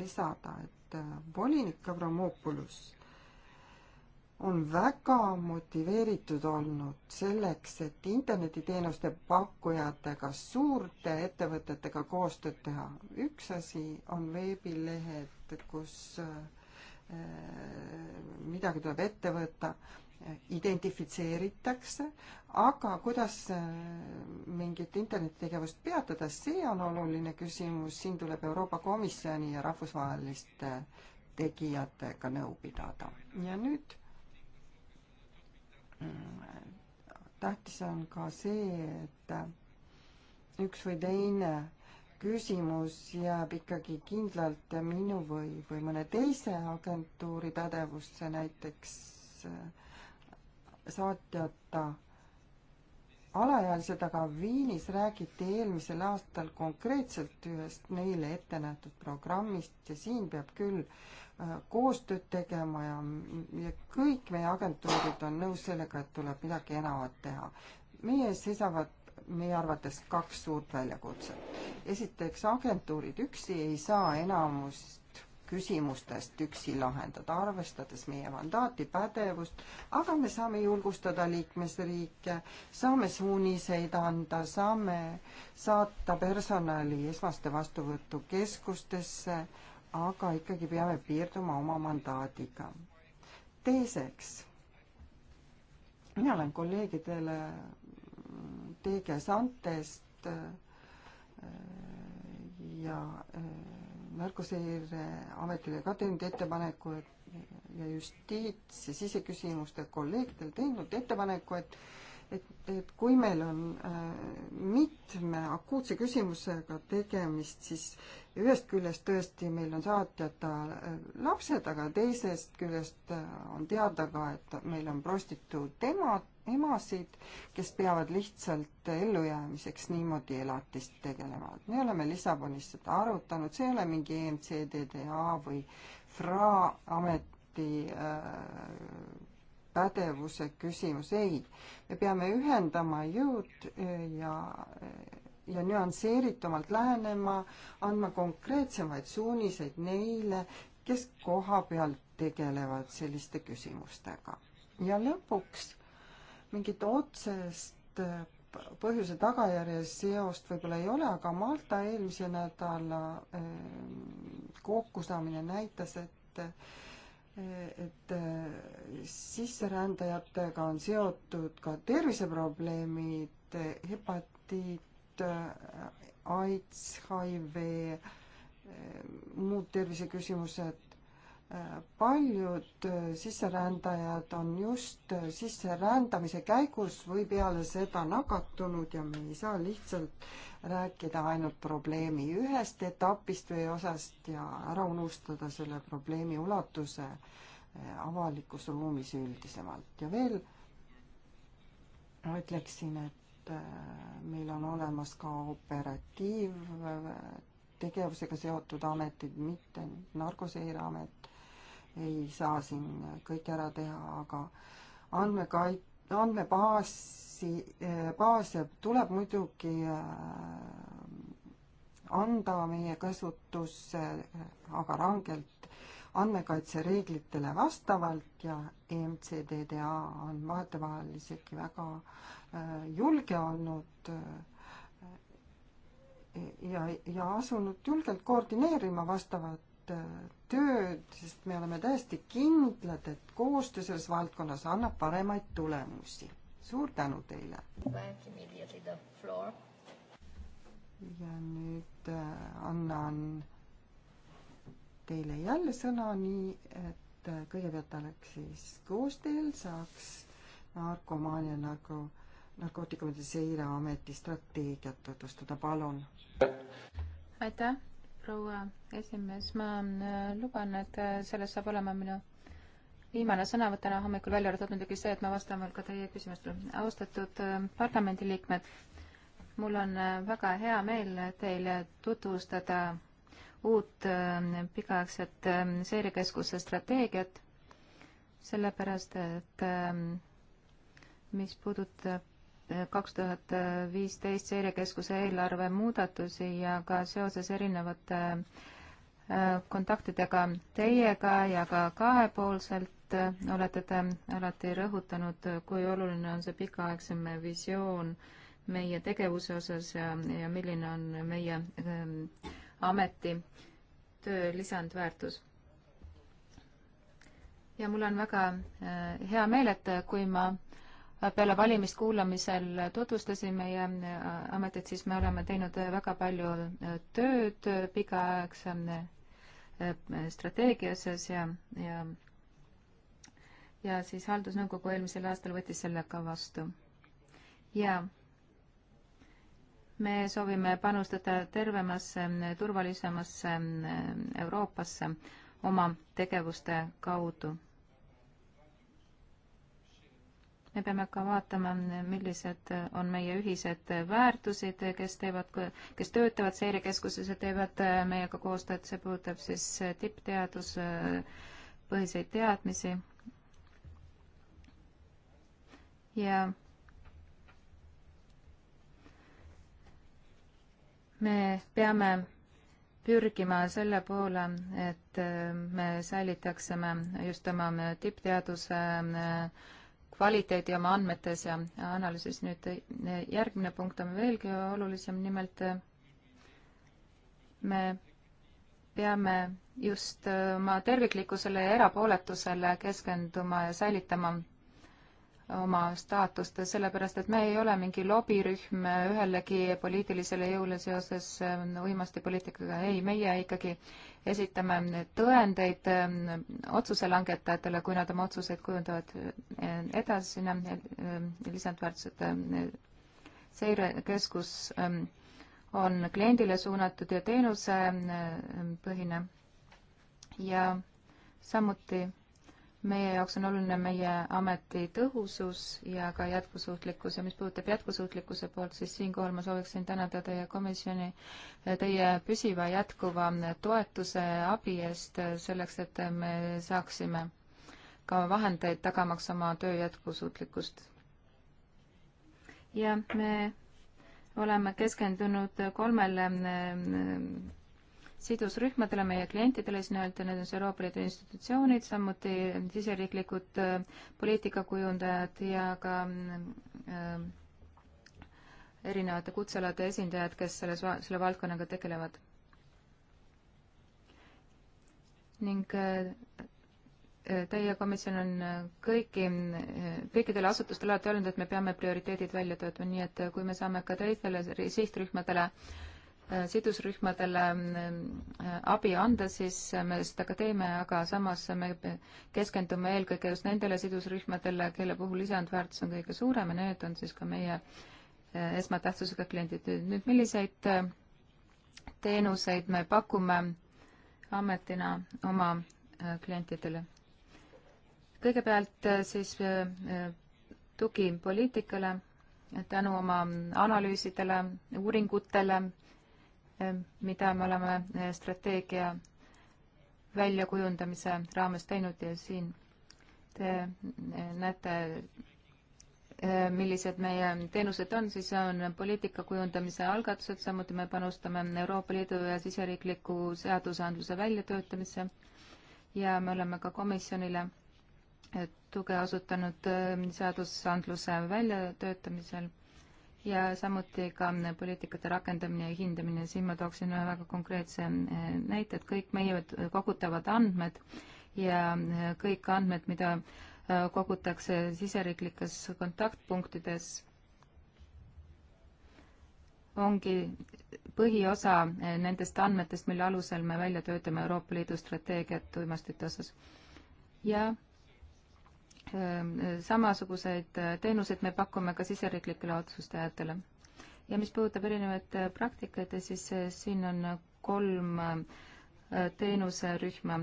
lisada, et äh, volinik Avramopoulos on väga motiveeritud olnud selleks, et internetiteenuste pakkujatega, suurte ettevõtetega koostööd teha. üks asi on veebilehed, kus midagi tuleb ette võtta identifitseeritakse, aga kuidas äh, mingit internetitegevust peatada, see on oluline küsimus, siin tuleb Euroopa Komisjoni ja rahvusvaheliste tegijatega nõu pidada. ja nüüd äh, tähtis on ka see, et äh, üks või teine küsimus jääb ikkagi kindlalt minu või, või mõne teise agentuuri pädevusse, näiteks äh, saatjata alaealised, aga Viinis räägiti eelmisel aastal konkreetselt ühest neile ette nähtud programmist ja siin peab küll äh, koostööd tegema ja, ja kõik meie agentuurid on nõus sellega, et tuleb midagi enamat teha. meie ees seisavad meie arvates kaks suurt väljakutset. esiteks, agentuurid üksi ei saa enamus küsimustest üksi lahendada, arvestades meie mandaati, pädevust, aga me saame julgustada liikmesriike, saame suuniseid anda, saame saata personali esmaste vastuvõtukeskustesse, aga ikkagi peame piirduma oma mandaadiga. teiseks, mina olen kolleegidele teie käes antest äh, ja äh, Märguseire Ametile ka teinud ettepaneku, et ja justiits- ja siseküsimuste kolleegidel teinud ettepaneku, et et, et kui meil on äh, mitme akuutse küsimusega tegemist, siis ühest küljest tõesti meil on saatjata äh, lapsed, aga teisest küljest äh, on teada ka, et meil on prostituut emad, emasid, kes peavad lihtsalt ellujäämiseks niimoodi elatist tegelema. me oleme Lissabonis seda arutanud, see ei ole mingi EMCDDA või FRA ameti äh, pädevuse küsimus, ei. me peame ühendama jõud äh, ja, äh, ja nüansseeritumalt lähenema, andma konkreetsemaid suuniseid neile, kes koha peal tegelevad selliste küsimustega. ja lõpuks mingit otsest äh, põhjuse tagajärje seost võib-olla ei ole, aga Malta eelmise nädala äh, kokkusaamine näitas, et äh, et sisserändajatega on seotud ka terviseprobleemid, hepatiit, AIDS, HIV, muud terviseküsimused, paljud sisserändajad on just sisserändamise käigus või peale seda nakatunud ja me ei saa lihtsalt rääkida ainult probleemi ühest etapist või osast ja ära unustada selle probleemi ulatuse avalikus ruumis üldisemalt ja veel ma ütleksin, et äh, meil on olemas ka operatiivtegevusega seotud ametid, mitte narkoseireamet, ei saa siin kõike ära teha, aga andmekait-, andmebaasi, baase tuleb muidugi äh, anda meie käsutusse, aga rangelt andmekaitsereeglitele vastavalt ja EMCDDA on vahetevahel isegi väga äh, julge olnud äh, ja, ja asunud julgelt koordineerima vastavat Äh, tööd, sest me oleme täiesti kindlad, et koostöö selles valdkonnas annab paremaid tulemusi. suur tänu teile! ja nüüd äh, annan teile jälle sõna, nii et äh, kõigepealt Aleksis Koostel saaks narkomaania nagu narkootikumide seireameti strateegiat tutvustada, palun! aitäh! proua esimees, ma äh, luban, et äh, sellest saab olema minu viimane sõnavõtt täna hommikul, välja arvatud muidugi see, et ma vastan veel ka teie küsimustele. austatud äh, parlamendiliikmed, mul on väga hea meel teile tutvustada uut pikaaegset seirekeskuse strateegiat, sellepärast et mis puudutab kaks tuhat viisteist seirekeskuse eelarve muudatusi ja ka seoses erinevate äh, kontaktidega teiega ja ka kahepoolselt olete te alati rõhutanud, kui oluline on see pikaaegsem visioon meie tegevuse osas ja, ja milline on meie ähm, ameti töö lisandväärtus. ja mul on väga äh, hea meel, et kui ma äh, peale valimist kuulamisel tutvustasin meie äh, ametit, siis me oleme teinud äh, väga palju äh, tööd pikaaegse strateegia osas ja, ja ja siis haldusnõukogu eelmisel aastal võttis selle ka vastu. ja me soovime panustada tervemasse, turvalisemasse Euroopasse oma tegevuste kaudu me peame ka vaatama, millised on meie ühised väärtused, kes teevad, kes töötavad seirekeskuses ja teevad meiega koostööd, see puudutab siis tippteaduspõhiseid teadmisi. ja me peame pürgima selle poole, et me säilitaksime just oma tippteaduse äh, kvaliteedi oma andmetes ja analüüsis. nüüd eh, järgmine punkt on veelgi olulisem, nimelt eh, me peame just eh, oma terviklikkusele ja erapooletusele keskenduma ja säilitama oma staatust, sellepärast et me ei ole mingi lobirühm ühelegi poliitilisele jõule seoses ähm, uimastipoliitikaga, ei, meie ikkagi esitame tõendeid ähm, otsuse langetajatele, kui nad oma otsuseid kujundavad edasine ähm, lisandväärtuste seirekeskus on kliendile suunatud ja teenusepõhine ja samuti meie jaoks on oluline meie ameti tõhusus ja ka jätkusuutlikkus ja mis puudutab jätkusuutlikkuse poolt, siis siinkohal ma sooviksin tänada teie komisjoni, teie püsiva jätkuva toetuse abi eest selleks, et me saaksime ka vahendeid tagamaks oma töö jätkusuutlikkust. ja me oleme keskendunud kolmele mm, sidusrühmadele, meie klientidele, siis nii-öelda need on siis Euroopa Liidu institutsioonid, samuti siseriiklikud äh, poliitikakujundajad ja ka äh, erinevate kutsealade esindajad, kes selles, selle valdkonnaga tegelevad. ning äh, teie komisjon on kõiki, kõikidele asutustele alati öelnud, et me peame prioriteedid välja töötama, nii et kui me saame ka teistele sihtrühmadele äh, Äh, sidusrühmadele äh, abi anda, siis me seda ka teeme, aga samas me keskendume eelkõige just nendele sidusrühmadele, kelle puhul lisandväärtus on kõige suurem ja need on siis ka meie äh, esmatähtsusega kliendid. nüüd milliseid teenuseid me pakume ametina oma klientidele? kõigepealt siis tugi poliitikale tänu oma analüüsidele, uuringutele Eh, mida me oleme eh, strateegia väljakujundamise raames teinud ja siin te eh, näete, millised meie teenused on, siis on poliitika kujundamise algatused, samuti me panustame Euroopa Liidu ja siseriikliku seadusandluse väljatöötamisse ja me oleme ka komisjonile tuge osutanud seadusandluse väljatöötamisel ja samuti ka mm, poliitikate rakendamine ja hindamine, siin ma tooksin ühe väga konkreetse eh, näite, et kõik meie eh, kogutavad andmed ja eh, kõik andmed, mida kogutakse siseriiklikes kontaktpunktides, ongi põhiosa nendest andmetest, mille alusel me välja töötame Euroopa Liidu strateegiat uimastite osas. ja Ehm, samasuguseid äh, teenuseid me pakume ka siseriiklikele otsustajatele. ja mis puudutab erinevaid äh, praktikaid, siis äh, siin on kolm teenuserühma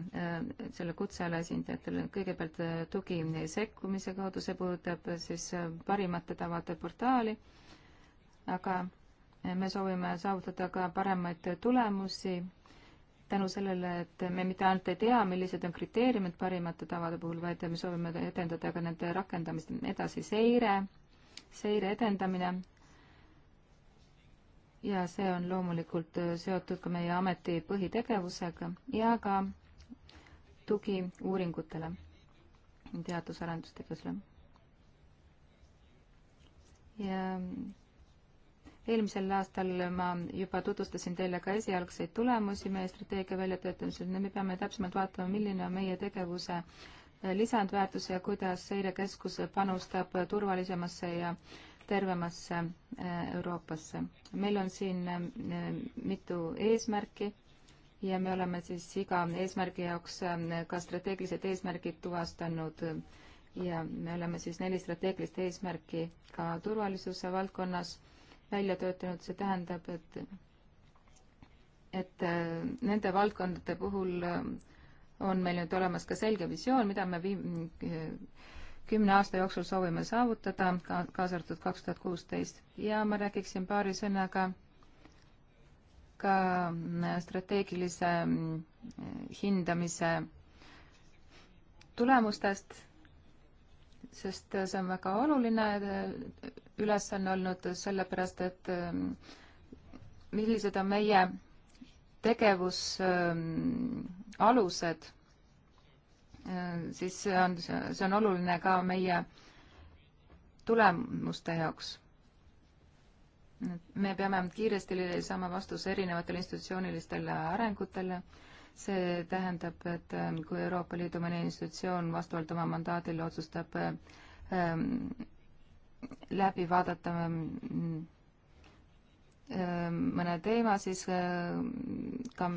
selle kutseala esindajatele. kõigepealt tugi sekkumise kaudu, see puudutab siis parimate tavade portaali, aga me soovime saavutada ka paremaid tulemusi tänu sellele, et me mitte ainult ei tea, millised on kriteeriumid parimate tavade puhul, vaid me soovime edendada ka nende rakendamist edasi, seire, seire edendamine. ja see on loomulikult seotud ka meie ameti põhitegevusega ja ka tugi uuringutele, teadus-arendustegevusele. ja eelmisel aastal ma juba tutvustasin teile ka esialgseid tulemusi meie strateegia väljatöötamisel, me peame täpsemalt vaatama, milline on meie tegevuse äh, lisandväärtus ja kuidas seirekeskus panustab turvalisemasse ja tervemasse äh, Euroopasse. meil on siin äh, mitu eesmärki ja me oleme siis iga eesmärgi jaoks ka strateegilised eesmärgid tuvastanud ja me oleme siis neli strateegilist eesmärki ka turvalisuse valdkonnas välja töötanud, see tähendab, et et äh, nende valdkondade puhul äh, on meil nüüd olemas ka selge visioon, mida me viim-, kümne aasta jooksul soovime saavutada, ka-, kaasa arvatud kaks tuhat kuusteist. ja ma räägiksin paari sõnaga ka äh, strateegilise hindamise tulemustest sest see on väga oluline äh, ülesanne olnud, sellepärast et ähm, millised on meie tegevusalused, ähm, äh, siis see on, see on oluline ka meie tulemuste jaoks me peame kiiresti saama vastuse erinevatele institutsioonilistele arengutele see tähendab, et ähm, kui Euroopa Liidu mõni institutsioon vastavalt oma mandaadile otsustab ähm, läbi vaadata ähm, ähm mõne teema, siis äh, ka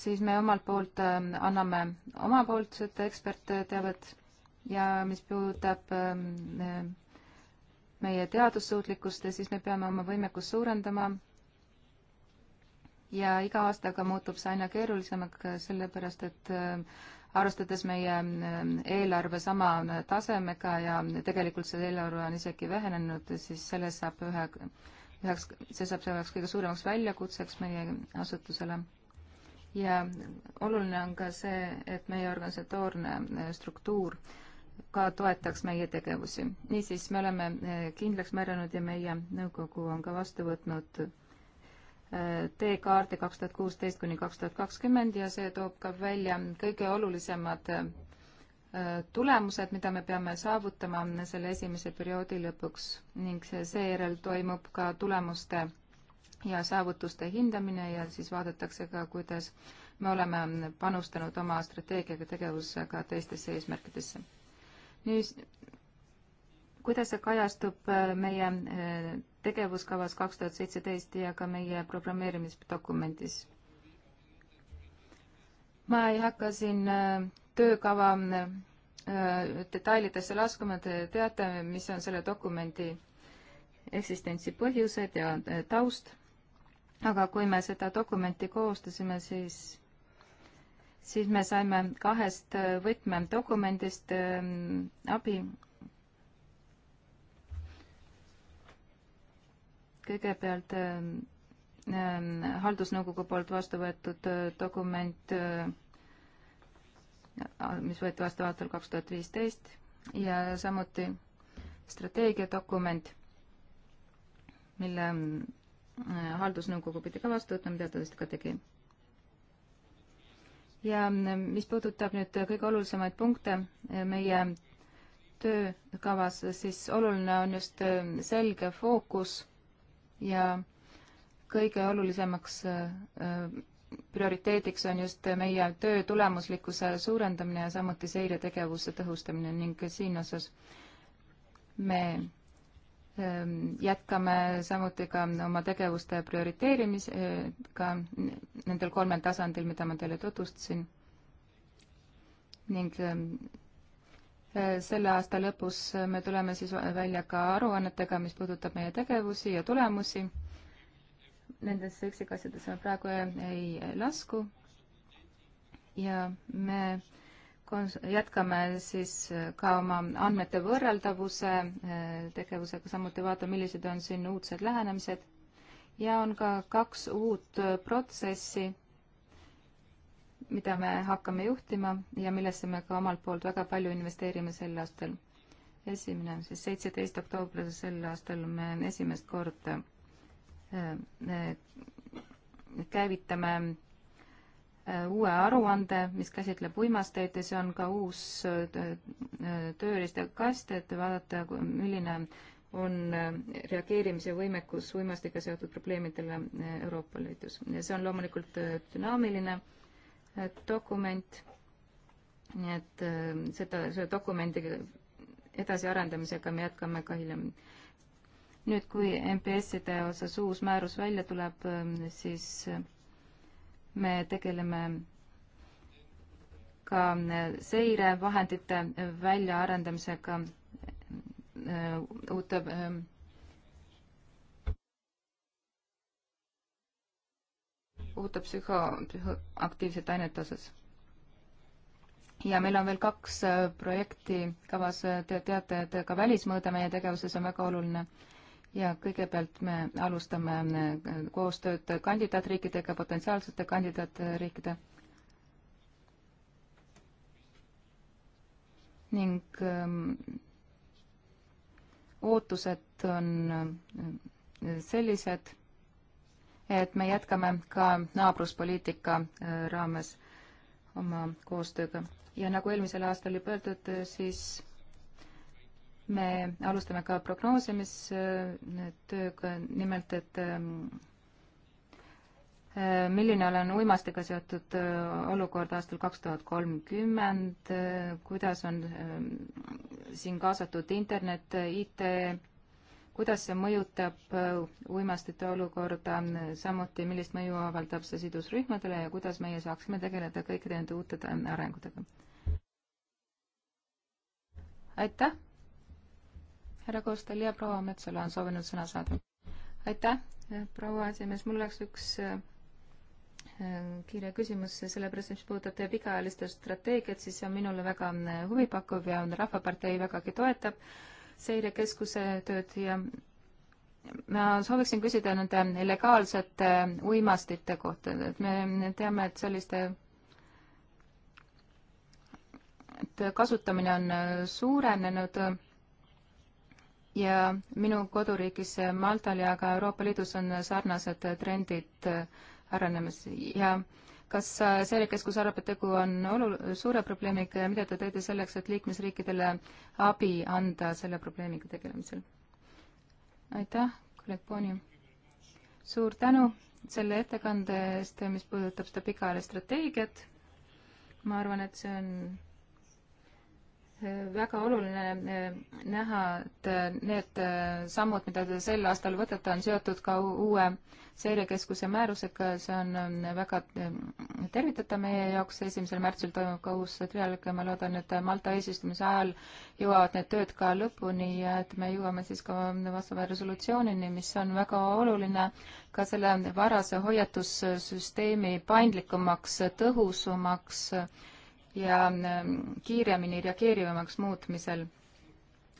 siis me omalt poolt äh, anname omapoolset ekspertteavet ja mis puudutab äh, meie teadussuutlikkust, siis me peame oma võimekust suurendama ja iga aastaga muutub see aina keerulisemaks, sellepärast et äh, arvestades meie äh, eelarve sama äh, tasemega ja tegelikult see eelarve on isegi vähenenud, siis selle saab ühe, üheks, see saab selleks kõige suuremaks väljakutseks meie asutusele. ja oluline on ka see, et meie organisatoorne struktuur ka toetaks meie tegevusi. niisiis, me oleme kindlaks määranud ja meie nõukogu on ka vastu võtnud teekaardi kaks tuhat kuusteist kuni kaks tuhat kakskümmend ja see toob ka välja kõige olulisemad äh, tulemused, mida me peame saavutama selle esimese perioodi lõpuks ning seejärel toimub ka tulemuste ja saavutuste hindamine ja siis vaadatakse ka, kuidas me oleme panustanud oma strateegiaga tegevusega teistesse eesmärkidesse. nüüd, kuidas see kajastub äh, meie äh, tegevuskavas kaks tuhat seitseteist ja ka meie programmeerimisdokumendis. ma ei hakka siin äh, töökava äh, detailidesse laskuma, te teate, mis on selle dokumendi eksistentsi põhjused ja äh, taust, aga kui me seda dokumenti koostasime, siis siis me saime kahest võtmedokumendist abi kõigepealt ähm, ähm, haldusnõukogu poolt vastu võetud äh, dokument, äh, mis võeti vastu aastal kaks tuhat viisteist ja samuti strateegiadokument, mille ähm, haldusnõukogu pidi ka vastu võtma, mida ta vist ka tegi. ja mis puudutab nüüd kõige olulisemaid punkte äh, meie töökavas, siis oluline on just selge fookus ja kõige olulisemaks äh, prioriteediks on just meie töö tulemuslikkuse suurendamine ja samuti seiretegevuse tõhustamine ning siin osas me ähm, jätkame samuti ka oma tegevuste prioriteerimisega nendel kolmel tasandil, mida ma teile tutvustasin. ning ähm, selle aasta lõpus me tuleme siis välja ka aruannetega, mis puudutab meie tegevusi ja tulemusi. Nendesse üksikasjadesse me praegu ei lasku. ja me jätkame siis ka oma andmete võrreldavuse eh, tegevusega, samuti vaatame, millised on siin uudsed lähenemised ja on ka kaks uut eh, protsessi mida me hakkame juhtima ja millesse me ka omalt poolt väga palju investeerime sel aastal. esimene on siis seitseteist oktoobril sel aastal me esimest korda äh, äh, käivitame äh, uue aruande, mis käsitleb uimasteid ja see on ka uus tööriiste kast, et vaadata, milline on reageerimise võimekus uimastega seotud probleemidele Euroopa Liidus ja see on loomulikult dünaamiline dokument. nii et äh, seda, selle dokumendi edasiarendamisega me jätkame ka hiljem. nüüd, kui MPS-ide osas uus määrus välja tuleb, ähm, siis äh, me tegeleme ka äh, seirevahendite väljaarendamisega uute ähm, puudutab psühho, psühhoaktiivsete ainete osas. ja meil on veel kaks äh, projekti kavas, äh, te teate, et ka välismõõde meie tegevuses on väga oluline ja kõigepealt me alustame äh, koostööd kandidaatriikidega, potentsiaalsete kandidaatriikide ning öö, ähm, ootused on sellised et me jätkame ka naabruspoliitika äh, raames oma koostööga. ja nagu eelmisel aastal juba öeldud, äh, siis me alustame ka prognoosimistööga, äh, nimelt et ähm, milline on uimastega seotud olukord aastal kaks tuhat kolmkümmend, kuidas on ähm, siin kaasatud internet, IT kuidas see mõjutab äh, uimastite olukorda, samuti millist mõju avaldab see sidusrühmadele ja kuidas meie saaksime tegeleda kõikide nende uute arengutega? aitäh! härra Kostel ja proua Metsola on soovinud sõna saada. aitäh, äh, proua esimees, mul oleks üks äh, kiire küsimus, sellepärast mis puudutab teie pikaajalist strateegiat, siis see on minule väga huvipakkuv ja Rahvapartei vägagi toetab seirekeskuse tööd ja ma sooviksin küsida nende legaalsete äh, uimastite kohta, et me teame, et selliste, et kasutamine on äh, suurenenud ja minu koduriigis äh, Maltal ja ka Euroopa Liidus on sarnased trendid arenemas ja äh, kas äh, seirekeskus arvab, et tegu on olu-, suure probleemiga ja mida te teete selleks, et liikmesriikidele abi anda selle probleemiga tegelemisel? aitäh, kolleeg Booni. suur tänu selle ettekande eest, mis puudutab seda pikaajalist strateegiat. ma arvan, et see on väga oluline eh, näha, et eh, need eh, sammud, mida te sel aastal võtate, on seotud ka uue seirekeskuse määrusega, see on väga tervitatav meie jaoks, esimesel märtsil toimub ka uus trialog ja ma loodan, et Malta eesistumise ajal jõuavad need tööd ka lõpuni ja et me jõuame siis ka vastava resolutsioonini, mis on väga oluline ka selle varase hoiatussüsteemi paindlikumaks, tõhusamaks ja ähm, kiiremini reageerivamaks muutmisel.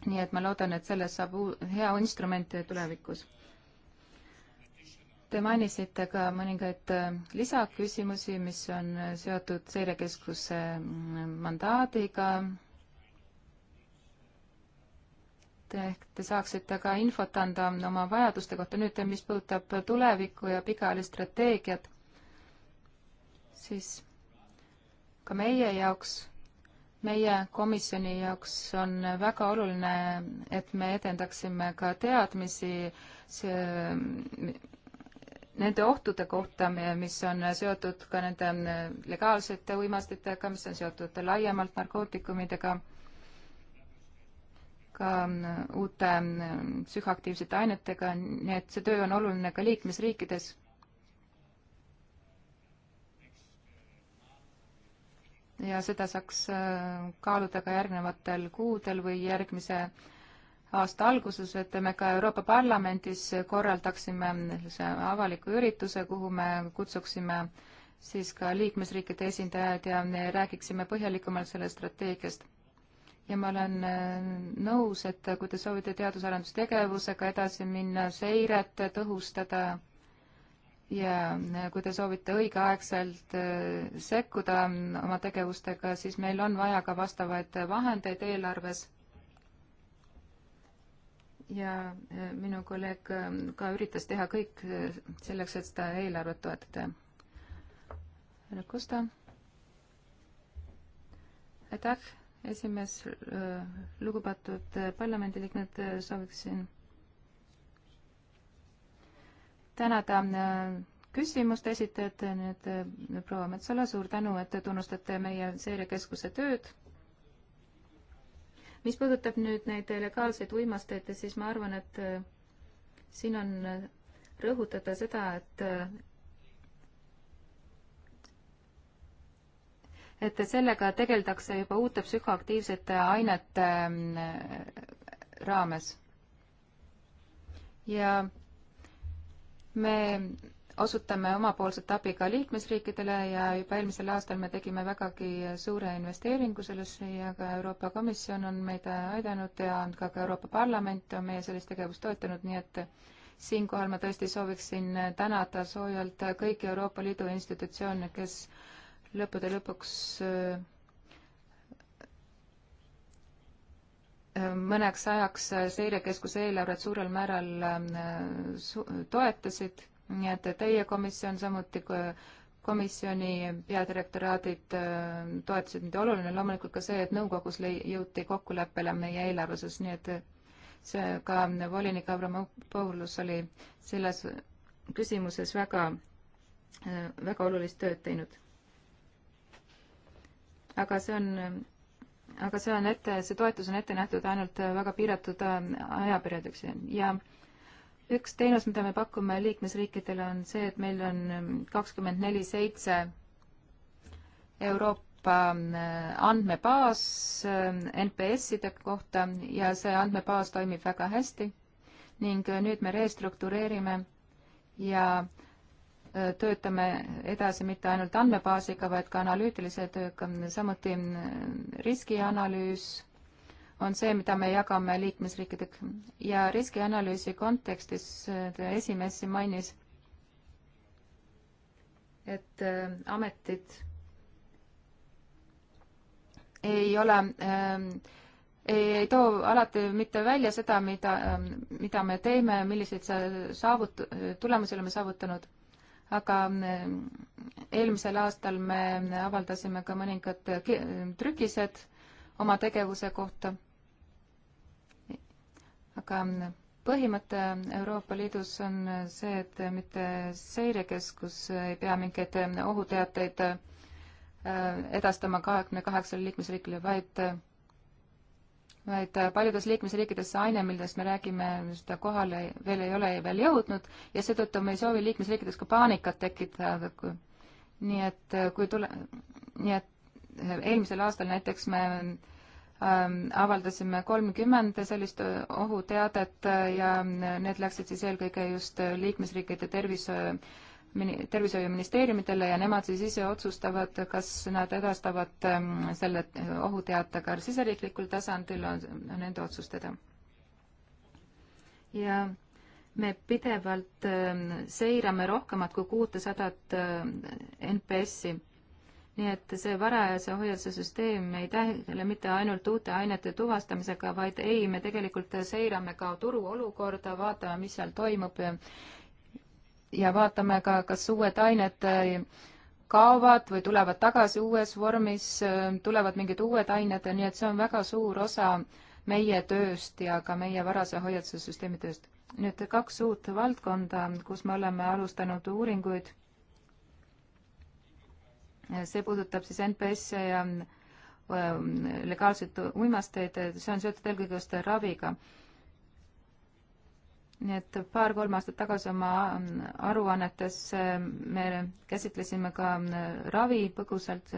nii et ma loodan, et sellest saab hea instrument tulevikus. Te mainisite ka mõningaid äh, lisaküsimusi, mis on äh, seotud seirekeskuse mm, mandaadiga ehk te saaksite ka infot anda oma vajaduste kohta. nüüd, mis puudutab tulevikku ja pikaajalist strateegiat, siis ka meie jaoks, meie komisjoni jaoks on väga oluline, et me edendaksime ka teadmisi see, nende ohtude kohta, mis on seotud ka nende legaalsete uimastitega, mis on seotud laiemalt narkootikumidega, ka uute psühhoaktiivsete ainetega, nii et see töö on oluline ka liikmesriikides ja seda saaks äh, kaaluda ka järgnevatel kuudel või järgmise aasta alguses, et me ka Euroopa Parlamendis korraldaksime avaliku ürituse, kuhu me kutsuksime siis ka liikmesriikide esindajad ja räägiksime põhjalikumalt sellest strateegiast. ja ma olen äh, nõus, et kui te soovite teadus-arendustegevusega edasi minna, seiret tõhustada ja äh, kui te soovite õigeaegselt äh, sekkuda ähm, oma tegevustega, siis meil on vaja ka vastavaid äh, vahendeid eelarves. ja minu kolleeg ähm, ka üritas teha kõik selleks, et seda eelarvet toetada. härra Kosta. aitäh, esimees, lugupeetud parlamendiliikmed, sooviksin tänada äh, küsimuste esitajat, nüüd äh, proua Metsala, suur tänu, et te tunnustate meie seirekeskuse tööd. mis puudutab nüüd neid legaalseid uimasteid, siis ma arvan, et äh, siin on rõhutada seda, et et sellega tegeldakse juba uute psühhoaktiivsete ainete raames. ja me osutame omapoolset abi ka liikmesriikidele ja juba eelmisel aastal me tegime vägagi suure investeeringu sellesse ja ka Euroopa Komisjon on meid aidanud ja on ka, ka Euroopa Parlament on meie sellist tegevust toetanud, nii et siinkohal ma tõesti sooviksin tänada soojalt kõiki Euroopa Liidu institutsioone, kes lõppude lõpuks mõneks ajaks seirekeskuse eelarvet suurel määral äh, su toetasid, nii et teie komisjon, samuti komisjoni peadirektoraadid äh, toetasid mind. oluline loomulikult ka see, et nõukogus jõuti kokkuleppele meie eelarvuses, nii et see ka volinik Avramopoulos oli selles küsimuses väga, äh, väga olulist tööd teinud. aga see on aga see on ette, see toetus on ette nähtud ainult äh, väga piiratud äh, ajaperioodiks ja üks teenus, mida me pakume liikmesriikidele, on see, et meil on ähm, kakskümmend neli seitse Euroopa äh, andmebaas NPS-ide kohta ja see andmebaas toimib väga hästi ning nüüd me restruktureerime ja töötame edasi mitte ainult andmebaasiga, vaid ka analüütilise tööga, samuti mm, riskianalüüs on see, mida me jagame liikmesriikidega ja riskianalüüsi kontekstis äh, esimees siin mainis, et äh, ametid ei ole äh, ei, ei too alati mitte välja seda, mida, ähm, mida me teeme, milliseid saavut-, tulemusi oleme saavutanud aga ähm, eelmisel aastal me avaldasime ka mõningad trükised oma tegevuse kohta. aga põhimõte Euroopa Liidus on see, et mitte seirekeskus ei pea mingeid ohuteateid äh, edastama kahekümne kaheksale liikmesriigile, vaid vaid paljudes liikmesriikides see aine, millest me räägime, seda kohale veel ei ole veel jõudnud ja seetõttu me ei soovi liikmesriikides ka paanikat tekitada. nii et äh, kui tule, nii et äh, eelmisel aastal näiteks me ähm, avaldasime kolmkümmend sellist äh, ohuteadet ja need läksid siis eelkõige just liikmesriikide tervishoiu tervishoiuministeeriumitele ja nemad siis ise otsustavad, kas nad edastavad ähm, selle ohuteate ka siseriiklikul tasandil, on nende otsustada. ja me pidevalt ähm, seirame rohkemat kui kuutesadat äh, NPS-i. nii et see varajase hoiatuse süsteem ei tähele mitte ainult uute ainete tuvastamisega, vaid ei, me tegelikult seirame ka turuolukorda, vaatame, mis seal toimub ja vaatame ka, kas uued ained äh, kaovad või tulevad tagasi uues vormis, äh, tulevad mingid uued ained, nii et see on väga suur osa meie tööst ja ka meie varase hoiatussüsteemi tööst. nüüd kaks uut valdkonda, kus me oleme alustanud uuringuid. see puudutab siis NPS-e ja äh, legaalseid uimasteid, see on seotud eelkõige just raviga nii et paar-kolm aastat tagasi oma ähm, aruannetes ähm, me käsitlesime ka ähm, ravi põgusalt.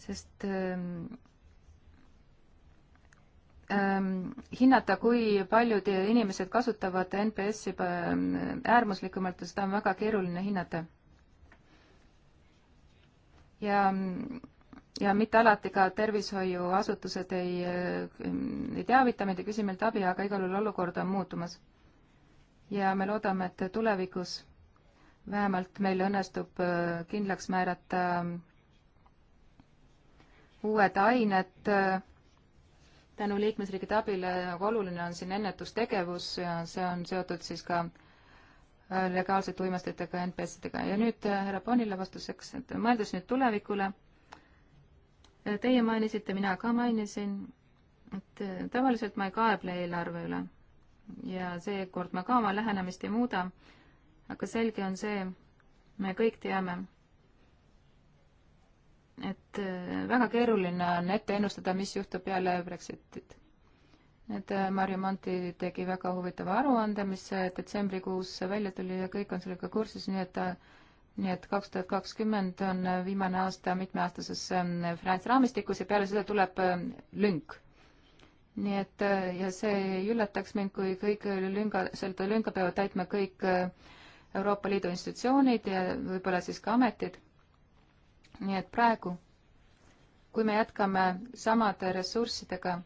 sest hinnata, kui paljud inimesed kasutavad NPS-i äärmuslikumalt, seda on väga keeruline hinnata. ja ja mitte alati ka tervishoiuasutused ei, äh, ei teavita meid ja küsi meilt abi, aga igal juhul olukord on muutumas. ja me loodame, et tulevikus vähemalt meil õnnestub äh, kindlaks määrata äh, uued ained tänu liikmesriikide abile, aga nagu oluline on siin ennetustegevus ja see on seotud siis ka legaalsete uimastitega ja NPS-idega. ja nüüd härra Bonile vastuseks, et mõeldes nüüd tulevikule Teie mainisite, mina ka mainisin, et äh, tavaliselt ma ei kaeble eelarve üle ja seekord ma ka oma lähenemist ei muuda, aga selge on see, me kõik teame, et äh, väga keeruline on ette ennustada, mis juhtub peale Brexitit. et äh, Marju Monti tegi väga huvitava aruande, mis detsembrikuus välja tuli ja kõik on sellega kursis, nii et ta nii et kaks tuhat kakskümmend on viimane aasta mitmeaastases ähm, finantsraamistikus ja peale seda tuleb ähm, lünk. nii et äh, ja see ei üllataks mind, kui kõik lünga, seda lünga peavad täitma kõik äh, Euroopa Liidu institutsioonid ja võib-olla siis ka ametid. nii et praegu, kui me jätkame samade ressurssidega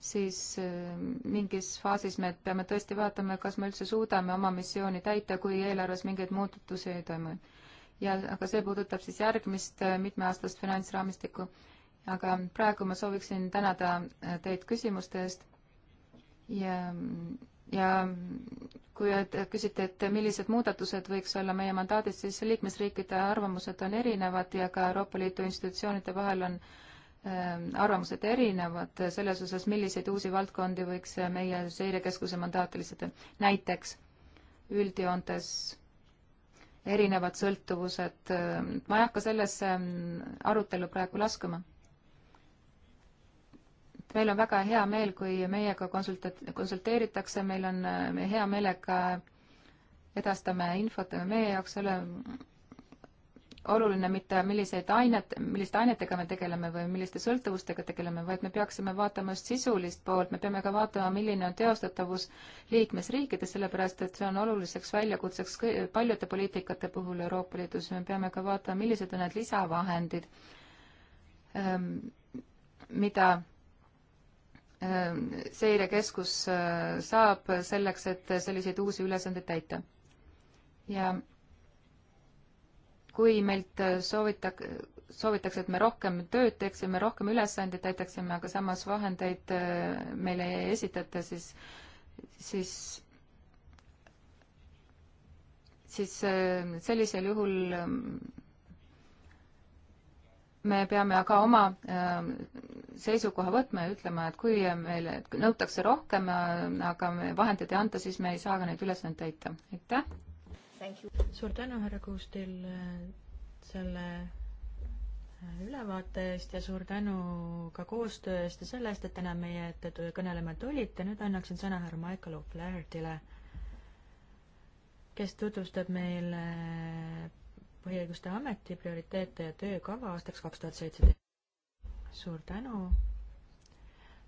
siis ähm, mingis faasis me peame tõesti vaatama, kas me üldse suudame oma missiooni täita, kui eelarves mingeid muudatusi ei toimu. ja, aga see puudutab siis järgmist äh, mitmeaastast finantsraamistikku. aga praegu ma sooviksin tänada äh, teid küsimuste eest ja, ja kui küsite, et millised muudatused võiks olla meie mandaadis, siis liikmesriikide arvamused on erinevad ja ka Euroopa Liidu institutsioonide vahel on äh, Ehm, arvamused erinevad selles osas, milliseid uusi valdkondi võiks meie seirekeskuse mandaat lihtsalt, näiteks üldjoontes erinevad sõltuvused, ehm, ma ei hakka sellesse ehm, arutellu praegu laskuma. meil on väga hea meel, kui meiega konsultat-, konsulteeritakse, meil on me hea meelega edastame infot, aga meie jaoks ei ole oluline mitte, milliseid ainet, milliste ainetega me tegeleme või milliste sõltuvustega tegeleme, vaid me peaksime vaatama just sisulist poolt, me peame ka vaatama, milline on teostatavus liikmesriikides, sellepärast et see on oluliseks väljakutseks paljude poliitikate puhul Euroopa Liidus, me peame ka vaatama, millised on need lisavahendid, ähm, mida ähm, seirekeskus äh, saab selleks, et selliseid uusi ülesandeid täita. ja kui meilt äh, soovitak-, soovitakse, et me rohkem tööd teeksime, rohkem ülesandeid täidaksime, aga samas vahendeid äh, meile ei esitata, siis, siis siis äh, sellisel juhul ähm, me peame ka oma seisukoha võtma ja ütlema, et kui meile nõutakse rohkem, aga vahendeid ei anta, siis me ei saa ka neid ülesandeid täita. aitäh! suur tänu, härra Kuustil, äh, selle äh, ülevaate eest ja suur tänu ka koostöö eest ja selle eest, et täna meie ette kõnelema tulite. nüüd annaksin sõna härra Michael O'Flahertile, kes tutvustab meile äh, Põhiõiguste Ameti prioriteete ja töökava aastaks kaks tuhat seitseteist. suur tänu,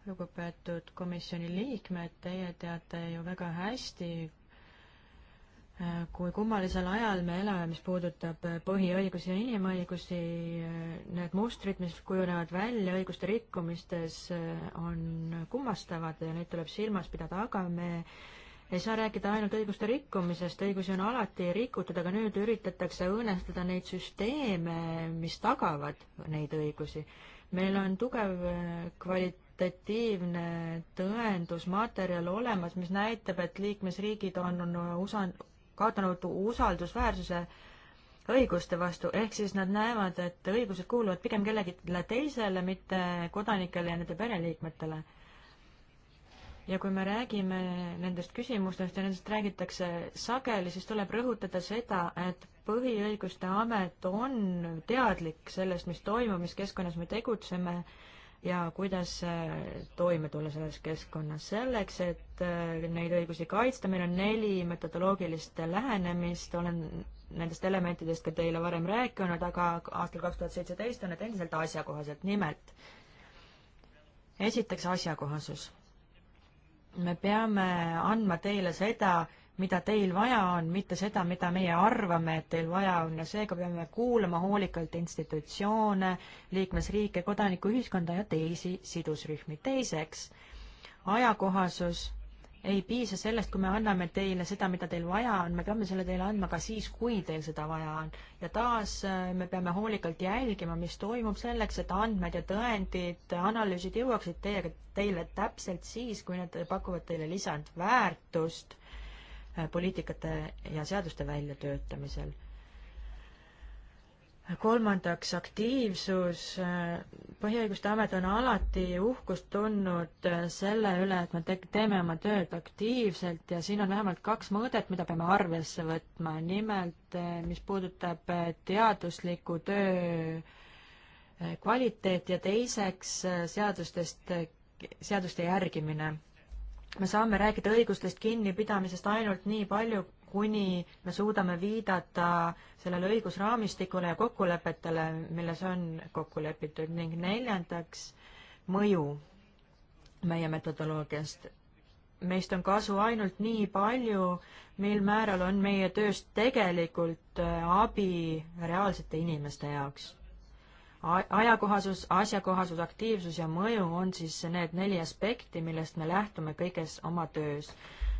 lugupeetud komisjoni liikmed, teie teate ju väga hästi, kui kummalisel ajal me elame, mis puudutab äh, põhiõigusi ja inimõigusi, äh, need mustrid, mis kujunevad välja õiguste rikkumistes, äh, on kummastavad ja neid tuleb silmas pidada, aga me ei saa rääkida ainult õiguste rikkumisest, õigusi on alati rikutud, aga nüüd üritatakse õõnestada neid süsteeme, mis tagavad neid õigusi. meil on tugev kvalit-, kvantitatiivne tõendusmaterjal olemas, mis näitab, et liikmesriigid on usan-, kaotanud usaldusväärsuse õiguste vastu, ehk siis nad näevad, et õigused kuuluvad pigem kellelegi teisele, mitte kodanikele ja nende pereliikmetele. ja kui me räägime nendest küsimustest ja nendest räägitakse sageli, siis tuleb rõhutada seda, et põhiõiguste amet on teadlik sellest, mis toimub, mis keskkonnas me tegutseme ja kuidas äh, toime tulla selles keskkonnas. selleks, et äh, neid õigusi kaitsta, meil on neli metodoloogilist lähenemist, olen nendest elementidest ka teile varem rääkinud, aga aastal kaks tuhat seitseteist on need endiselt asjakohased, nimelt esiteks asjakohasus. me peame andma teile seda, mida teil vaja on, mitte seda, mida meie arvame, et teil vaja on ja seega peame kuulama hoolikalt institutsioone, liikmesriike, kodanikuühiskonda ja teisi sidusrühmi. teiseks, ajakohasus ei piisa sellest, kui me anname teile seda, mida teil vaja on, me peame selle teile andma ka siis, kui teil seda vaja on. ja taas äh, me peame hoolikalt jälgima, mis toimub selleks, et andmed ja tõendid, analüüsid jõuaksid teiega, teile täpselt siis, kui need pakuvad teile lisandväärtust Äh, poliitikate ja seaduste väljatöötamisel. kolmandaks, aktiivsus. Äh, põhiõiguste amet on alati uhkust tundnud äh, selle üle, et me te-, teeme oma tööd aktiivselt ja siin on vähemalt kaks mõõdet, mida peame arvesse võtma. nimelt, mis puudutab teadusliku töö kvaliteet ja teiseks seadustest, seaduste järgimine me saame rääkida õigustest kinnipidamisest ainult nii palju, kuni me suudame viidata sellele õigusraamistikule ja kokkulepetele, milles on kokku lepitud ning neljandaks, mõju meie metodoloogiast. meist on kasu ainult nii palju, mil määral on meie tööst tegelikult äh, abi reaalsete inimeste jaoks ajakohasus, asjakohasus, aktiivsus ja mõju on siis need neli aspekti, millest me lähtume kõiges oma töös.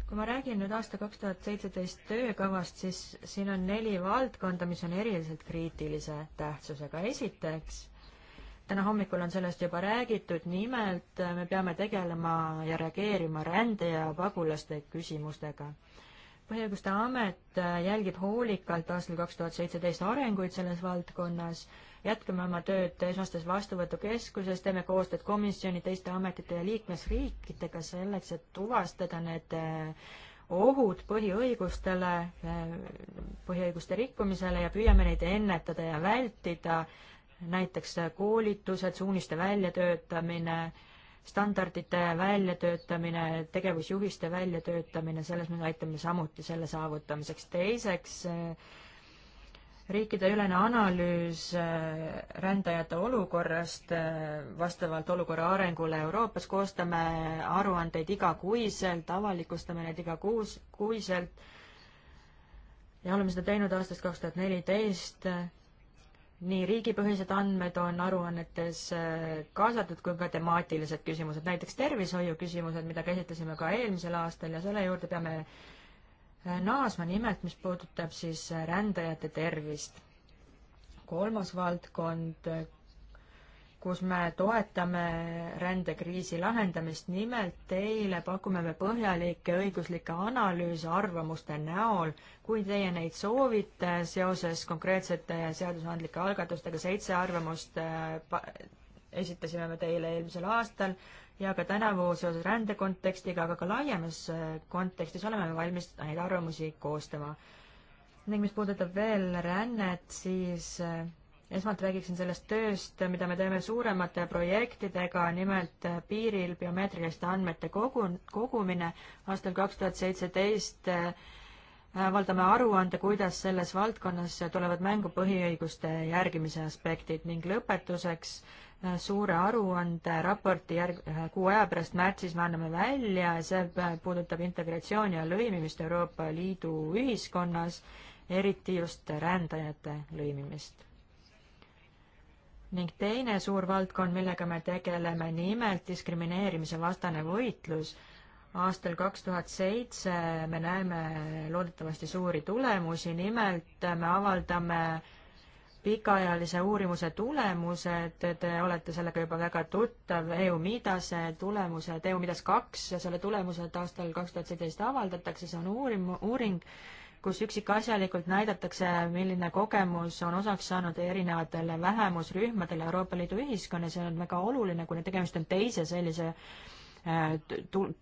kui ma räägin nüüd aasta kaks tuhat seitseteist töökavast, siis siin on neli valdkonda, mis on eriliselt kriitilise tähtsusega. esiteks, täna hommikul on sellest juba räägitud, nimelt äh, me peame tegelema ja reageerima rände ja pagulaste küsimustega põhiõiguste amet äh, jälgib hoolikalt aastal kaks tuhat seitseteist arenguid selles valdkonnas jätkame oma tööd esmastes vastuvõtukeskuses, teeme koostööd komisjoni, teiste ametite ja liikmesriikidega selleks, et tuvastada need eh, ohud põhiõigustele, eh, põhiõiguste rikkumisele ja püüame neid ennetada ja vältida, näiteks koolitused, suuniste väljatöötamine, standardite väljatöötamine, tegevusjuhiste väljatöötamine, selles me aitame samuti selle saavutamiseks. teiseks äh, riikideülene analüüs äh, rändajate olukorrast äh, vastavalt olukorra arengule Euroopas, koostame aruandeid igakuiselt, avalikustame need igakuus, kuiselt ja oleme seda teinud aastast kaks tuhat neliteist. nii riigipõhised andmed on aruannetes äh, kaasatud kui ka temaatilised küsimused, näiteks tervishoiu küsimused, mida käsitlesime ka eelmisel aastal ja selle juurde peame naasma nimelt, mis puudutab siis rändajate tervist. kolmas valdkond, kus me toetame rändekriisi lahendamist, nimelt teile pakume me põhjalikke õiguslikke analüüse arvamuste näol. kui teie neid soovite seoses konkreetsete seadusandlike algatustega, seitse arvamust esitasime me teile eelmisel aastal, ja ka tänavu seoses rändekontekstiga, aga ka laiemas äh, kontekstis oleme valmis neid arvamusi koostama. ning mis puudutab veel rännet, siis äh, esmalt räägiksin sellest tööst, mida me teeme suuremate projektidega, nimelt äh, piiril biomeetriliste andmete kogu, kogumine aastal kaks tuhat seitseteist avaldame aruande, kuidas selles valdkonnas tulevad mängu põhiõiguste järgimise aspektid ning lõpetuseks äh, suure aruande raporti järg-, kuu aja pärast märtsis me anname välja, see puudutab integratsiooni ja lõimimist Euroopa Liidu ühiskonnas, eriti just rändajate lõimimist ning teine suur valdkond, millega me tegeleme, nimelt diskrimineerimise vastane võitlus aastal kaks tuhat seitse me näeme loodetavasti suuri tulemusi, nimelt me avaldame pikaajalise uurimuse tulemused, te olete sellega juba väga tuttav, EU-Midase tulemused, EU-Midas kaks ja selle tulemused aastal kaks tuhat seitseteist avaldatakse, see on uurim-, uuring, kus üksikasjalikult näidatakse, milline kogemus on osaks saanud erinevatele vähemusrühmadele Euroopa Liidu ühiskonnas ja on väga oluline, kuna tegemist on teise sellise Äh,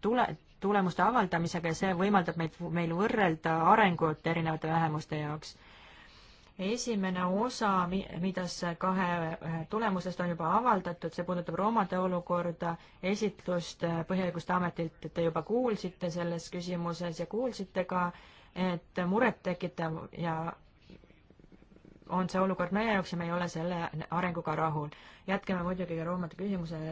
tule, tulemuste avaldamisega ja see võimaldab meid, meil võrrelda arengut erinevate vähemuste jaoks esimene osa, mida see kahe äh, tulemusest on juba avaldatud, see puudutab roomade olukorda, esitlust äh, Põhiõiguste Ametilt, te juba kuulsite selles küsimuses ja kuulsite ka, et murettekitav ja on see olukord meie jaoks ja me ei ole selle arenguga rahul. jätkame muidugi ka roomade küsimuse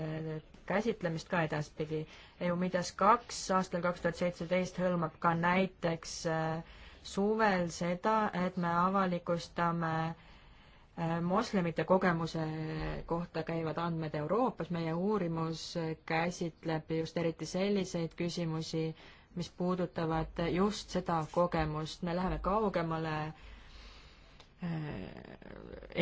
käsitlemist ka edaspidi. EUMIDAS kaks aastal kaks tuhat seitseteist hõlmab ka näiteks äh, suvel seda, et me avalikustame äh, moslemite kogemuse kohta käivad andmed Euroopas, meie uurimus käsitleb just eriti selliseid küsimusi, mis puudutavad just seda kogemust, me läheme kaugemale äh, Äh,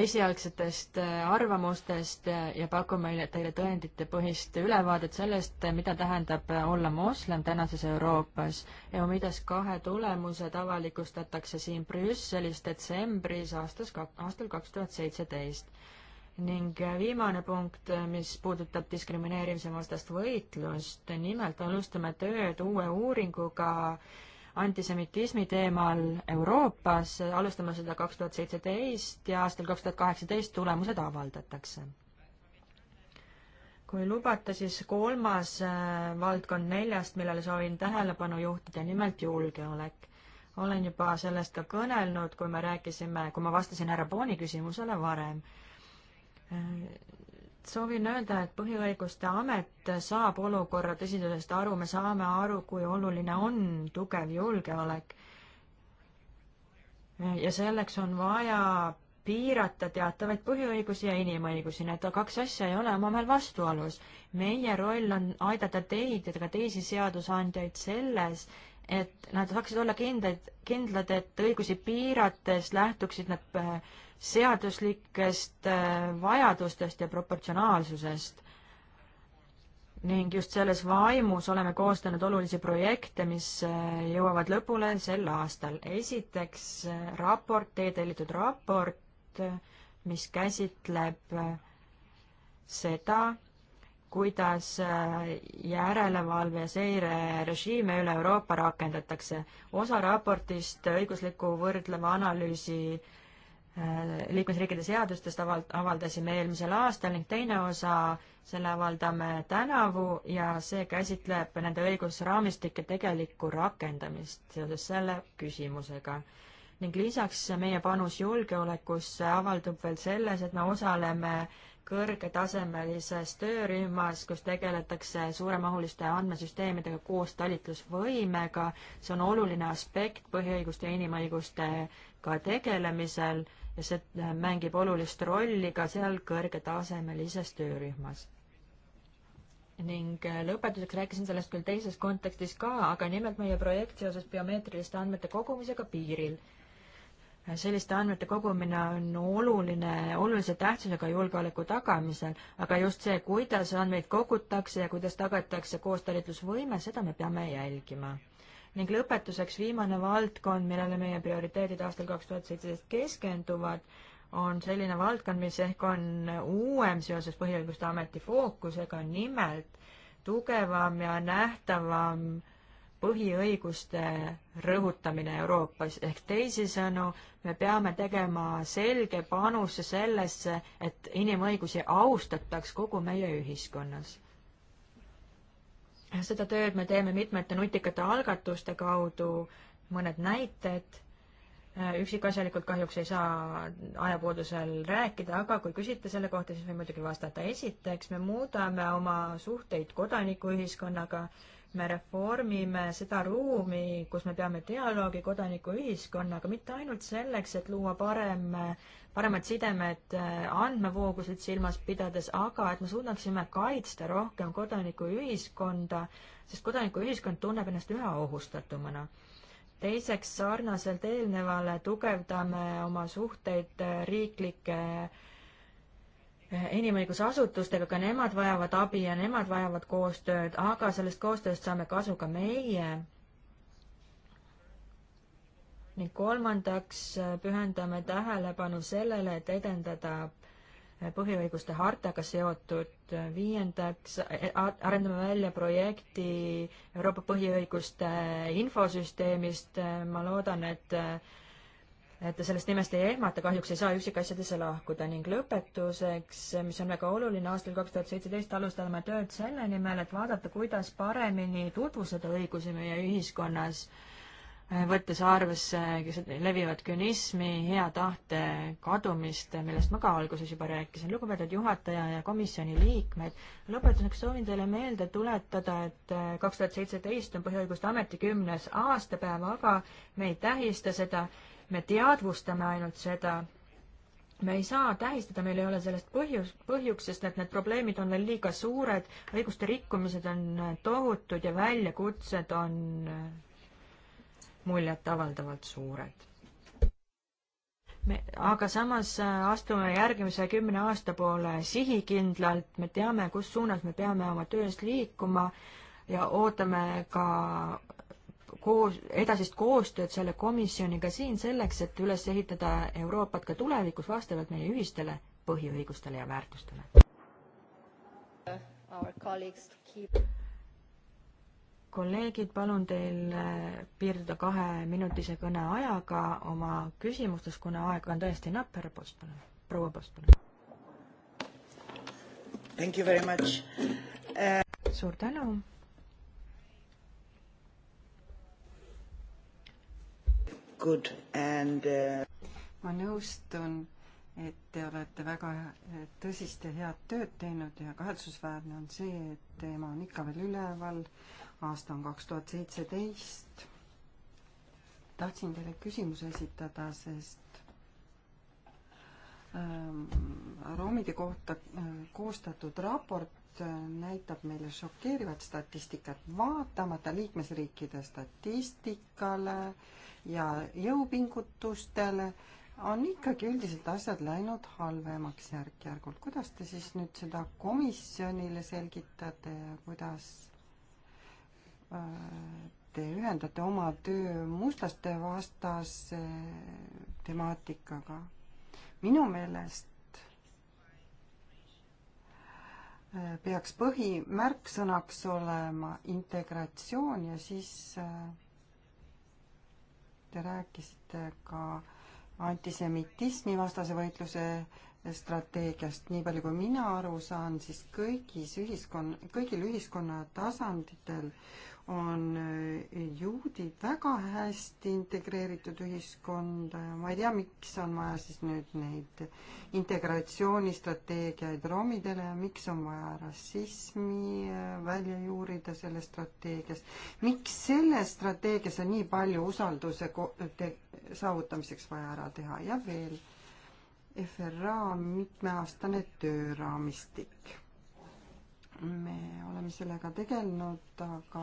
esialgsetest äh, arvamustest ja pakume teile tõenditepõhist ülevaadet sellest, mida tähendab äh, olla moslem tänases Euroopas. EUMIDAS kahe tulemused avalikustatakse siin Brüsselis detsembris aastas, aastal kaks tuhat seitseteist. ning viimane punkt, mis puudutab diskrimineerimise vastast võitlust, nimelt alustame tööd uue uuringuga äh, antisemitismi teemal Euroopas, alustame seda kaks tuhat seitseteist ja aastal kaks tuhat kaheksateist tulemused avaldatakse. kui lubate, siis kolmas äh, valdkond neljast, millele soovin tähelepanu juhtida, nimelt julgeolek. olen juba sellest ka kõnelnud, kui me rääkisime, kui ma vastasin härra Booni küsimusele varem soovin öelda, et Põhiõiguste Amet saab olukorra tõsidusest aru, me saame aru, kui oluline on tugev julgeolek. ja selleks on vaja piirata teatavaid põhiõigusi ja inimõigusi, need kaks asja ei ole omavahel vastuolus. meie roll on aidata teid ja ka teisi seadusandjaid selles, et nad saaksid olla kindlad, kindlad, et õigusi piirates lähtuksid nad äh, seaduslikest äh, vajadustest ja proportsionaalsusest. ning just selles vaimus oleme koostanud olulisi projekte, mis äh, jõuavad lõpule sel aastal. esiteks äh, raport, teie tellitud raport, mis käsitleb seda, kuidas järelevalve ja seirerežiime üle Euroopa rakendatakse. osa raportist õigusliku võrdleva analüüsi äh, Äh, liikmesriikide seadustest avald-, avaldasime eelmisel aastal ning teine osa, selle avaldame tänavu ja see käsitleb nende õigusraamistike tegelikku rakendamist seoses selle küsimusega. ning lisaks meie panus julgeolekusse avaldub veel selles, et me osaleme kõrgetasemelises töörühmas, kus tegeletakse suuremahuliste andmesüsteemidega koos talitlusvõimega, see on oluline aspekt põhiõiguste ja inimõigustega tegelemisel ja see äh, mängib olulist rolli ka seal kõrgetasemelises töörühmas. ning äh, lõpetuseks rääkisin sellest küll teises kontekstis ka, aga nimelt meie projekt seoses biomeetriliste andmete kogumisega piiril äh, selliste andmete kogumine on oluline, olulise tähtsusega julgeoleku tagamisel, aga just see, kuidas andmeid kogutakse ja kuidas tagatakse koostalitlusvõime, seda me peame jälgima ning lõpetuseks viimane valdkond, millele meie prioriteedid aastal kaks tuhat seitseteist keskenduvad, on selline valdkond, mis ehk on uuem seoses Põhiõiguste Ameti fookusega, nimelt tugevam ja nähtavam põhiõiguste rõhutamine Euroopas, ehk teisisõnu, me peame tegema selge panuse sellesse, et inimõigusi austataks kogu meie ühiskonnas seda tööd me teeme mitmete nutikate algatuste kaudu, mõned näited äh, üksikasjalikult kahjuks ei saa ajapuudusel rääkida, aga kui küsite selle kohta, siis võin muidugi vastata. esiteks, me muudame oma suhteid kodanikuühiskonnaga, me reformime seda ruumi, kus me peame dialoogi kodanikuühiskonnaga, mitte ainult selleks, et luua parem äh, paremad sidemed äh, andmevoogusid silmas pidades, aga et me suudaksime kaitsta rohkem kodanikuühiskonda, sest kodanikuühiskond tunneb ennast üha ohustatumana. teiseks, sarnaselt eelnevale tugevdame oma suhteid äh, riiklike äh, inimõigusasutustega, ka nemad vajavad abi ja nemad vajavad koostööd, aga sellest koostööst saame kasu ka meie ning kolmandaks äh, pühendame tähelepanu sellele, et edendada äh, põhiõiguste hartaga seotud, äh, viiendaks e, arendame välja projekti Euroopa põhiõiguste infosüsteemist, ma loodan, et et sellest nimest ei ehmata, kahjuks ei saa üksikasjadesse lahkuda ning lõpetuseks, mis on väga oluline, aastal kaks tuhat seitseteist alustame tööd selle nimel, et vaadata, kuidas paremini tutvustada õigusi meie ühiskonnas äh, Äh, võttes arvesse levivat künismi, hea tahte kadumist, millest ma ka alguses juba rääkisin. lugupeetud juhataja ja komisjoni liikmed, lõpetuseks soovin teile meelde tuletada, et äh, kaks tuhat seitseteist on Põhiõiguste Ameti kümnes aastapäev, aga me ei tähista seda, me teadvustame ainult seda, me ei saa tähistada, meil ei ole sellest põhjus, põhjuks, sest et need probleemid on veel liiga suured, õiguste rikkumised on tohutud ja väljakutsed on äh, muljetavaldavalt suured. me, aga samas äh, astume järgmise kümne aasta poole sihikindlalt, me teame, kus suunas me peame oma töös liikuma ja ootame ka koos, edasist koostööd selle komisjoniga siin selleks, et üles ehitada Euroopat ka tulevikus vastavalt meie ühistele põhiõigustele ja väärtustele. Our colleagues to keep kolleegid, palun teil äh, piirduda kaheminutise kõneajaga oma küsimustes, kuna aeg on tõesti napp, härra Post, palun, proua Post, palun. Thank you very much uh.... suur tänu. Good and uh.... ma nõustun, et te olete väga tõsist ja head tööd teinud ja kahetsusväärne on see, et teema on ikka veel üleval uh, aasta on kaks tuhat seitseteist. tahtsin teile küsimuse esitada, sest ähm, roomide kohta äh, koostatud raport äh, näitab meile šokeerivat statistikat, vaatamata liikmesriikide statistikale ja jõupingutustele, on ikkagi üldiselt asjad läinud halvemaks järk-järgult. kuidas te siis nüüd seda komisjonile selgitate ja kuidas te ühendate oma töö mustlaste vastase temaatikaga. minu meelest äh, peaks põhimärksõnaks olema integratsioon ja siis äh, te rääkisite ka antisemitismi vastase võitluse strateegiast, nii palju kui mina aru saan, siis kõigis ühiskon-, kõigil ühiskonna tasanditel on äh, juudid väga hästi integreeritud ühiskonda ja ma ei tea, miks on vaja siis nüüd neid integratsioonistrateegiaid romidele ja miks on vaja rassismi äh, välja juurida selles strateegias. miks selles strateegias on nii palju usalduse saavutamiseks vaja ära teha ja veel FRA mitmeaastane tööraamistik me oleme sellega tegelenud, aga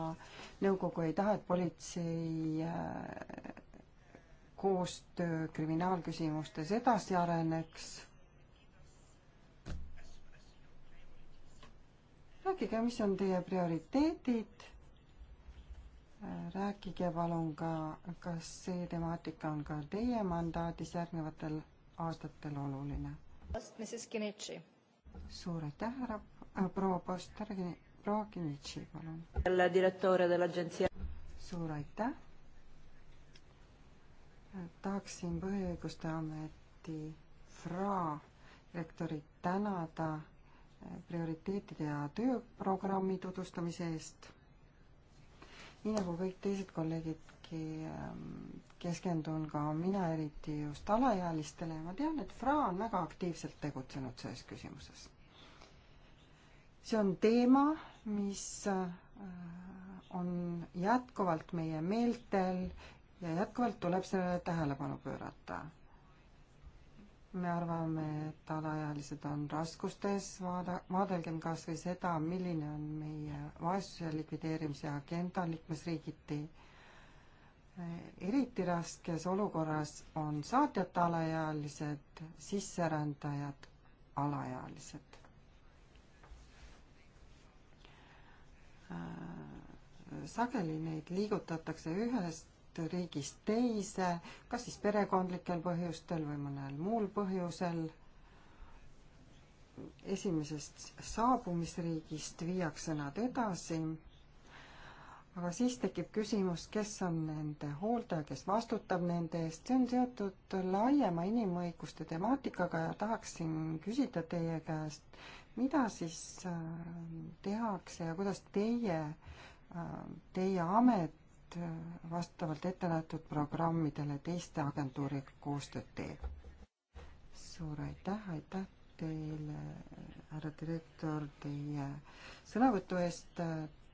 nõukogu ei taha, et politsei äh, koostöö kriminaalküsimustes edasi areneks. rääkige, mis on teie prioriteedid. rääkige palun ka, kas see temaatika on ka teie mandaadis järgnevatel aastatel oluline. suur aitäh, härra Ah, proua Post, härra proua Kinnitši, palun. jälle direktor dell'agentsia. suur aitäh. tahaksin Põhiõiguste Ameti FRA rektorit tänada eh, prioriteetide ja tööprogrammi tutvustamise eest. nii nagu kõik teised kolleegidki, ehm, keskendun ka mina eriti just alaealistele ja ma tean, et FRA on väga aktiivselt tegutsenud selles küsimuses see on teema, mis äh, on jätkuvalt meie meeltel ja jätkuvalt tuleb sellele tähelepanu pöörata. me arvame, et alaealised on raskustes, vaada, vaadelgem kas või seda, milline on meie vaesuse likvideerimise agenda liikmesriigiti. eriti raskes olukorras on saatjate alaealised, sisserändajad, alaealised Äh, sageli neid liigutatakse ühest riigist teise, kas siis perekondlikel põhjustel või mõnel muul põhjusel. esimesest saabumisriigist viiakse nad edasi aga siis tekib küsimus, kes on nende hooldaja, kes vastutab nende eest, see on seotud laiema inimõiguste temaatikaga ja tahaksin küsida teie käest, mida siis äh, tehakse ja kuidas teie, äh, teie amet äh, vastavalt ettenähtud programmidele teiste agentuuriga koostööd teeb? suur aitäh, aitäh teile, härra direktor, teie sõnavõtu eest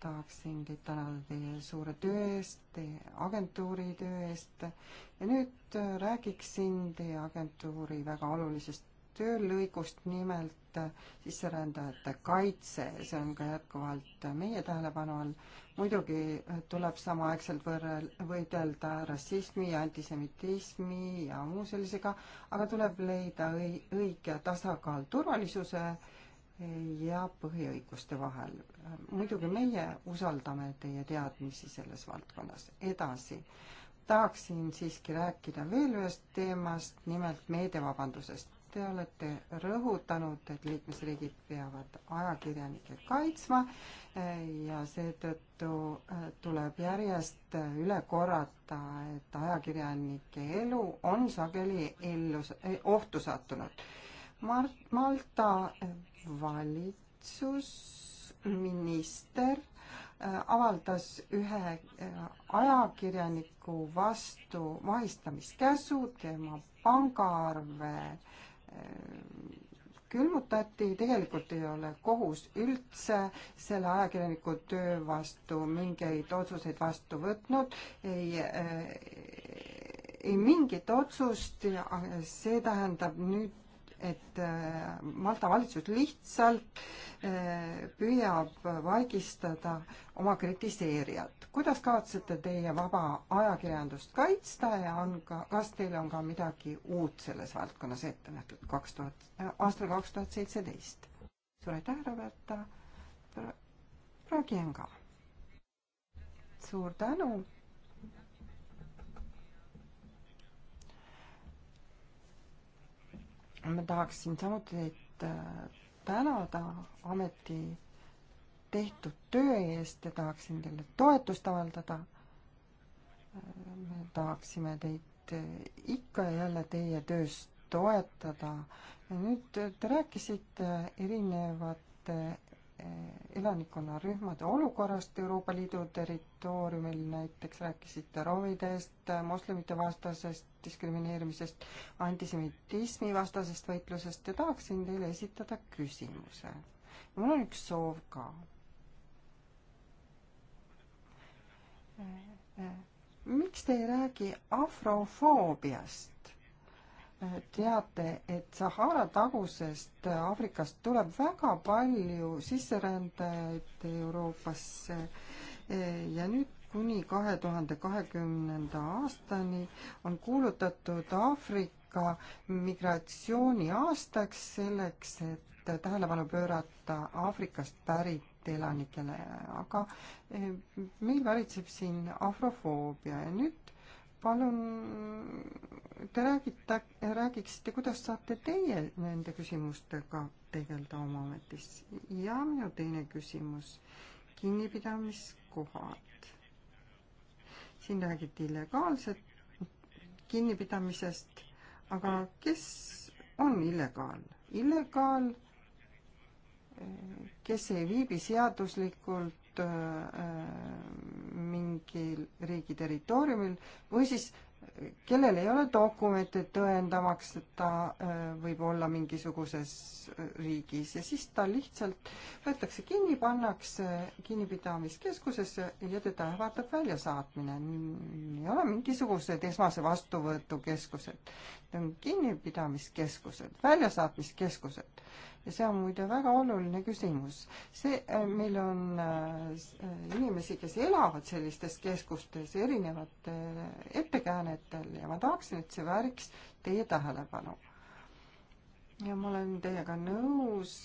tahaksin teid tänada teie suure töö eest, teie agentuuri töö eest ja nüüd äh, räägiksin teie agentuuri väga olulisest töölõigust, nimelt äh, sisserändajate kaitse, see on ka jätkuvalt äh, meie tähelepanu all. muidugi tuleb samaaegselt võrrel-, võidelda rassismi ja antisemitismi ja muu sellisega, aga tuleb leida õi-, õige tasakaal turvalisuse äh, ja põhiõiguste vahel. muidugi meie usaldame teie teadmisi selles valdkonnas. edasi, tahaksin siiski rääkida veel ühest teemast, nimelt meediavabandusest. Te olete rõhutanud, et liikmesriigid peavad ajakirjanikke kaitsma eh, ja seetõttu eh, tuleb järjest eh, üle korrata, et ajakirjanike elu on sageli ellu, ohtu sattunud Mar-, Malta valitsus, minister äh, avaldas ühe äh, ajakirjaniku vastu vahistamiskäsu, tema pangaarve äh, külmutati, tegelikult ei ole kohus üldse selle ajakirjaniku töö vastu mingeid otsuseid vastu võtnud, ei äh,, ei mingit otsust ja see tähendab nüüd et äh, Malta valitsus lihtsalt äh, püüab vaigistada oma kritiseerijat. kuidas kavatsete teie vaba ajakirjandust kaitsta ja on ka, kas teil on ka midagi uut selles valdkonnas ette nähtud kaks tuhat, äh, aastal kaks tuhat seitseteist? suur aitäh, Roberta Pragienga! suur tänu! ma tahaksin samuti teid äh, tänada ameti tehtud töö eest ja tahaksin teile toetust avaldada. Äh, me tahaksime teid äh, ikka ja jälle teie töös toetada. nüüd te rääkisite erinevate elanikkonnarühmade olukorrast Euroopa Liidu territooriumil, näiteks rääkisite romidest, moslemite vastasest diskrimineerimisest, antisemitismi vastasest võitlusest ja tahaksin teile esitada küsimuse. mul on üks soov ka. miks te ei räägi afrofoobiast? teate, et Sahara tagusest Aafrikast tuleb väga palju sisserändajaid Euroopasse ja nüüd kuni kahe tuhande kahekümnenda aastani on kuulutatud Aafrika migratsiooniaastaks selleks, et tähelepanu pöörata Aafrikast pärit elanikele, aga eh, meil valitseb siin afrofoobia ja nüüd palun te räägite, räägiksite, kuidas saate teie nende küsimustega tegeleda oma ametis? ja minu teine küsimus, kinnipidamiskohad. siin räägiti illegaalset kinnipidamisest, aga kes on illegaal? illegaal, eh, kes ei viibi seaduslikult Äh, mingil riigi territooriumil või siis kellel ei ole dokumente tõendamaks, et ta äh, võib olla mingisuguses riigis ja siis ta lihtsalt võetakse kinni, pannakse kinnipidamiskeskusesse ja teda ähvardab väljasaatmine. ei ole mingisugused esmase vastuvõtukeskused, need on kinnipidamiskeskused, väljasaatmiskeskused ja see on muide väga oluline küsimus. see, äh, meil on äh, inimesi, kes elavad sellistes keskustes erinevatel äh, ettekäänetel ja ma tahaksin, et see vääriks teie tähelepanu ja ma olen teiega nõus,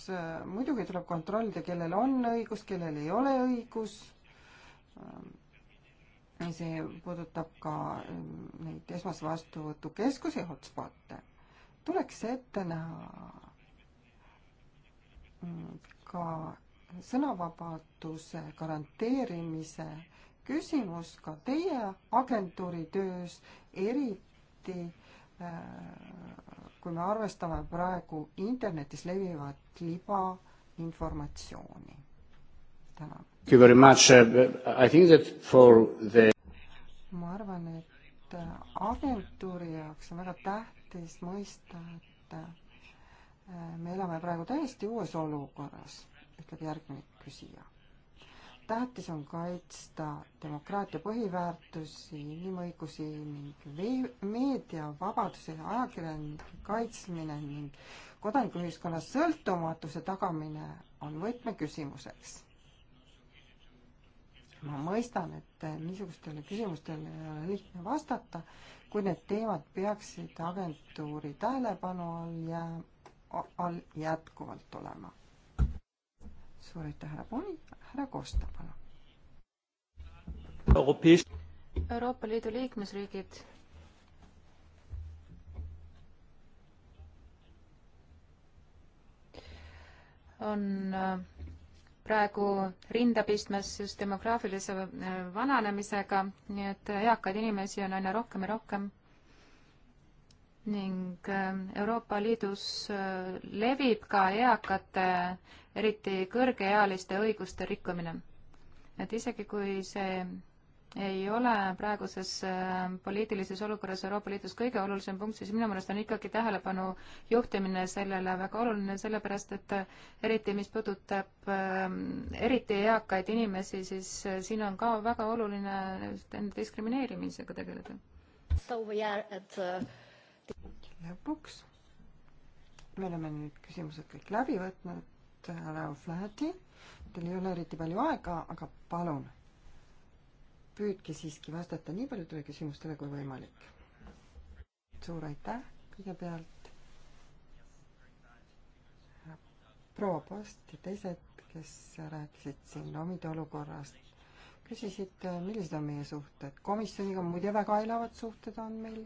muidugi tuleb kontrollida, kellel on õigus, kellel ei ole õigus. see puudutab ka neid esmase vastuvõtukeskusi, hotspot'e. tuleks ette näha ka sõnavabaduse garanteerimise küsimus ka teie agentuuri töös, eriti äh, kui me arvestame praegu internetis levivat libainformatsiooni. tänan. Uh, the... ma arvan, et äh, agentuuri jaoks on väga tähtis mõista, et äh, me elame praegu täiesti uues olukorras, ütleb järgmine küsija. tähtis on kaitsta demokraatia põhiväärtusi, inimõigusi ning vee-, meediavabaduse ja ajakirjanike kaitsmine ning kodanikuühiskonna sõltumatuse tagamine on võtmeküsimuseks. ma mõistan, et niisugustele küsimustele ei ole lihtne vastata, kui need teemad peaksid agentuuri tähelepanu all jääma all jätkuvalt olema. suur aitäh, härra Poni, härra Kosta, palun. Euroopa Liidu liikmesriigid on äh, praegu rinda pistmas just demograafilise äh, vananemisega, nii et äh, eakaid inimesi on aina rohkem ja rohkem ning ähm, Euroopa Liidus äh, levib ka eakate, eriti kõrgeealiste õiguste rikkumine. et isegi, kui see ei ole praeguses äh, poliitilises olukorras Euroopa Liidus kõige olulisem punkt, siis minu meelest on ikkagi tähelepanu juhtimine sellele väga oluline, sellepärast et äh, eriti, mis puudutab ähm, eriti eakaid inimesi, siis siin on ka väga oluline enda diskrimineerimisega tegeleda. So we are at uh lõpuks me oleme nüüd küsimused kõik läbi võtnud. Raul Flaherty, teil ei ole eriti palju aega, aga palun püüdke siiski vastata nii paljudele küsimustele kui võimalik. suur aitäh kõigepealt. proua Post ja teised, kes rääkisid siin omide olukorrast, küsisid, millised on meie suhted. komisjoniga muide väga elavad suhted on meil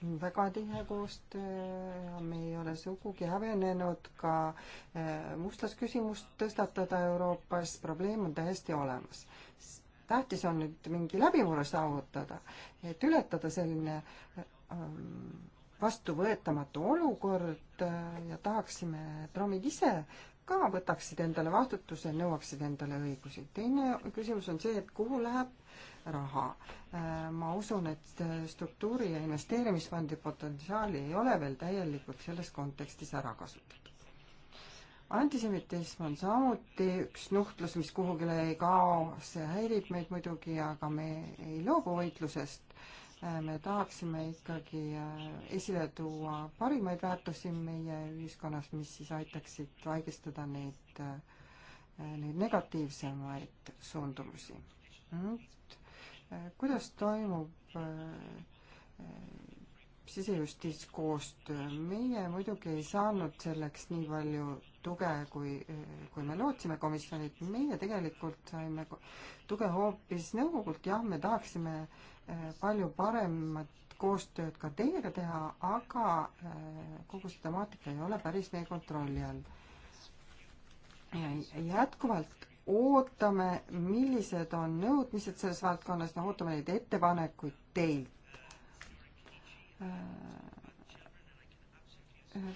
väga tihe koostöö ja me ei ole sugugi häbenenud ka eh, mustlasküsimust tõstatada Euroopas, probleem on täiesti olemas. tähtis on nüüd mingi läbimurre saavutada, et ületada selline eh, vastuvõetamatu olukord eh, ja tahaksime, et romid ise ka võtaksid endale vastutuse, nõuaksid endale õigusi. teine küsimus on see, et kuhu läheb raha. Äh, ma usun, et äh, struktuuri ja investeerimisfondi potentsiaali ei ole veel täielikult selles kontekstis ära kasutatud. antisemitism on samuti üks nuhtlus, mis kuhugile ei kao, see häirib meid muidugi, aga me ei loobu võitlusest. Äh, me tahaksime ikkagi esile tuua parimaid väärtusi meie ühiskonnas, mis siis aitaksid vaigistada neid, neid negatiivsemaid suundumusi hmm? kuidas toimub äh, sisejustiitskoostöö, meie muidugi ei saanud selleks nii palju tuge, kui, kui me lootsime komisjonilt, meie tegelikult saime tuge hoopis nõukogult, jah, me tahaksime äh, palju paremat koostööd ka teiega teha, aga äh, kogu see temaatika ei ole päris meie kontrolli all. jätkuvalt ootame, millised on nõudmised selles valdkonnas, noh, ootame neid ettepanekuid teilt. Äh,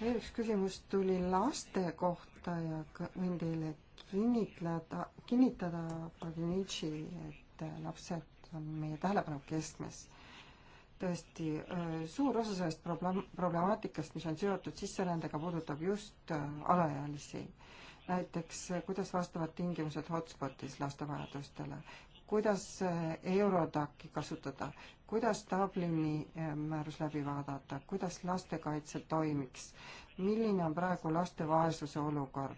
veel üks küsimus tuli laste kohta ja võin teile kinnitleda, kinnitada, et lapsed on meie tähelepanu keskmes tõesti äh, suur osa sellest problem-, problemaatikast, mis on seotud sisserändega, puudutab just äh, alaealisi näiteks eh, kuidas vastavad tingimused hotspotis laste vajadustele, kuidas eh, Eurodaki kasutada, kuidas Dublini eh, määrus läbi vaadata, kuidas lastekaitse toimiks, milline on praegu laste vaesuse olukord.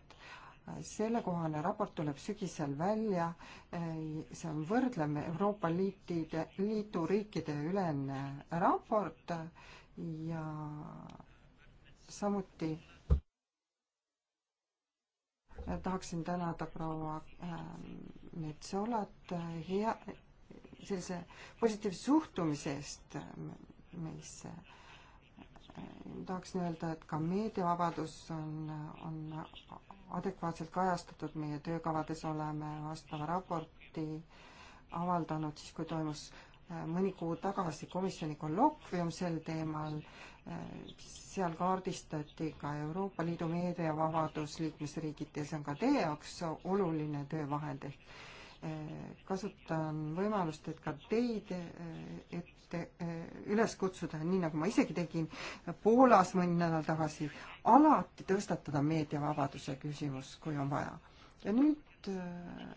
sellekohane raport tuleb sügisel välja, see on võrdlev Euroopa Liitide, Liidu riikide ülene raport ja samuti tahaksin tänada proua ähm, Metsolat äh, hea, sellise positiivse suhtumise eest meisse. Äh, tahaksin öelda, et ka meediavabadus on, on adekvaatselt kajastatud meie töökavades, oleme vastava raporti avaldanud siis, kui toimus Äh, mõni kuu tagasi komisjoni kolloquium sel teemal, äh, seal kaardistati ka Euroopa Liidu meediavabadus liikmesriigiti ja see on ka teie jaoks oluline töövahend, ehk äh, kasutan võimalust, et ka teid ette, üles kutsuda, nii nagu ma isegi tegin Poolas mõni nädal tagasi, alati tõstatada meediavabaduse küsimus, kui on vaja. ja nüüd Äh,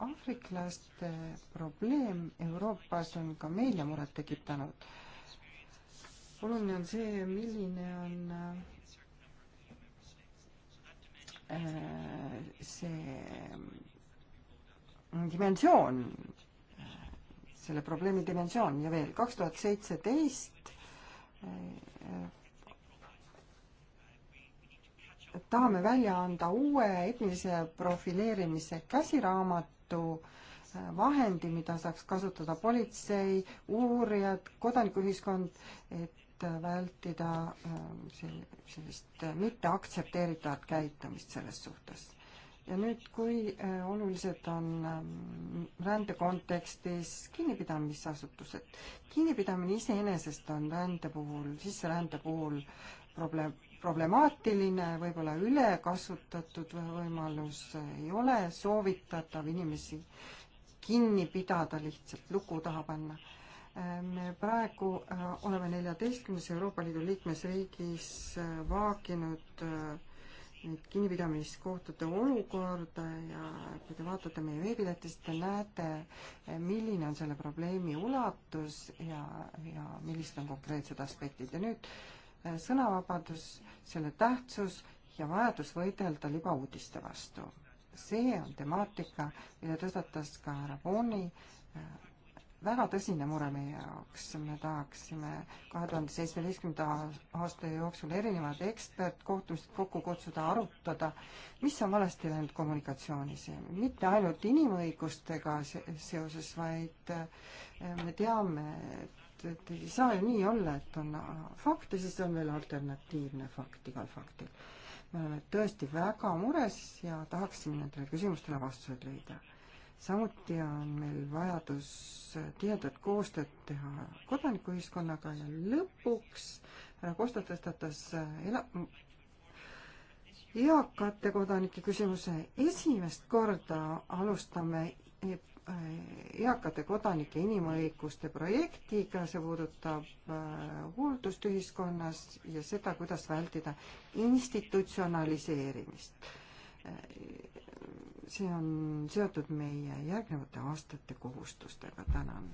aafriklaste probleem Euroopas on ka meile muret tekitanud. oluline on see, milline on äh, see dimensioon, äh, selle probleemi dimensioon ja veel kaks tuhat seitseteist tahame välja anda uue etnilise profileerimise käsiraamatu äh, vahendi, mida saaks kasutada politsei, uurijad, kodanikuühiskond, et äh, vältida äh, sellist mitteaktsepteeritavat käitumist selles suhtes. ja nüüd, kui olulised on ähm, rände kontekstis kinnipidamisasutused. kinnipidamine iseenesest on rände puhul, sisserände puhul probleem, problemaatiline, võib-olla ülekasutatud võimalus, ei ole soovitatav inimesi kinni pidada, lihtsalt luku taha panna. me praegu äh, oleme neljateistkümnes Euroopa Liidu liikmesriigis äh, vaaginud äh, nüüd kinnipidamiskohtade olukorda ja kui te vaatate meie veebilehte, siis te näete, milline on selle probleemi ulatus ja, ja millised on konkreetsed aspektid ja nüüd äh, Äh, sõnavabadus, selle tähtsus ja vajadus võidelda libauudiste vastu. see on temaatika, mille tõstatas ka härra Booni, äh, väga tõsine mure meie jaoks, me tahaksime kahe tuhande seitsmeteistkümnenda aasta jooksul erinevad ekspertkohtumised kokku kutsuda, arutada, mis on valesti läinud kommunikatsioonis, mitte ainult inimõigustega seoses, vaid äh, me teame, et et, et ei saa ju nii olla, et on fakt ja siis on veel alternatiivne fakt igal faktil. me oleme tõesti väga mures ja tahaksime nendele küsimustele vastused leida. samuti on meil vajadus tihedat koostööd teha kodanikuühiskonnaga ja lõpuks härra Kosta tõstatas eh, ela-, eakate kodanike küsimuse. esimest korda alustame Äh, eakate kodanike inimõiguste projektiga, see puudutab äh, hooldust ühiskonnas ja seda, kuidas vältida institutsionaliseerimist. Äh, see on seotud meie järgnevate aastate kohustustega, tänan.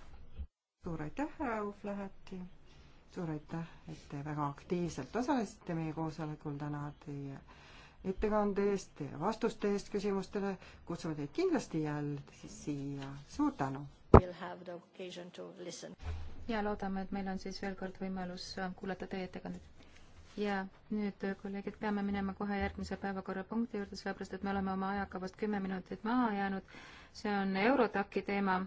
suur aitäh, härra Uuf-Läheti, suur aitäh, et te väga aktiivselt osalesite meie koosolekul täna, teie ettekande eest, teie vastuste eest küsimustele. kutsume teid kindlasti jälle siia. suur tänu! ja loodame, et meil on siis veel kord võimalus äh, kuulata teie ettekannet. ja nüüd, äh, kolleegid, peame minema kohe järgmise päevakorrapunkti juurde, sellepärast et me oleme oma ajakavast kümme minutit maha jäänud. see on Eurotaki teema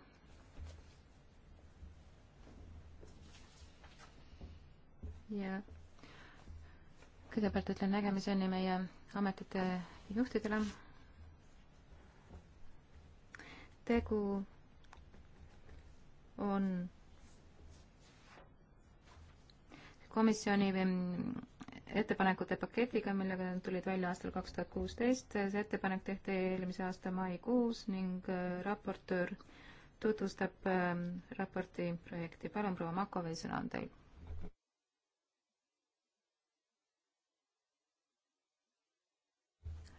ja kõigepealt ütlen nägemiseni meie ametite juhtidele. tegu on komisjoni ettepanekute paketiga, millega tulid välja aastal kaks tuhat kuusteist. see ettepanek tehti eelmise aasta maikuus ning äh, raportöör tutvustab ähm, raporti projekti. palun, proua Makovei, sõna on teil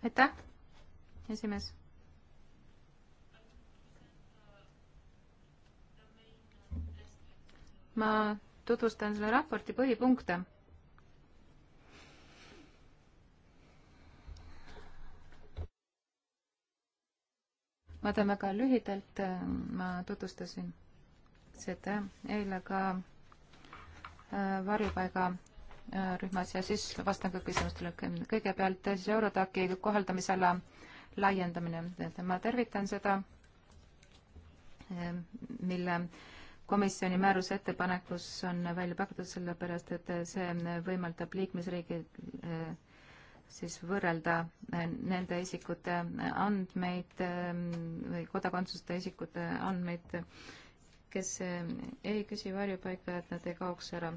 aitäh, esimees. ma tutvustan selle raporti põhipunkte ma teen väga lühidalt, ma tutvustasin seda eile ka äh, varjupaiga rühmas ja siis vastan ka küsimustele. kõigepealt siis Eurotaki kohaldamisala laiendamine. ma tervitan seda, mille komisjoni määruse ettepanekus on välja pakutud, sellepärast et see võimaldab liikmesriigil eh, siis võrrelda eh, nende isikute andmeid eh, või kodakondsuseta isikute andmeid, kes ei küsi varjupaika, et nad ei kaoks ära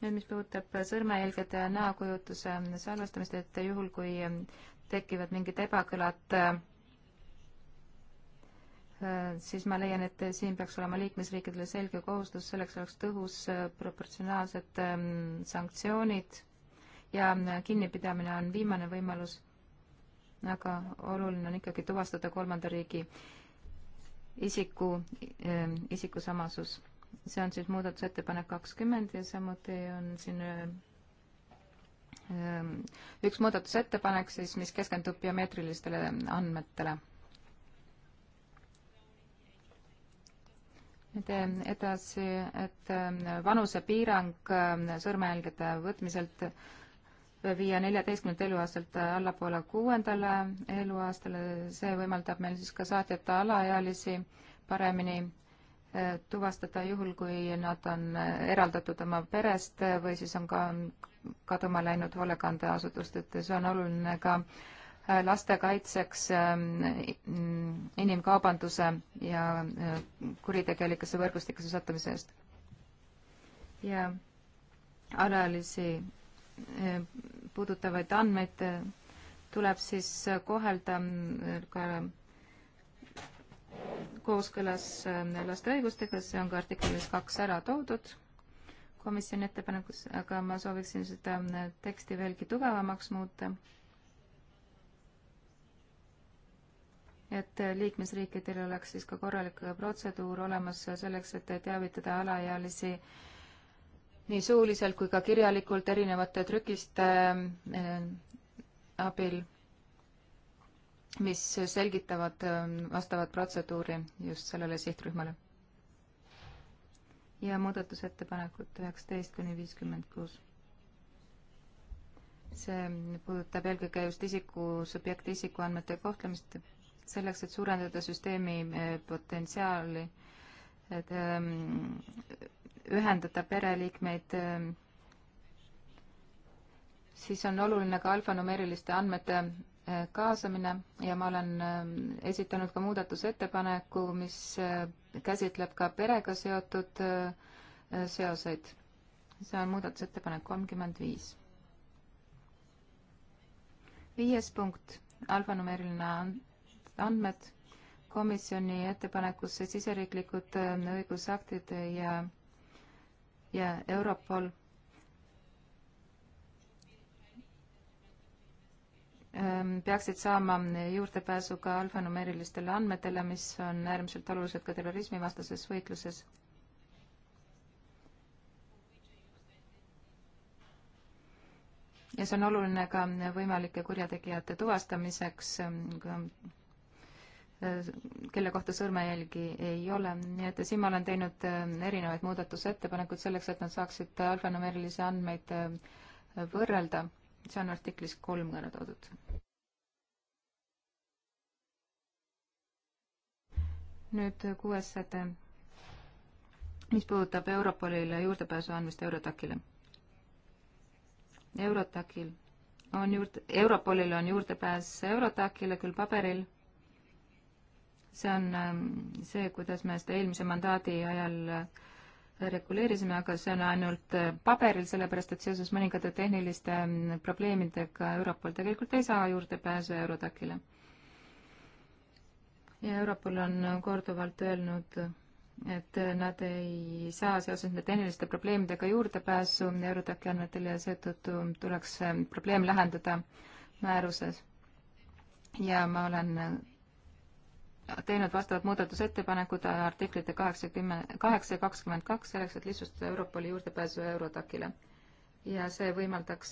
nüüd, mis puudutab sõrmejälgede ja näokujutuse salvestamist, et juhul, kui tekivad mingid ebakõlad, siis ma leian, et siin peaks olema liikmesriikidele selge kohustus, selleks oleks tõhus proportsionaalsed ähm, sanktsioonid ja kinnipidamine on viimane võimalus, aga oluline on ikkagi tuvastada kolmanda riigi isiku, ähm, isiku samasus see on siis muudatusettepanek kakskümmend ja samuti on siin ähm, üks muudatusettepanek siis, mis keskendub biomeetrilistele andmetele. nüüd äh, edasi, et ähm, vanusepiirang ähm, sõrmejälgede võtmiselt äh, viia neljateistkümnelt eluaastalt allapoole kuuendale eluaastale, see võimaldab meil siis ka saatjata alaealisi paremini äh, tuvastada juhul, kui nad on eraldatud oma perest või siis on ka kaduma läinud hoolekandeasutust, et see on oluline ka äh, laste kaitseks ähm, inimkaubanduse ja äh, kuritegelikesse võrgustikesse sattumise eest. ja alaealisi äh, puudutavaid andmeid tuleb siis kohelda ka kooskõlas äh, laste õigustega, see on ka artiklis kaks ära toodud komisjoni ettepanekus, aga ma sooviksin seda äh, teksti veelgi tugevamaks muuta. et äh, liikmesriikidel oleks siis ka korralik protseduur olemas selleks, et teavitada alaealisi nii suuliselt kui ka kirjalikult erinevate trükiste abil mis selgitavad ähm, vastavat protseduuri just sellele sihtrühmale. ja muudatusettepanekud üheksateist kuni viiskümmend kuus. see puudutab eelkõige just isiku, subjekti isikuandmete kohtlemist selleks, et suurendada süsteemi äh, potentsiaali, et ähm, ühendada pereliikmeid ähm, siis on oluline ka alfanumeeriliste andmete kaasamine ja ma olen ähm, esitanud ka muudatusettepaneku, mis äh, käsitleb ka perega seotud äh, seoseid. see on muudatusettepanek kolmkümmend viis. viies punkt, alfanumeeriline andmed komisjoni ettepanekusse siseriiklikud äh, õigusaktid ja, ja Europol Ähm, peaksid saama juurdepääsu ka alfanumeerilistele andmetele, mis on äärmiselt olulised ka terrorismivastases võitluses. ja see on oluline ka võimalike kurjategijate tuvastamiseks, ähm, äh, kelle kohta sõrmejälgi ei ole, nii et siin ma olen teinud äh, erinevaid muudatusettepanekuid selleks, et nad saaksid alfanumeerilisi andmeid äh, võrrelda see on artiklis kolm ära toodud. nüüd kuues säte, mis puudutab Europolile juurdepääsu andmist Eurotakile. Eurotakil on juurde, Europolil on juurdepääs Eurotakile küll paberil, see on ähm, see, kuidas me seda eelmise mandaadi ajal äh, reguleerisime, aga see on ainult äh, paberil, sellepärast et seoses mõningate tehniliste probleemidega Europol tegelikult ei saa juurdepääsu Eurodacile. ja Europol on korduvalt öelnud, et nad ei saa seoses nende tehniliste probleemidega juurdepääsu Eurodaci andmetele ja seetõttu tuleks äh, probleem lahendada määruses. ja ma olen teinud vastavad muudatusettepanekud artiklite kaheksakümmend, kaheksa ja kakskümmend kaks selleks, et lihtsustada Europoli juurdepääsu Eurotakile. ja see võimaldaks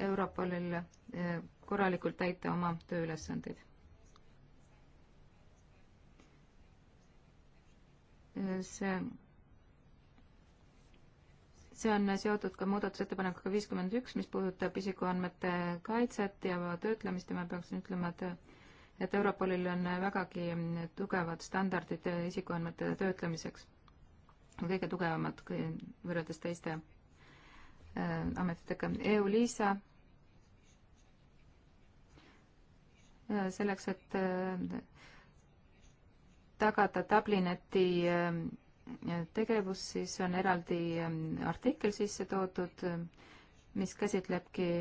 Europolil eh, korralikult täita oma tööülesandeid. Eh, see, see on seotud ka muudatusettepanekuga viiskümmend üks, mis puudutab isikuandmete kaitset ja töötlemist ja ma peaksin ütlema, et et Europolil on vägagi tugevad standardid isikuandmete töötlemiseks, kõige tugevamad võrreldes teiste äh, ametitega. EU-LISA äh, selleks, et äh, tagada Dublineti tegevus, siis on eraldi artikkel sisse toodud, mis käsitlebki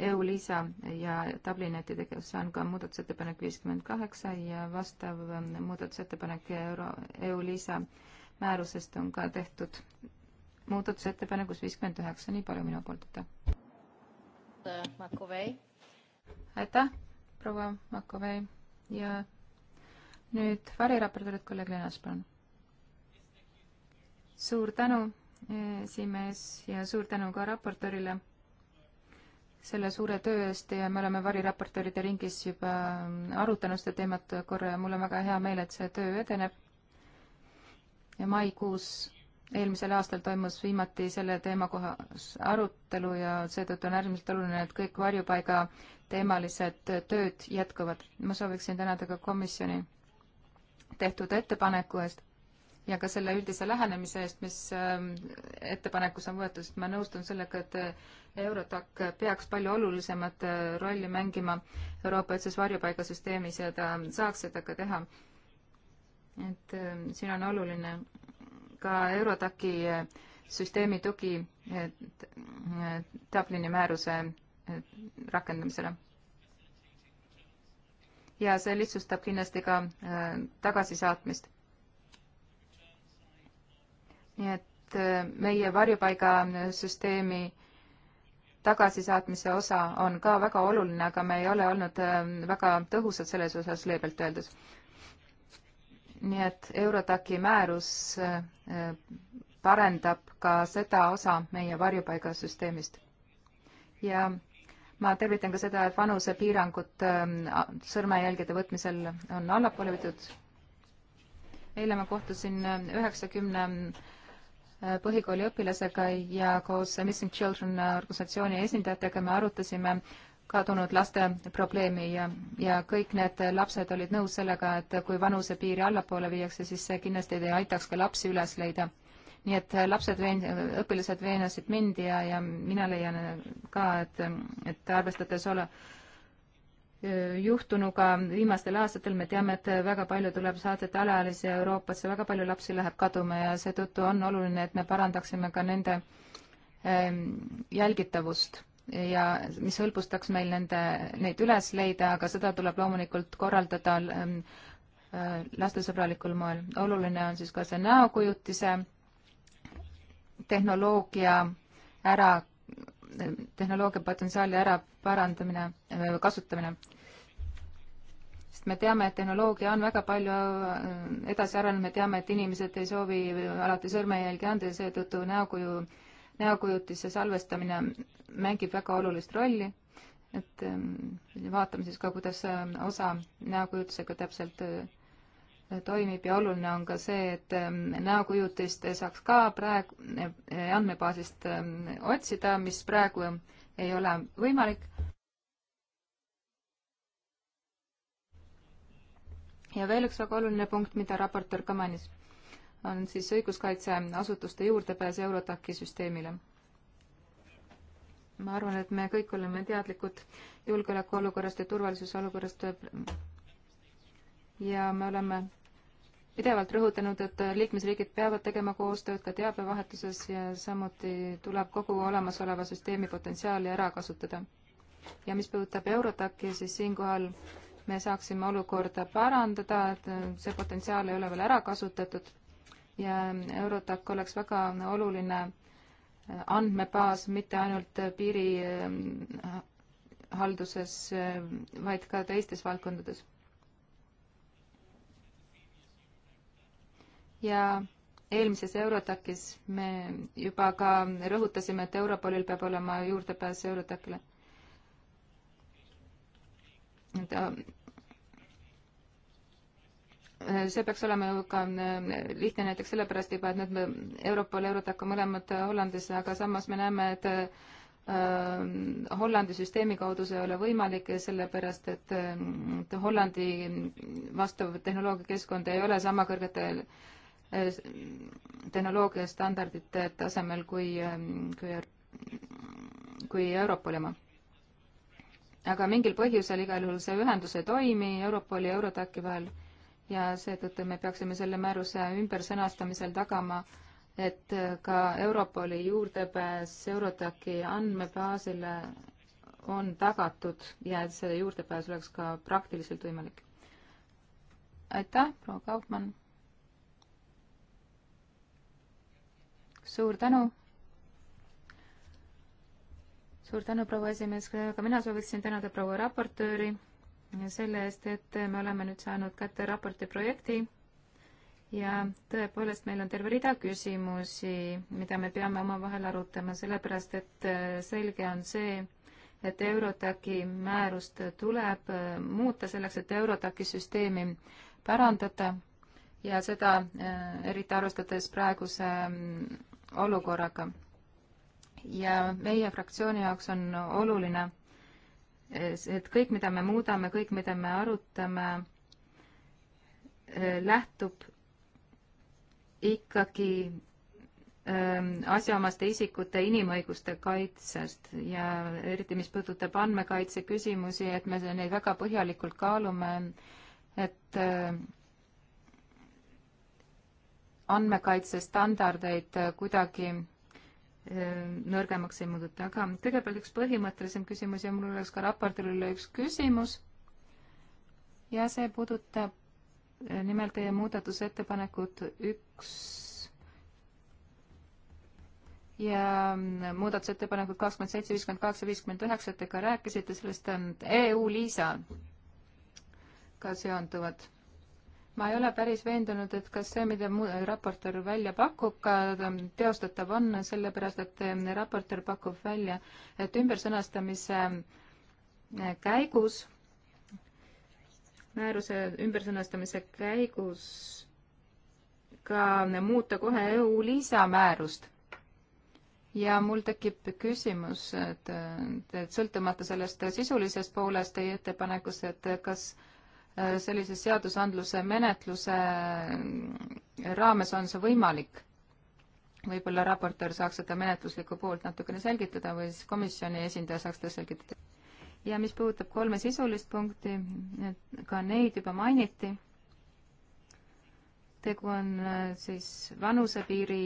EU-LISA ja Dublineti tegevus on ka muudatusettepanek viiskümmend kaheksa ja vastav ähm, muudatusettepanek Euro, EU-LISA määrusest on ka tehtud muudatusettepanekus viiskümmend üheksa, nii palju minu poolt, aitäh. aitäh, proua Makovei ja nüüd variraportöörid, kolleeg Lenas, palun. suur tänu, e, esimees, ja suur tänu ka raportöörile selle suure töö eest ja me oleme variraportööride ringis juba ähm, arutanud seda teemat korra ja mul on väga hea meel, et see töö edeneb. ja maikuus eelmisel aastal toimus viimati selle teema kohas arutelu ja seetõttu on äärmiselt oluline, et kõik varjupaiga teemalised tööd jätkuvad. ma sooviksin tänada ka komisjoni tehtud ettepaneku eest ja ka selle üldise lähenemise eest, mis ähm, ettepanekus on võetud, sest ma nõustun sellega, et äh, Eurotac peaks palju olulisemat äh, rolli mängima Euroopa ühtses varjupaigasüsteemis ja ta saaks seda ka teha. et ähm, siin on oluline ka Eurotaci äh, süsteemi tugi Dublini määruse rakendamisele ja see lihtsustab kindlasti ka tagasisaatmist nii et äh, meie varjupaigasüsteemi tagasisaatmise osa on ka väga oluline, aga me ei ole olnud ähm, väga tõhusad selles osas, leebelt öeldes. nii et Eurotaki määrus äh, parendab ka seda osa meie varjupaigasüsteemist. ja ma tervitan ka seda, et vanusepiirangud ähm, sõrmejälgede võtmisel on allapoole võetud. eile ma kohtusin äh, üheksakümne 90 põhikooliõpilasega ja koos Missing Children organisatsiooni esindajatega me arutasime kadunud laste probleemi ja, ja kõik need lapsed olid nõus sellega, et kui vanusepiiri allapoole viiakse, siis see kindlasti ei aitaks ka lapsi üles leida. nii et lapsed veen-, õpilased veenasid mind ja, ja mina leian ka, et, et arvestades ole-, juhtunuga viimastel aastatel, me teame, et väga palju tuleb saatjate alaealisi Euroopasse, väga palju lapsi läheb kaduma ja seetõttu on oluline, et me parandaksime ka nende ähm, jälgitavust ja mis hõlbustaks meil nende, neid üles leida, aga seda tuleb loomulikult korraldada ähm, äh, lastesõbralikul moel. oluline on siis ka see näokujutise tehnoloogia ära, tehnoloogia potentsiaali ära parandamine, äh, kasutamine sest me teame, et tehnoloogia on väga palju äh, edasi arenenud, me teame, et inimesed ei soovi alati sõrmejälgi anda ja seetõttu näokuju, näokujutise salvestamine mängib väga olulist rolli. et ähm, vaatame siis ka, kuidas see äh, osa näokujutisega täpselt äh, toimib ja oluline on ka see, et ähm, näokujutist saaks ka praegu andmebaasist ähm, otsida, mis praegu ei ole võimalik ja veel üks väga oluline punkt, mida raportöör ka mainis, on siis õiguskaitseasutuste juurdepääs Eurotaki süsteemile. ma arvan, et me kõik oleme teadlikud julgeolekuolukorrast ja turvalisuse olukorrast ja me oleme pidevalt rõhutanud, et liikmesriigid peavad tegema koostööd ka teabevahetuses ja samuti tuleb kogu olemasoleva süsteemi potentsiaali ära kasutada. ja mis puudutab Eurotaki, siis siinkohal et me saaksime olukorda parandada, et see potentsiaal ei ole veel ära kasutatud ja Eurotac oleks väga oluline andmebaas mitte ainult piirihalduses, äh, äh, vaid ka teistes valdkondades. ja eelmises Eurotacis me juba ka rõhutasime, et Europolil peab olema juurdepääs Eurotacile ta äh, see peaks olema ju ka äh, lihtne näiteks sellepärast juba, et nüüd me Europol, Eurotaka mõlemad Hollandis, aga samas me näeme, et äh, Hollandi süsteemi kaudu see ei ole võimalik, sellepärast et, et Hollandi vastav tehnoloogiakeskkond ei ole sama kõrgetel äh, tehnoloogiastandardite tasemel kui, äh, kui, kui Europoli oma aga mingil põhjusel igal juhul see ühendus ei toimi Europoli ja Eurodaci vahel ja seetõttu me peaksime selle määruse ümbersõnastamisel tagama, et ka Europoli juurdepääs Eurodaci andmebaasile on tagatud ja et see juurdepääs oleks ka praktiliselt võimalik. aitäh, proua Kaupmann! suur tänu! suur tänu, proua esimees, ka mina sooviksin tänada proua raportööri selle eest, et me oleme nüüd saanud kätte raporti projekti ja tõepoolest, meil on terve rida küsimusi, mida me peame omavahel arutama, sellepärast et selge on see, et Eurotaki määrust tuleb muuta selleks, et Eurotaki süsteemi parandada ja seda eh, eriti arvestades praeguse mm, olukorraga ja meie fraktsiooni jaoks on oluline, et kõik, mida me muudame, kõik, mida me arutame, lähtub ikkagi ähm, asjaomaste isikute inimõiguste kaitsest ja eriti, mis puudutab andmekaitse küsimusi, et me neid väga põhjalikult kaalume, et ähm, andmekaitsestandardeid kuidagi nõrgemaks ei muuduta, aga kõigepealt üks põhimõttelisem küsimus ja mul oleks ka raportil üle üks küsimus. ja see puudutab eh, nimelt teie muudatusettepanekut üks ja mm, muudatusettepanekud kakskümmend seitse, viiskümmend kaheksa, viiskümmend üheksa, te ka rääkisite sellest EU-LISA-ga seonduvat ma ei ole päris veendunud, et kas see, mida raportöör välja pakub, ka ähm, teostatav on, sellepärast et ähm, raportöör pakub välja, et ümbersõnastamise äh, käigus, määruse ümbersõnastamise käigus ka äh, muuta kohe EU lisamäärust. ja mul tekib küsimus, et, äh, et sõltumata sellest sisulisest poolest teie ettepanekust, et kas äh, Äh, sellise seadusandluse menetluse äh, raames on see võimalik. võib-olla raportöör saaks seda menetluslikku poolt natukene selgitada või siis komisjoni esindaja saaks seda selgitada. ja mis puudutab kolme sisulist punkti, et ka neid juba mainiti. tegu on äh, siis vanusepiiri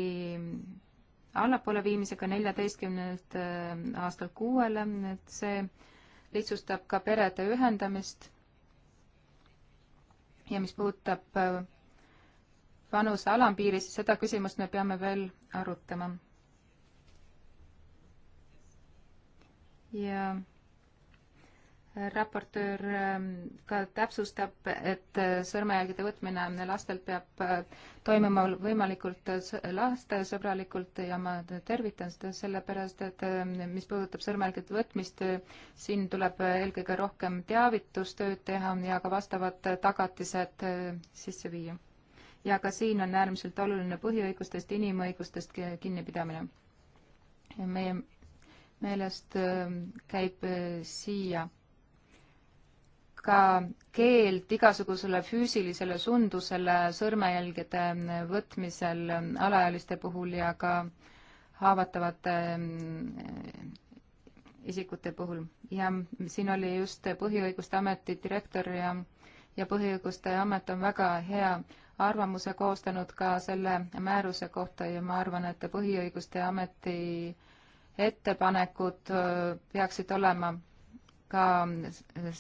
allapoole viimisega neljateistkümnelt aastalt kuuele, et see lihtsustab ka perede ühendamist ja mis puudutab äh, vanuse alampiiri, siis seda küsimust me peame veel arutama. ja raportöör ähm, ka täpsustab, et äh, sõrmejälgede võtmine lastelt peab äh, toimuma võimalikult äh, lastesõbralikult ja ma tervitan seda sellepärast, et ähm, mis puudutab sõrmejälgede võtmist, siin tuleb eelkõige rohkem teavitustööd teha ja ka vastavad tagatised sisse viia. ja ka siin on äärmiselt oluline põhiõigustest, inimõigustest kinnipidamine. meie meelest ähm, käib siia ka keeld igasugusele füüsilisele sundusele sõrmejälgede võtmisel alaealiste puhul ja ka haavatavate mm, isikute puhul. ja siin oli just Põhiõiguste Ameti direktor ja, ja Põhiõiguste Amet on väga hea arvamuse koostanud ka selle määruse kohta ja ma arvan, et Põhiõiguste Ameti ettepanekud äh, peaksid olema ka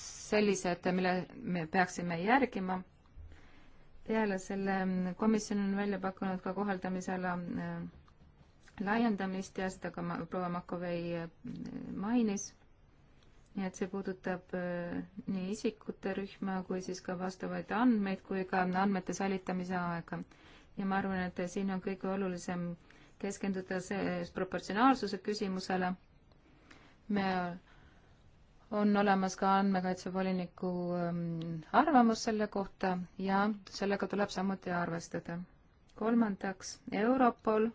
sellised, mille me peaksime järgima. peale selle komisjon on välja pakkunud ka kohaldamisala äh, laiendamist ja seda ka proua Makovei äh, mainis. nii et see puudutab äh, nii isikute rühma kui siis ka vastavaid andmeid kui ka andmete säilitamise aega. ja ma arvan, et siin on kõige olulisem keskenduda see proportsionaalsuse küsimusele. me on olemas ka andmekaitsevoliniku ähm, arvamus selle kohta ja sellega tuleb samuti arvestada. kolmandaks, Europol.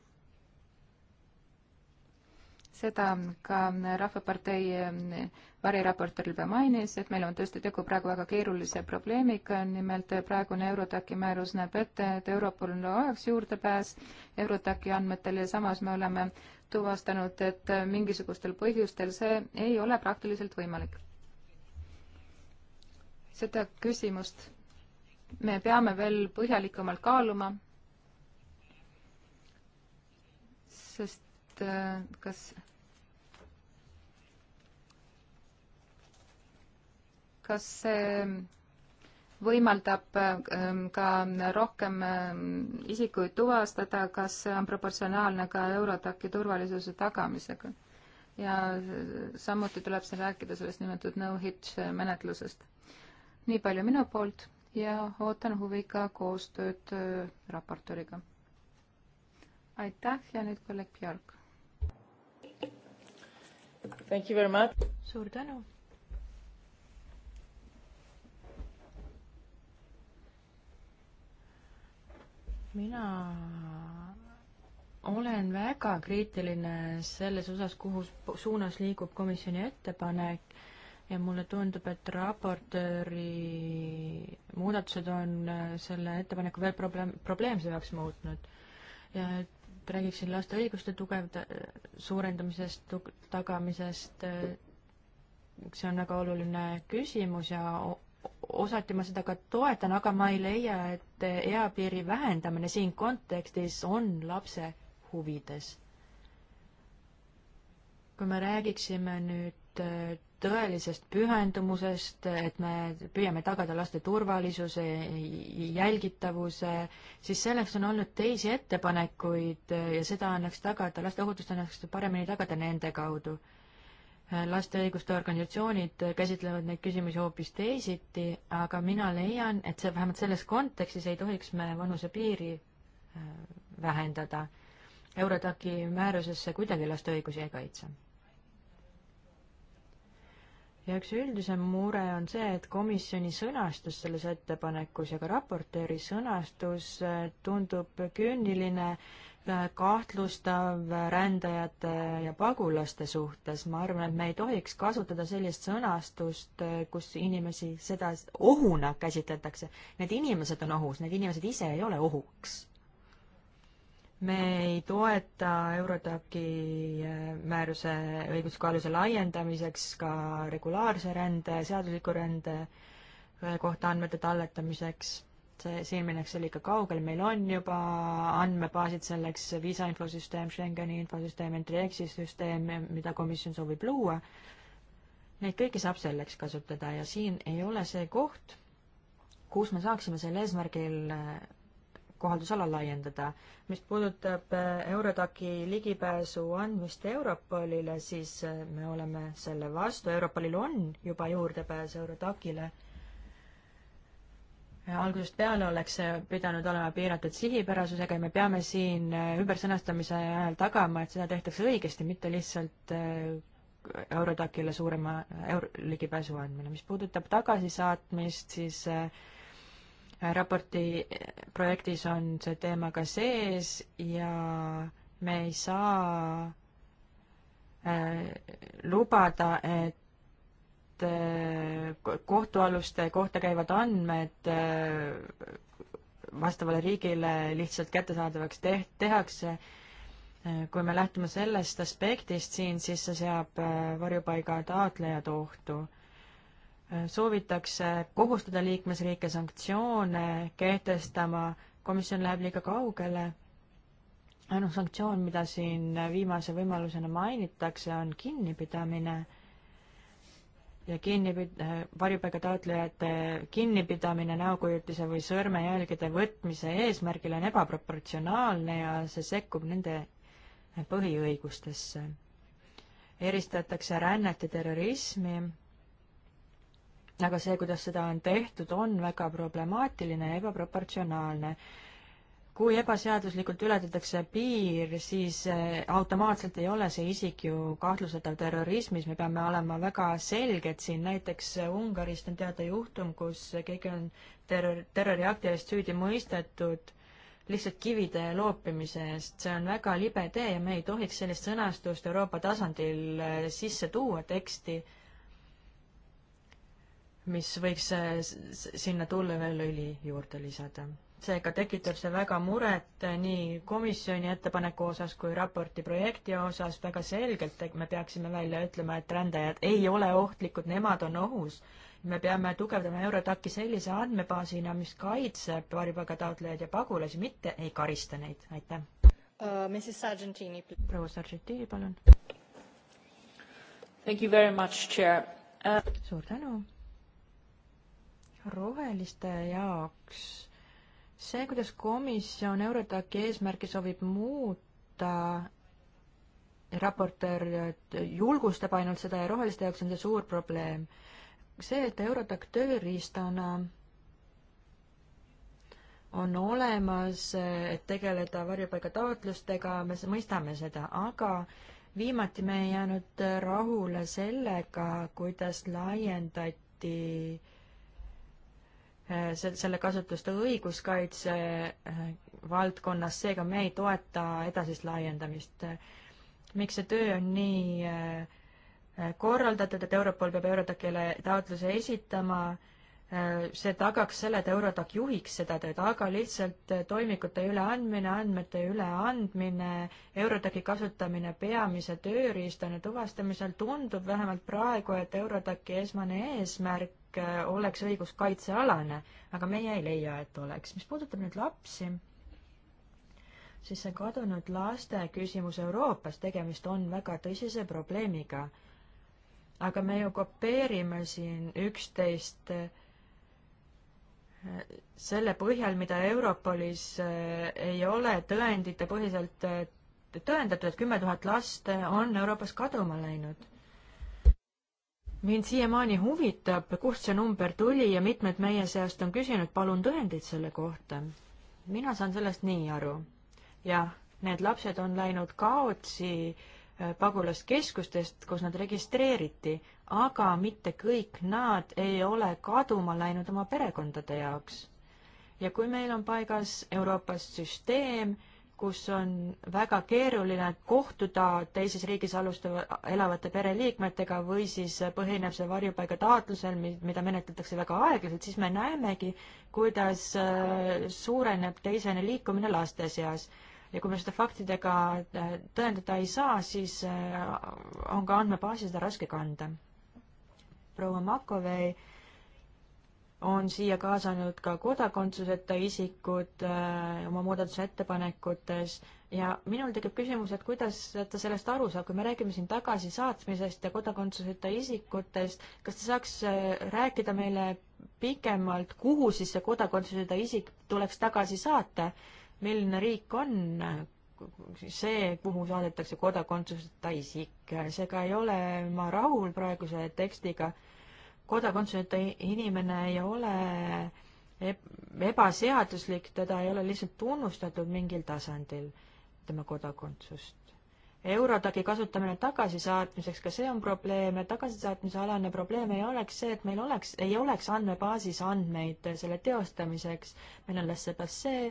seda ka Rahvapartei ähm, variraportor juba mainis, et meil on tõesti tegu praegu väga keerulise probleemiga, nimelt äh, praegune Eurotaki määrus näeb ette, et Europol oleks juurdepääs Eurotaki andmetele ja samas me oleme tuvastanud, et mingisugustel põhjustel see ei ole praktiliselt võimalik. seda küsimust me peame veel põhjalikumalt kaaluma, sest äh, kas kas see võimaldab ähm, ka rohkem ähm, isikuid tuvastada, kas see on proportsionaalne ka Eurotaki turvalisuse tagamisega. ja samuti tuleb siin rääkida sellest nimetatud no-hit menetlusest. nii palju minu poolt ja ootan huviga koostööd äh, raportööriga. aitäh ja nüüd kolleeg Björk. suur tänu mina olen väga kriitiline selles osas, kuhu suunas liigub komisjoni ettepanek ja mulle tundub, et raportööri muudatused on äh, selle ettepaneku veel probleem, probleemsemaks muutnud. ja et räägiksin laste õiguste tugevda-, suurendamisest tug,, tagamisest, äh, see on väga oluline küsimus ja osati ma seda ka toetan, aga ma ei leia, et eapiiri vähendamine siin kontekstis on lapse huvides. kui me räägiksime nüüd äh, tõelisest pühendumusest, et me püüame tagada laste turvalisuse, jälgitavuse, siis selleks on olnud teisi ettepanekuid äh, ja seda annaks tagada, laste ohutust annaks paremini tagada nende kaudu laste õiguste organisatsioonid käsitlevad neid küsimusi hoopis teisiti, aga mina leian, et see vähemalt selles kontekstis ei tohiks me vanusepiiri äh, vähendada. Eurotaki määruses see kuidagi laste õigusi ei kaitse. ja üks üldisem mure on see, et komisjoni sõnastus selles ettepanekus ja ka raportööri sõnastus äh, tundub küüniline äh, kahtlustav rändajate ja pagulaste suhtes. ma arvan, et me ei tohiks kasutada sellist sõnastust, kus inimesi seda ohuna käsitletakse. Need inimesed on ohus, need inimesed ise ei ole ohuks. me ei toeta Eurotaki äh, määruse õiguskaaluse laiendamiseks ka regulaarse rände, seadusliku rände äh, kohta andmete talletamiseks et siin minnakse liiga kaugele, meil on juba andmebaasid selleks, viisa infosüsteem, Schengeni infosüsteem, NTX-i süsteem, mida komisjon soovib luua. Neid kõiki saab selleks kasutada ja siin ei ole see koht, kus me saaksime sel eesmärgil eh, kohaldusala laiendada. mis puudutab eh, Eurodaki ligipääsu andmist Europolile, siis eh, me oleme selle vastu, Europolil on juba juurdepääs Eurodakile algusest peale oleks see pidanud olema piiratud sihipärasusega ja me peame siin äh, ümbersõnastamise ajal tagama, et seda tehtakse õigesti, mitte lihtsalt äh, Eurodacile suurema euro, ligipääsu andmine. mis puudutab tagasisaatmist, siis äh, raporti projektis on see teema ka sees ja me ei saa lubada, et Eh, kohtualuste kohta käivad andmed eh, vastavale riigile lihtsalt kättesaadavaks teht-, tehakse. Eh, kui me lähtume sellest aspektist siin, siis see seab varjupaiga taotlejad ohtu. soovitakse kohustada liikmesriike sanktsioone kehtestama, komisjon läheb liiga kaugele, ainus sanktsioon, mida siin viimase võimalusena mainitakse, on kinnipidamine ja kinnipid-, äh, varjupaigataotlejate kinnipidamine näokujutise või sõrmejälgede võtmise eesmärgil on ebaproportsionaalne ja see sekkub nende põhiõigustesse. eristatakse rännet ja terrorismi, aga see, kuidas seda on tehtud, on väga problemaatiline ja ebaproportsionaalne kui ebaseaduslikult ületatakse piir, siis äh, automaatselt ei ole see isik ju kahtlustatav terrorismis, me peame olema väga selged siin, näiteks äh, Ungarist on teada juhtum, kus keegi on terror, terroriakti eest süüdi mõistetud lihtsalt kivide loopimise eest, see on väga libe tee ja me ei tohiks sellist sõnastust Euroopa tasandil äh, sisse tuua teksti, mis võiks sinna tulla veel õli juurde lisada seega tekitab see väga muret nii komisjoni ettepaneku osas kui raporti projekti osas väga selgelt, et me peaksime välja ütlema, et rändajad ei ole ohtlikud, nemad on ohus. me peame tugevdama Eurotaki sellise andmebaasina, mis kaitseb varjupaigataotlejaid ja pagulasi, mitte ei karista neid, aitäh uh,. Mrs Sargentini. proua Sargentini, palun. Thank you very much, chair uh.... suur tänu. roheliste jaoks see, kuidas komisjon Eurotaki eesmärki soovib muuta, raportöör julgustab ainult seda ja roheliste jaoks on see suur probleem. see, et Eurotak tööriistana on olemas, et tegeleda varjupaigataotlustega, me mõistame seda, aga viimati me ei jäänud rahule sellega, kuidas laiendati Äh, selle kasutuste õiguskaitse äh, valdkonnas, seega me ei toeta edasist laiendamist. miks see töö on nii äh, korraldatud, et Europol peab Eurodacile taotluse esitama, see tagaks selle, et Eurodac juhiks seda tööd, aga lihtsalt toimikute üleandmine, andmete üleandmine, Eurodaci kasutamine peamise tööriistana tuvastamisel tundub vähemalt praegu, et Eurodaci esmane eesmärk Äh, oleks õigus kaitsealane, aga meie ei leia, et oleks. mis puudutab nüüd lapsi, siis see kadunud laste küsimus Euroopas, tegemist on väga tõsise probleemiga. aga me ju kopeerime siin üksteist äh, selle põhjal, mida Europolis äh, ei ole tõenditepõhiselt tõendatud, et kümme tuhat last on Euroopas kaduma läinud mind siiamaani huvitab, kust see number tuli ja mitmed meie seast on küsinud, palun tõendeid selle kohta. mina saan sellest nii aru. jah, need lapsed on läinud kaotsi äh, pagulaskeskustest, kus nad registreeriti, aga mitte kõik nad ei ole kaduma läinud oma perekondade jaoks. ja kui meil on paigas Euroopas süsteem, kus on väga keeruline kohtuda teises riigis alustava, elavate pereliikmetega või siis põhineb see varjupaiga taotlusel, mida menetletakse väga aeglaselt, siis me näemegi, kuidas äh, suureneb teisene liikumine laste seas. ja kui me seda faktidega äh, tõendada ei saa, siis äh, on ka andmebaasi seda raske kanda. proua Makovei on siia kaasanud ka kodakondsuseta isikud äh, oma muudatusettepanekutes ja minul tekib küsimus, et kuidas ta sellest aru saab, kui me räägime siin tagasisaatmisest ja kodakondsuseta isikutest, kas ta saaks äh, rääkida meile pikemalt, kuhu siis see kodakondsuseta isik tuleks tagasi saata, milline riik on äh, see, kuhu saadetakse kodakondsuseta isik, äh, seega ei ole ma rahul praeguse tekstiga kodakondsuseta inimene ei ole ebaseaduslik, teda ei ole lihtsalt tunnustatud mingil tasandil, tema kodakondsust. Eurodagi kasutamine tagasisaatmiseks, ka see on probleem ja tagasisaatmise alane probleem ei oleks see, et meil oleks, ei oleks andmebaasis andmeid selle teostamiseks, meil on alles see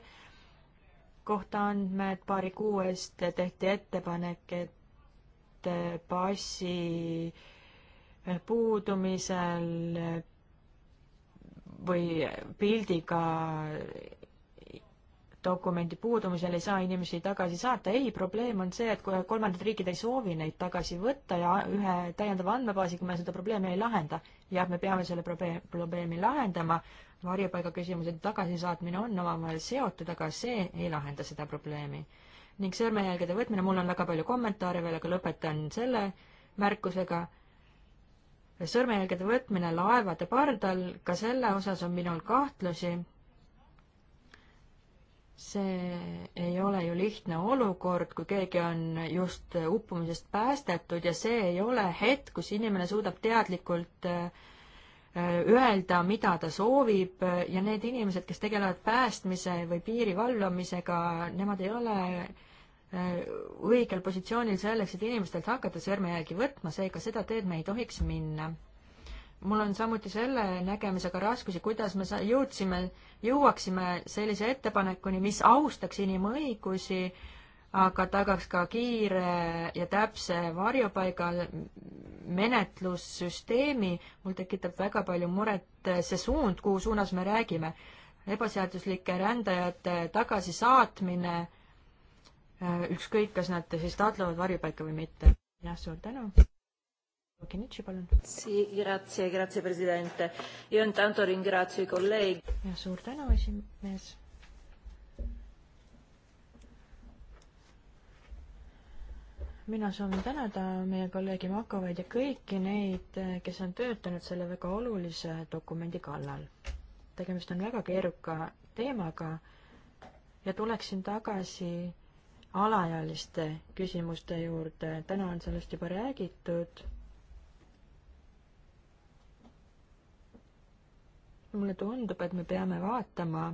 kohta andmed, paari kuu eest tehti ettepanek, et passi äh, puudumisel või pildiga dokumendi puudumisel ei saa inimesi tagasi saata. ei, probleem on see, et kui kolmandad riigid ei soovi neid tagasi võtta ja ühe täiendava andmebaasiga me seda probleemi ei lahenda. jah, me peame selle probleemi lahendama, varjupaiga küsimused ja tagasisaatmine on omavahel seotud, aga see ei lahenda seda probleemi. ning sõrmejälgede võtmine, mul on väga palju kommentaare veel, aga lõpetan selle märkusega sõrmejälgede võtmine laevade pardal, ka selle osas on minul kahtlusi. see ei ole ju lihtne olukord, kui keegi on just uppumisest päästetud ja see ei ole hetk, kus inimene suudab teadlikult äh, öelda, mida ta soovib ja need inimesed, kes tegelevad päästmise või piiri valvamisega, nemad ei ole õigel positsioonil selleks, et inimestelt hakata sõrmejälgi võtma, seega seda teed me ei tohiks minna. mul on samuti selle nägemisega raskusi, kuidas me jõudsime, jõuaksime sellise ettepanekuni, mis austaks inimõigusi, aga tagaks ka kiire ja täpse varjupaiga menetlussüsteemi. mul tekitab väga palju muret see suund, kuhu suunas me räägime. ebaseaduslike rändajate tagasisaatmine Äh, ükskõik, kas nad siis taotlevad varjupaika või mitte. jah, suur tänu. Kinitši, palun. Sì, grazie, grazie Presidente. Io intanto ringrazio i colleghi. Ja suur tänu, esimees. mina soovin tänada meie kolleegi Makovaid ja kõiki neid, kes on töötanud selle väga olulise dokumendi kallal. tegemist on väga keeruka teemaga ja tuleksin tagasi alaealiste küsimuste juurde, täna on sellest juba räägitud. mulle tundub, et me peame vaatama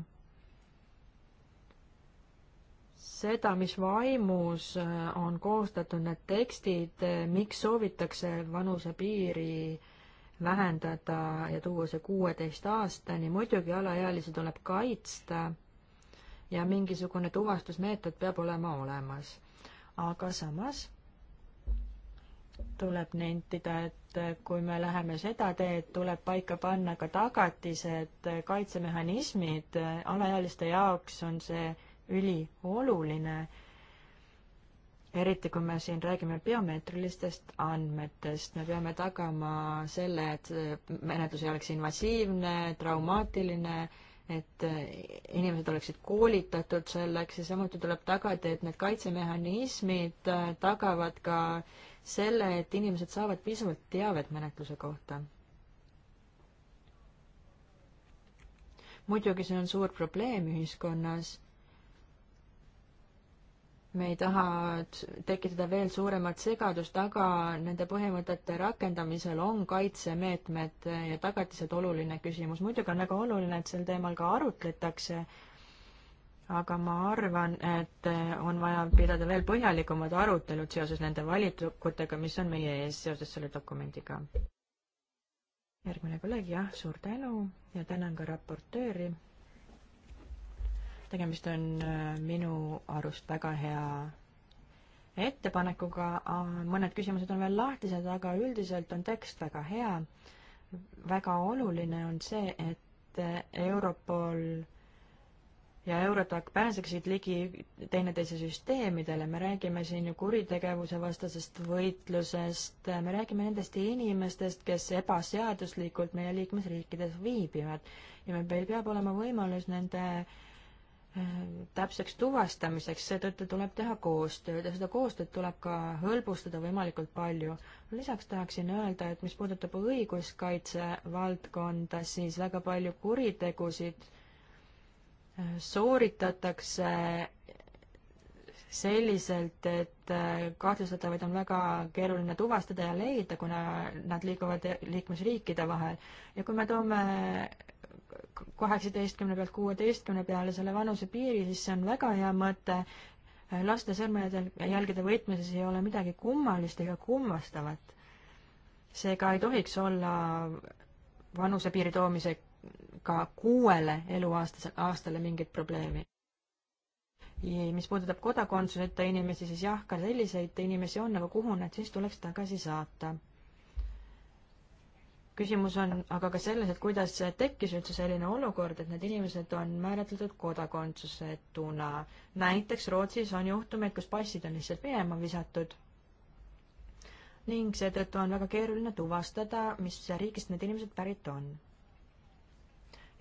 seda, mis vaimus äh, on koostatud need tekstid, äh, miks soovitakse vanusepiiri vähendada ja tuua see kuueteist aastani, muidugi alaealisi tuleb kaitsta ja mingisugune tuvastusmeetod peab olema olemas. aga samas tuleb nentida, et kui me läheme seda teed, tuleb paika panna ka tagatised, kaitsemehhanismid, alaealiste jaoks on see ülioluline, eriti kui me siin räägime biomeetrilistest andmetest, me peame tagama selle, et menetlus ei oleks invasiivne, traumaatiline, et äh, inimesed oleksid koolitatud selleks ja samuti tuleb tagada, et need kaitsemehhanismid äh, tagavad ka selle, et inimesed saavad piisavalt teavet menetluse kohta. muidugi see on suur probleem ühiskonnas me ei taha tekitada veel suuremat segadust, aga nende põhimõtete rakendamisel on kaitsemeetmed ja tagatised oluline küsimus. muidugi on väga oluline, et sel teemal ka arutletakse, aga ma arvan, et on vaja pidada veel põhjalikumad arutelud seoses nende valikutega, mis on meie ees seoses selle dokumendiga. järgmine kolleeg, jah, suur tänu ja tänan ka raportööri tegemist on äh, minu arust väga hea ettepanekuga, mõned küsimused on veel lahtised, aga üldiselt on tekst väga hea. väga oluline on see, et äh, Europol ja Eurotac pääseksid ligi teineteise süsteemidele, me räägime siin ju kuritegevuse vastasest võitlusest, me räägime nendest inimestest, kes ebaseaduslikult meie liikmesriikides viibivad ja meil peab olema võimalus nende äh, täpseks tuvastamiseks, seetõttu tuleb teha koostööd ja seda koostööd tuleb ka hõlbustada võimalikult palju. lisaks tahaksin öelda, et mis puudutab õiguskaitse valdkonda, siis väga palju kuritegusid sooritatakse selliselt, et kahtlustatavaid on väga keeruline tuvastada ja leida, kuna nad liiguvad liikmesriikide vahel. ja kui me toome kaheksateistkümne pealt kuueteistkümne peale selle vanusepiiri, siis see on väga hea mõte. laste sõrmejälgede võtmises ei ole midagi kummalist ega kummastavat. seega ei tohiks olla vanusepiiri toomisega kuuele eluaastase, aastale mingit probleemi. mis puudutab kodakondsuseta inimesi, siis jah, ka selliseid inimesi on, aga kuhu nad siis tuleks tagasi saata küsimus on aga ka selles, et kuidas tekkis üldse selline olukord, et need inimesed on määratletud kodakondsusetuna. näiteks Rootsis on juhtumeid, kus passid on lihtsalt minema visatud ning seetõttu on väga keeruline tuvastada, mis riigist need inimesed pärit on.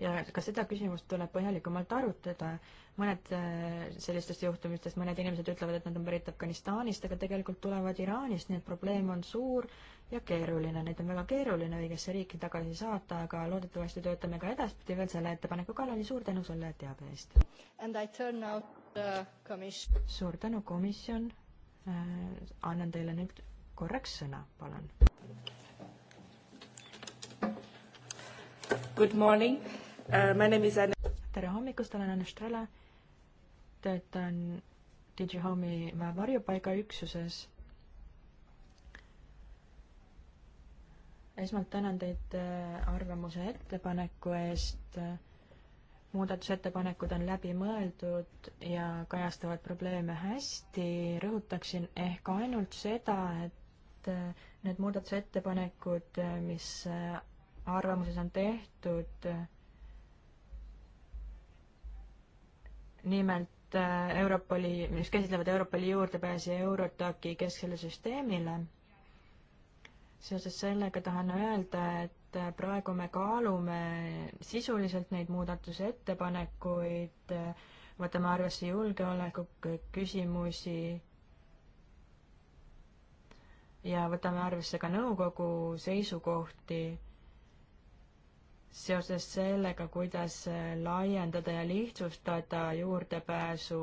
ja ka seda küsimust tuleb põhjalikumalt arutada, mõned äh, sellistest juhtumistest, mõned inimesed ütlevad, et nad on pärit Afganistanist, aga tegelikult tulevad Iraanist, nii et probleem on suur ja keeruline, neid on väga keeruline õigesse riiki tagasi saata, aga loodetavasti töötame ka edaspidi veel selle ettepaneku kallal ja suur tänu selle teabe eest. suur tänu, komisjon äh,. annan teile nüüd korraks sõna, palun. Good morning uh,, my name is Anne. tere hommikust, olen Anne Strela, töötan DigiHome'i varjupaigaüksuses esmalt tänan teid äh, arvamuse ettepaneku eest. muudatusettepanekud on läbimõeldud ja kajastavad probleeme hästi. rõhutaksin ehk ainult seda, et äh, need muudatusettepanekud, äh, mis arvamuses on tehtud, nimelt Europoli, mis käsitlevad Europoli juurdepääsi Eurotaki kesksele süsteemile seoses sellega tahan öelda, et praegu me kaalume sisuliselt neid muudatusettepanekuid, võtame arvesse julgeoleku küsimusi ja võtame arvesse ka nõukogu seisukohti seoses sellega, kuidas laiendada ja lihtsustada juurdepääsu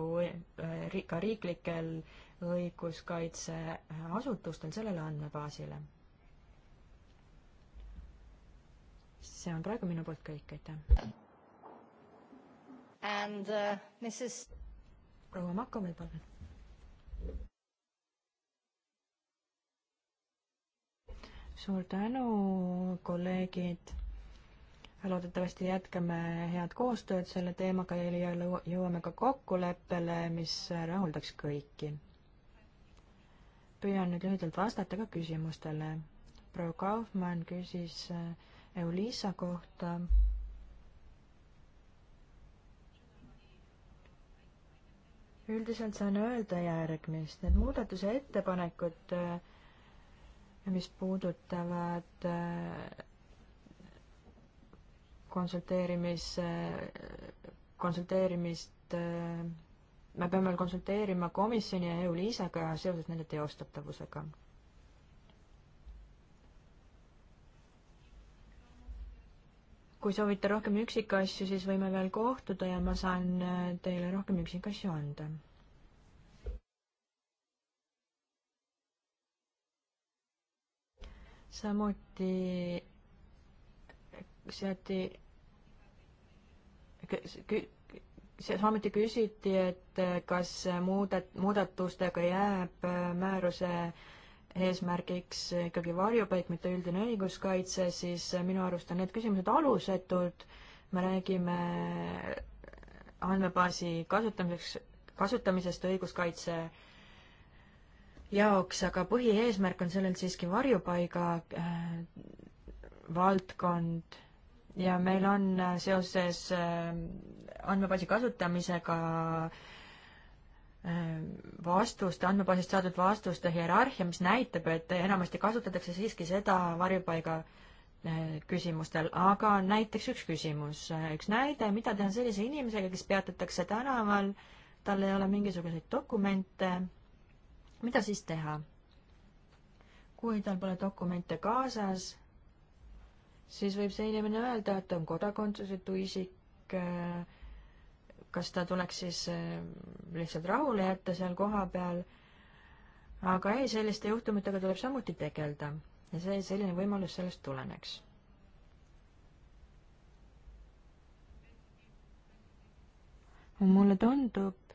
ka riiklikel õiguskaitseasutustel sellele andmebaasile see on praegu minu poolt kõik, aitäh. And uh, Mrs. proua Makomäe, palun. suur tänu, kolleegid loodetavasti jätkame head koostööd selle teemaga ja jõuame ka kokkuleppele, mis rahuldaks kõiki. püüan nüüd lühidalt vastata ka küsimustele. proua Kaufmann küsis äh, Euliisa kohta. üldiselt saan öelda järgmist, need muudatuse ettepanekud, äh, mis puudutavad äh, konsulteerimis, äh, konsulteerimist, me peame konsulteerima komisjoni ja EU-liisaga seoses nende teostatavusega kui soovite rohkem üksikasju, siis võime veel kohtuda ja ma saan äh, teile rohkem üksikasju anda. samuti äh, seati, samuti küsiti, et äh, kas muudet-, muudatustega jääb määruse äh, eesmärgiks ikkagi varjupaik, mitte üldine õiguskaitse, siis minu arust on need küsimused alusetud, me räägime andmebaasi kasutamiseks, kasutamisest õiguskaitse jaoks, aga põhieesmärk on sellel siiski varjupaiga äh, valdkond ja meil on äh, seoses äh, andmebaasi kasutamisega äh, vastuste, andmebaasist saadud vastuste hierarhia, mis näitab, et enamasti kasutatakse siiski seda varjupaiga eh, küsimustel, aga näiteks üks küsimus, eh, üks näide, mida teha sellise inimesega, kes peatatakse tänaval, tal ei ole mingisuguseid dokumente, mida siis teha? kui tal pole dokumente kaasas, siis võib see inimene öelda, et on kodakondsusetu isik äh,, kas ta tuleks siis eh, lihtsalt rahule jätta seal kohapeal, aga ei, selliste juhtumitega tuleb samuti tegeleda ja see, selline võimalus sellest tuleneks. mulle tundub,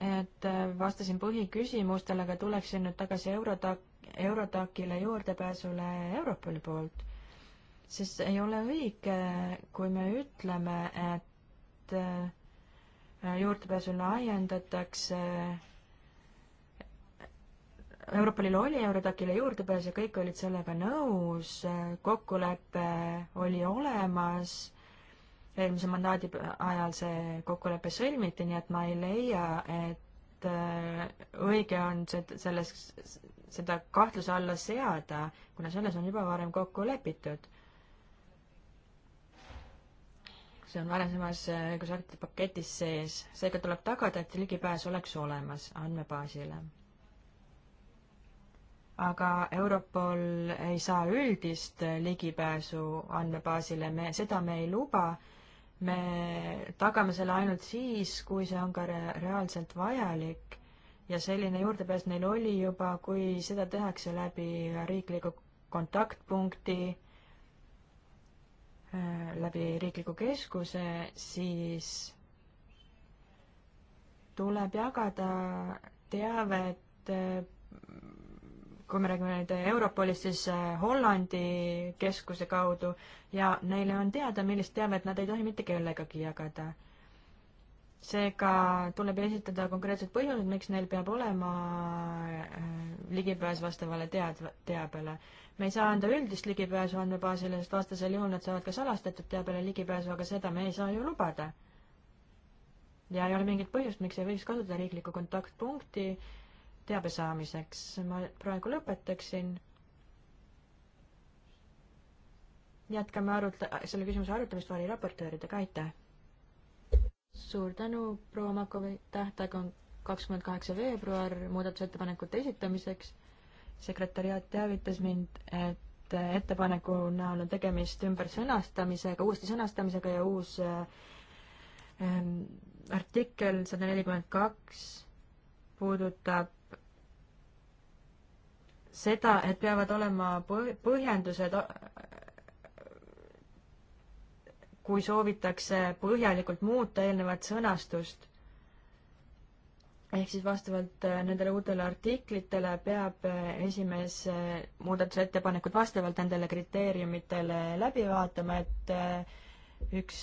et eh, vastasin põhiküsimustele, aga tuleksin nüüd tagasi Eurotac, Eurotacile juurdepääsule Europoli poolt siis ei ole õige, kui me ütleme, et äh, juurdepääsu laiendatakse Euroopa Liidu oli Eurodacile juurdepääs ja kõik olid sellega nõus, kokkulepe oli olemas, eelmise mandaadi ajal see kokkulepe sõlmiti, nii et ma ei leia, et äh, õige on selles, seda kahtluse alla seada, kuna selles on juba varem kokku lepitud see on varasemas äh, õigusaktide paketis sees, seega tuleb tagada, et ligipääs oleks olemas andmebaasile. aga Europol ei saa üldist äh, ligipääsu andmebaasile, me, seda me ei luba, me tagame selle ainult siis, kui see on ka re-, reaalselt vajalik ja selline juurdepääs neil oli juba, kui seda tehakse läbi riikliku kontaktpunkti, Äh, läbi riikliku keskuse, siis tuleb jagada teavet, äh, kui me räägime nüüd Europolist, siis äh, Hollandi keskuse kaudu ja neile on teada, millist teavet nad ei tohi mitte kellegagi jagada seega tuleb esitada konkreetsed põhjused, miks neil peab olema äh, ligipääs vastavale tead-, teabele. me ei saa anda üldist ligipääsu andmebaasile, sest vastasel juhul nad saavad ka salastatud teabele ligipääsu, aga seda me ei saa ju lubada. ja ei ole mingit põhjust, miks ei võiks kasutada riiklikku kontaktpunkti teabe saamiseks. ma praegu lõpetaksin. jätkame arut-, selle küsimuse arutamist variraportööridega, aitäh! suur tänu, proua Makovi, tähtaeg on kakskümmend kaheksa veebruar muudatusettepanekute esitamiseks. sekretäriaat teavitas mind, et ettepaneku näol on tegemist ümbersõnastamisega, uuesti sõnastamisega ja uus äh, artikkel sada nelikümmend kaks puudutab seda, et peavad olema põhjendused kui soovitakse põhjalikult muuta eelnevat sõnastust, ehk siis vastavalt äh, nendele uutele artiklitele peab äh, esimees äh, muudatusettepanekud vastavalt nendele kriteeriumitele läbi vaatama, et üks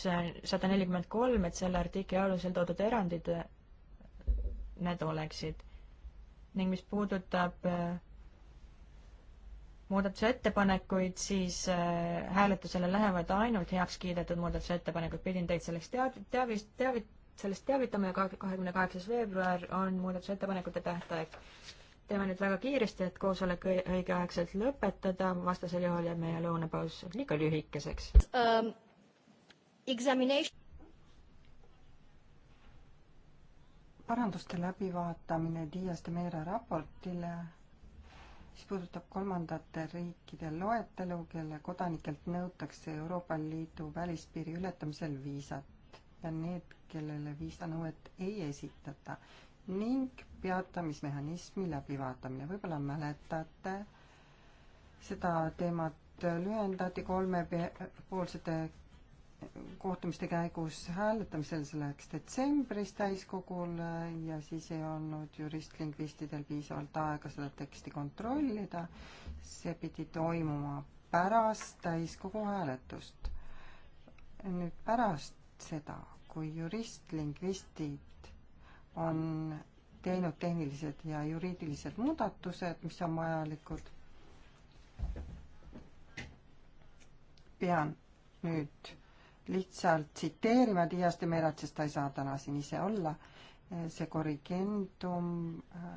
sada nelikümmend kolm, et selle artikli alusel toodud erandid, need oleksid. ning mis puudutab muudatusettepanekuid, siis äh, hääletusele lähevad ainult heaks kiidetud muudatusettepanekud, pidin teid sellest teav-, teavist, teavit-, sellest teavitama ja kahekümne kaheksas veebruar on muudatusettepanekute tähtaeg. teeme nüüd väga kiiresti, et koosolek õigeaegselt lõpetada, vastasel juhul jääb meie lõunapaus liiga lühikeseks um,. Examination paranduste läbivaatamine Dias de Meere raportile mis puudutab kolmandate riikide loetelu, kelle kodanikelt nõutakse Euroopa Liidu välispiiri ületamisel viisat ja need, kellele viisanõuet ei esitata ning peatamismehhanismi läbivaatamine. võib-olla mäletate, seda teemat lühendati kolmepoolsete kohtumiste käigus hääletamisel, see läheks detsembris täiskogule äh, ja siis ei olnud juristlingvistidel piisavalt aega seda teksti kontrollida. see pidi toimuma pärast täiskogu hääletust. nüüd pärast seda, kui juristlingvistid on teinud tehnilised ja juriidilised muudatused, mis on vajalikud, pean nüüd lihtsalt tsiteerima Dias de Merat, sest ta ei saa täna siin ise olla. Eh, see korrigendum eh,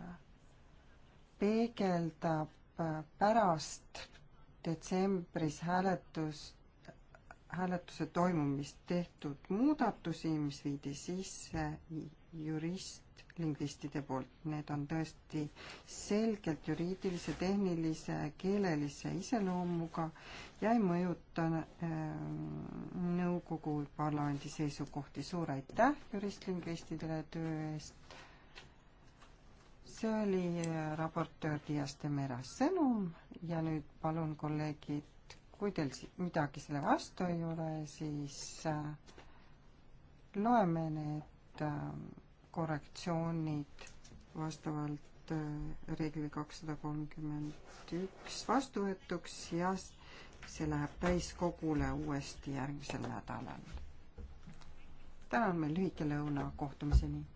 peegeldab eh, pärast detsembris hääletust, hääletuse toimumist tehtud muudatusi, mis viidi sisse jurist, lingvistide poolt. Need on tõesti selgelt juriidilise, tehnilise, keelelise iseloomuga ja ei mõjuta äh, nõukogu parlamendi seisukohti. suur aitäh juristlingvistidele töö eest. see oli äh, raportöör Dias de Mera sõnum ja nüüd palun, kolleegid, kui teil midagi selle vastu ei ole, siis äh, loeme need äh, korrektsioonid vastavalt äh, reeglile kakssada kolmkümmend üks vastuvõetuks ja see läheb täiskogule uuesti järgmisel nädalal. täna on meil lühike lõuna, kohtumiseni!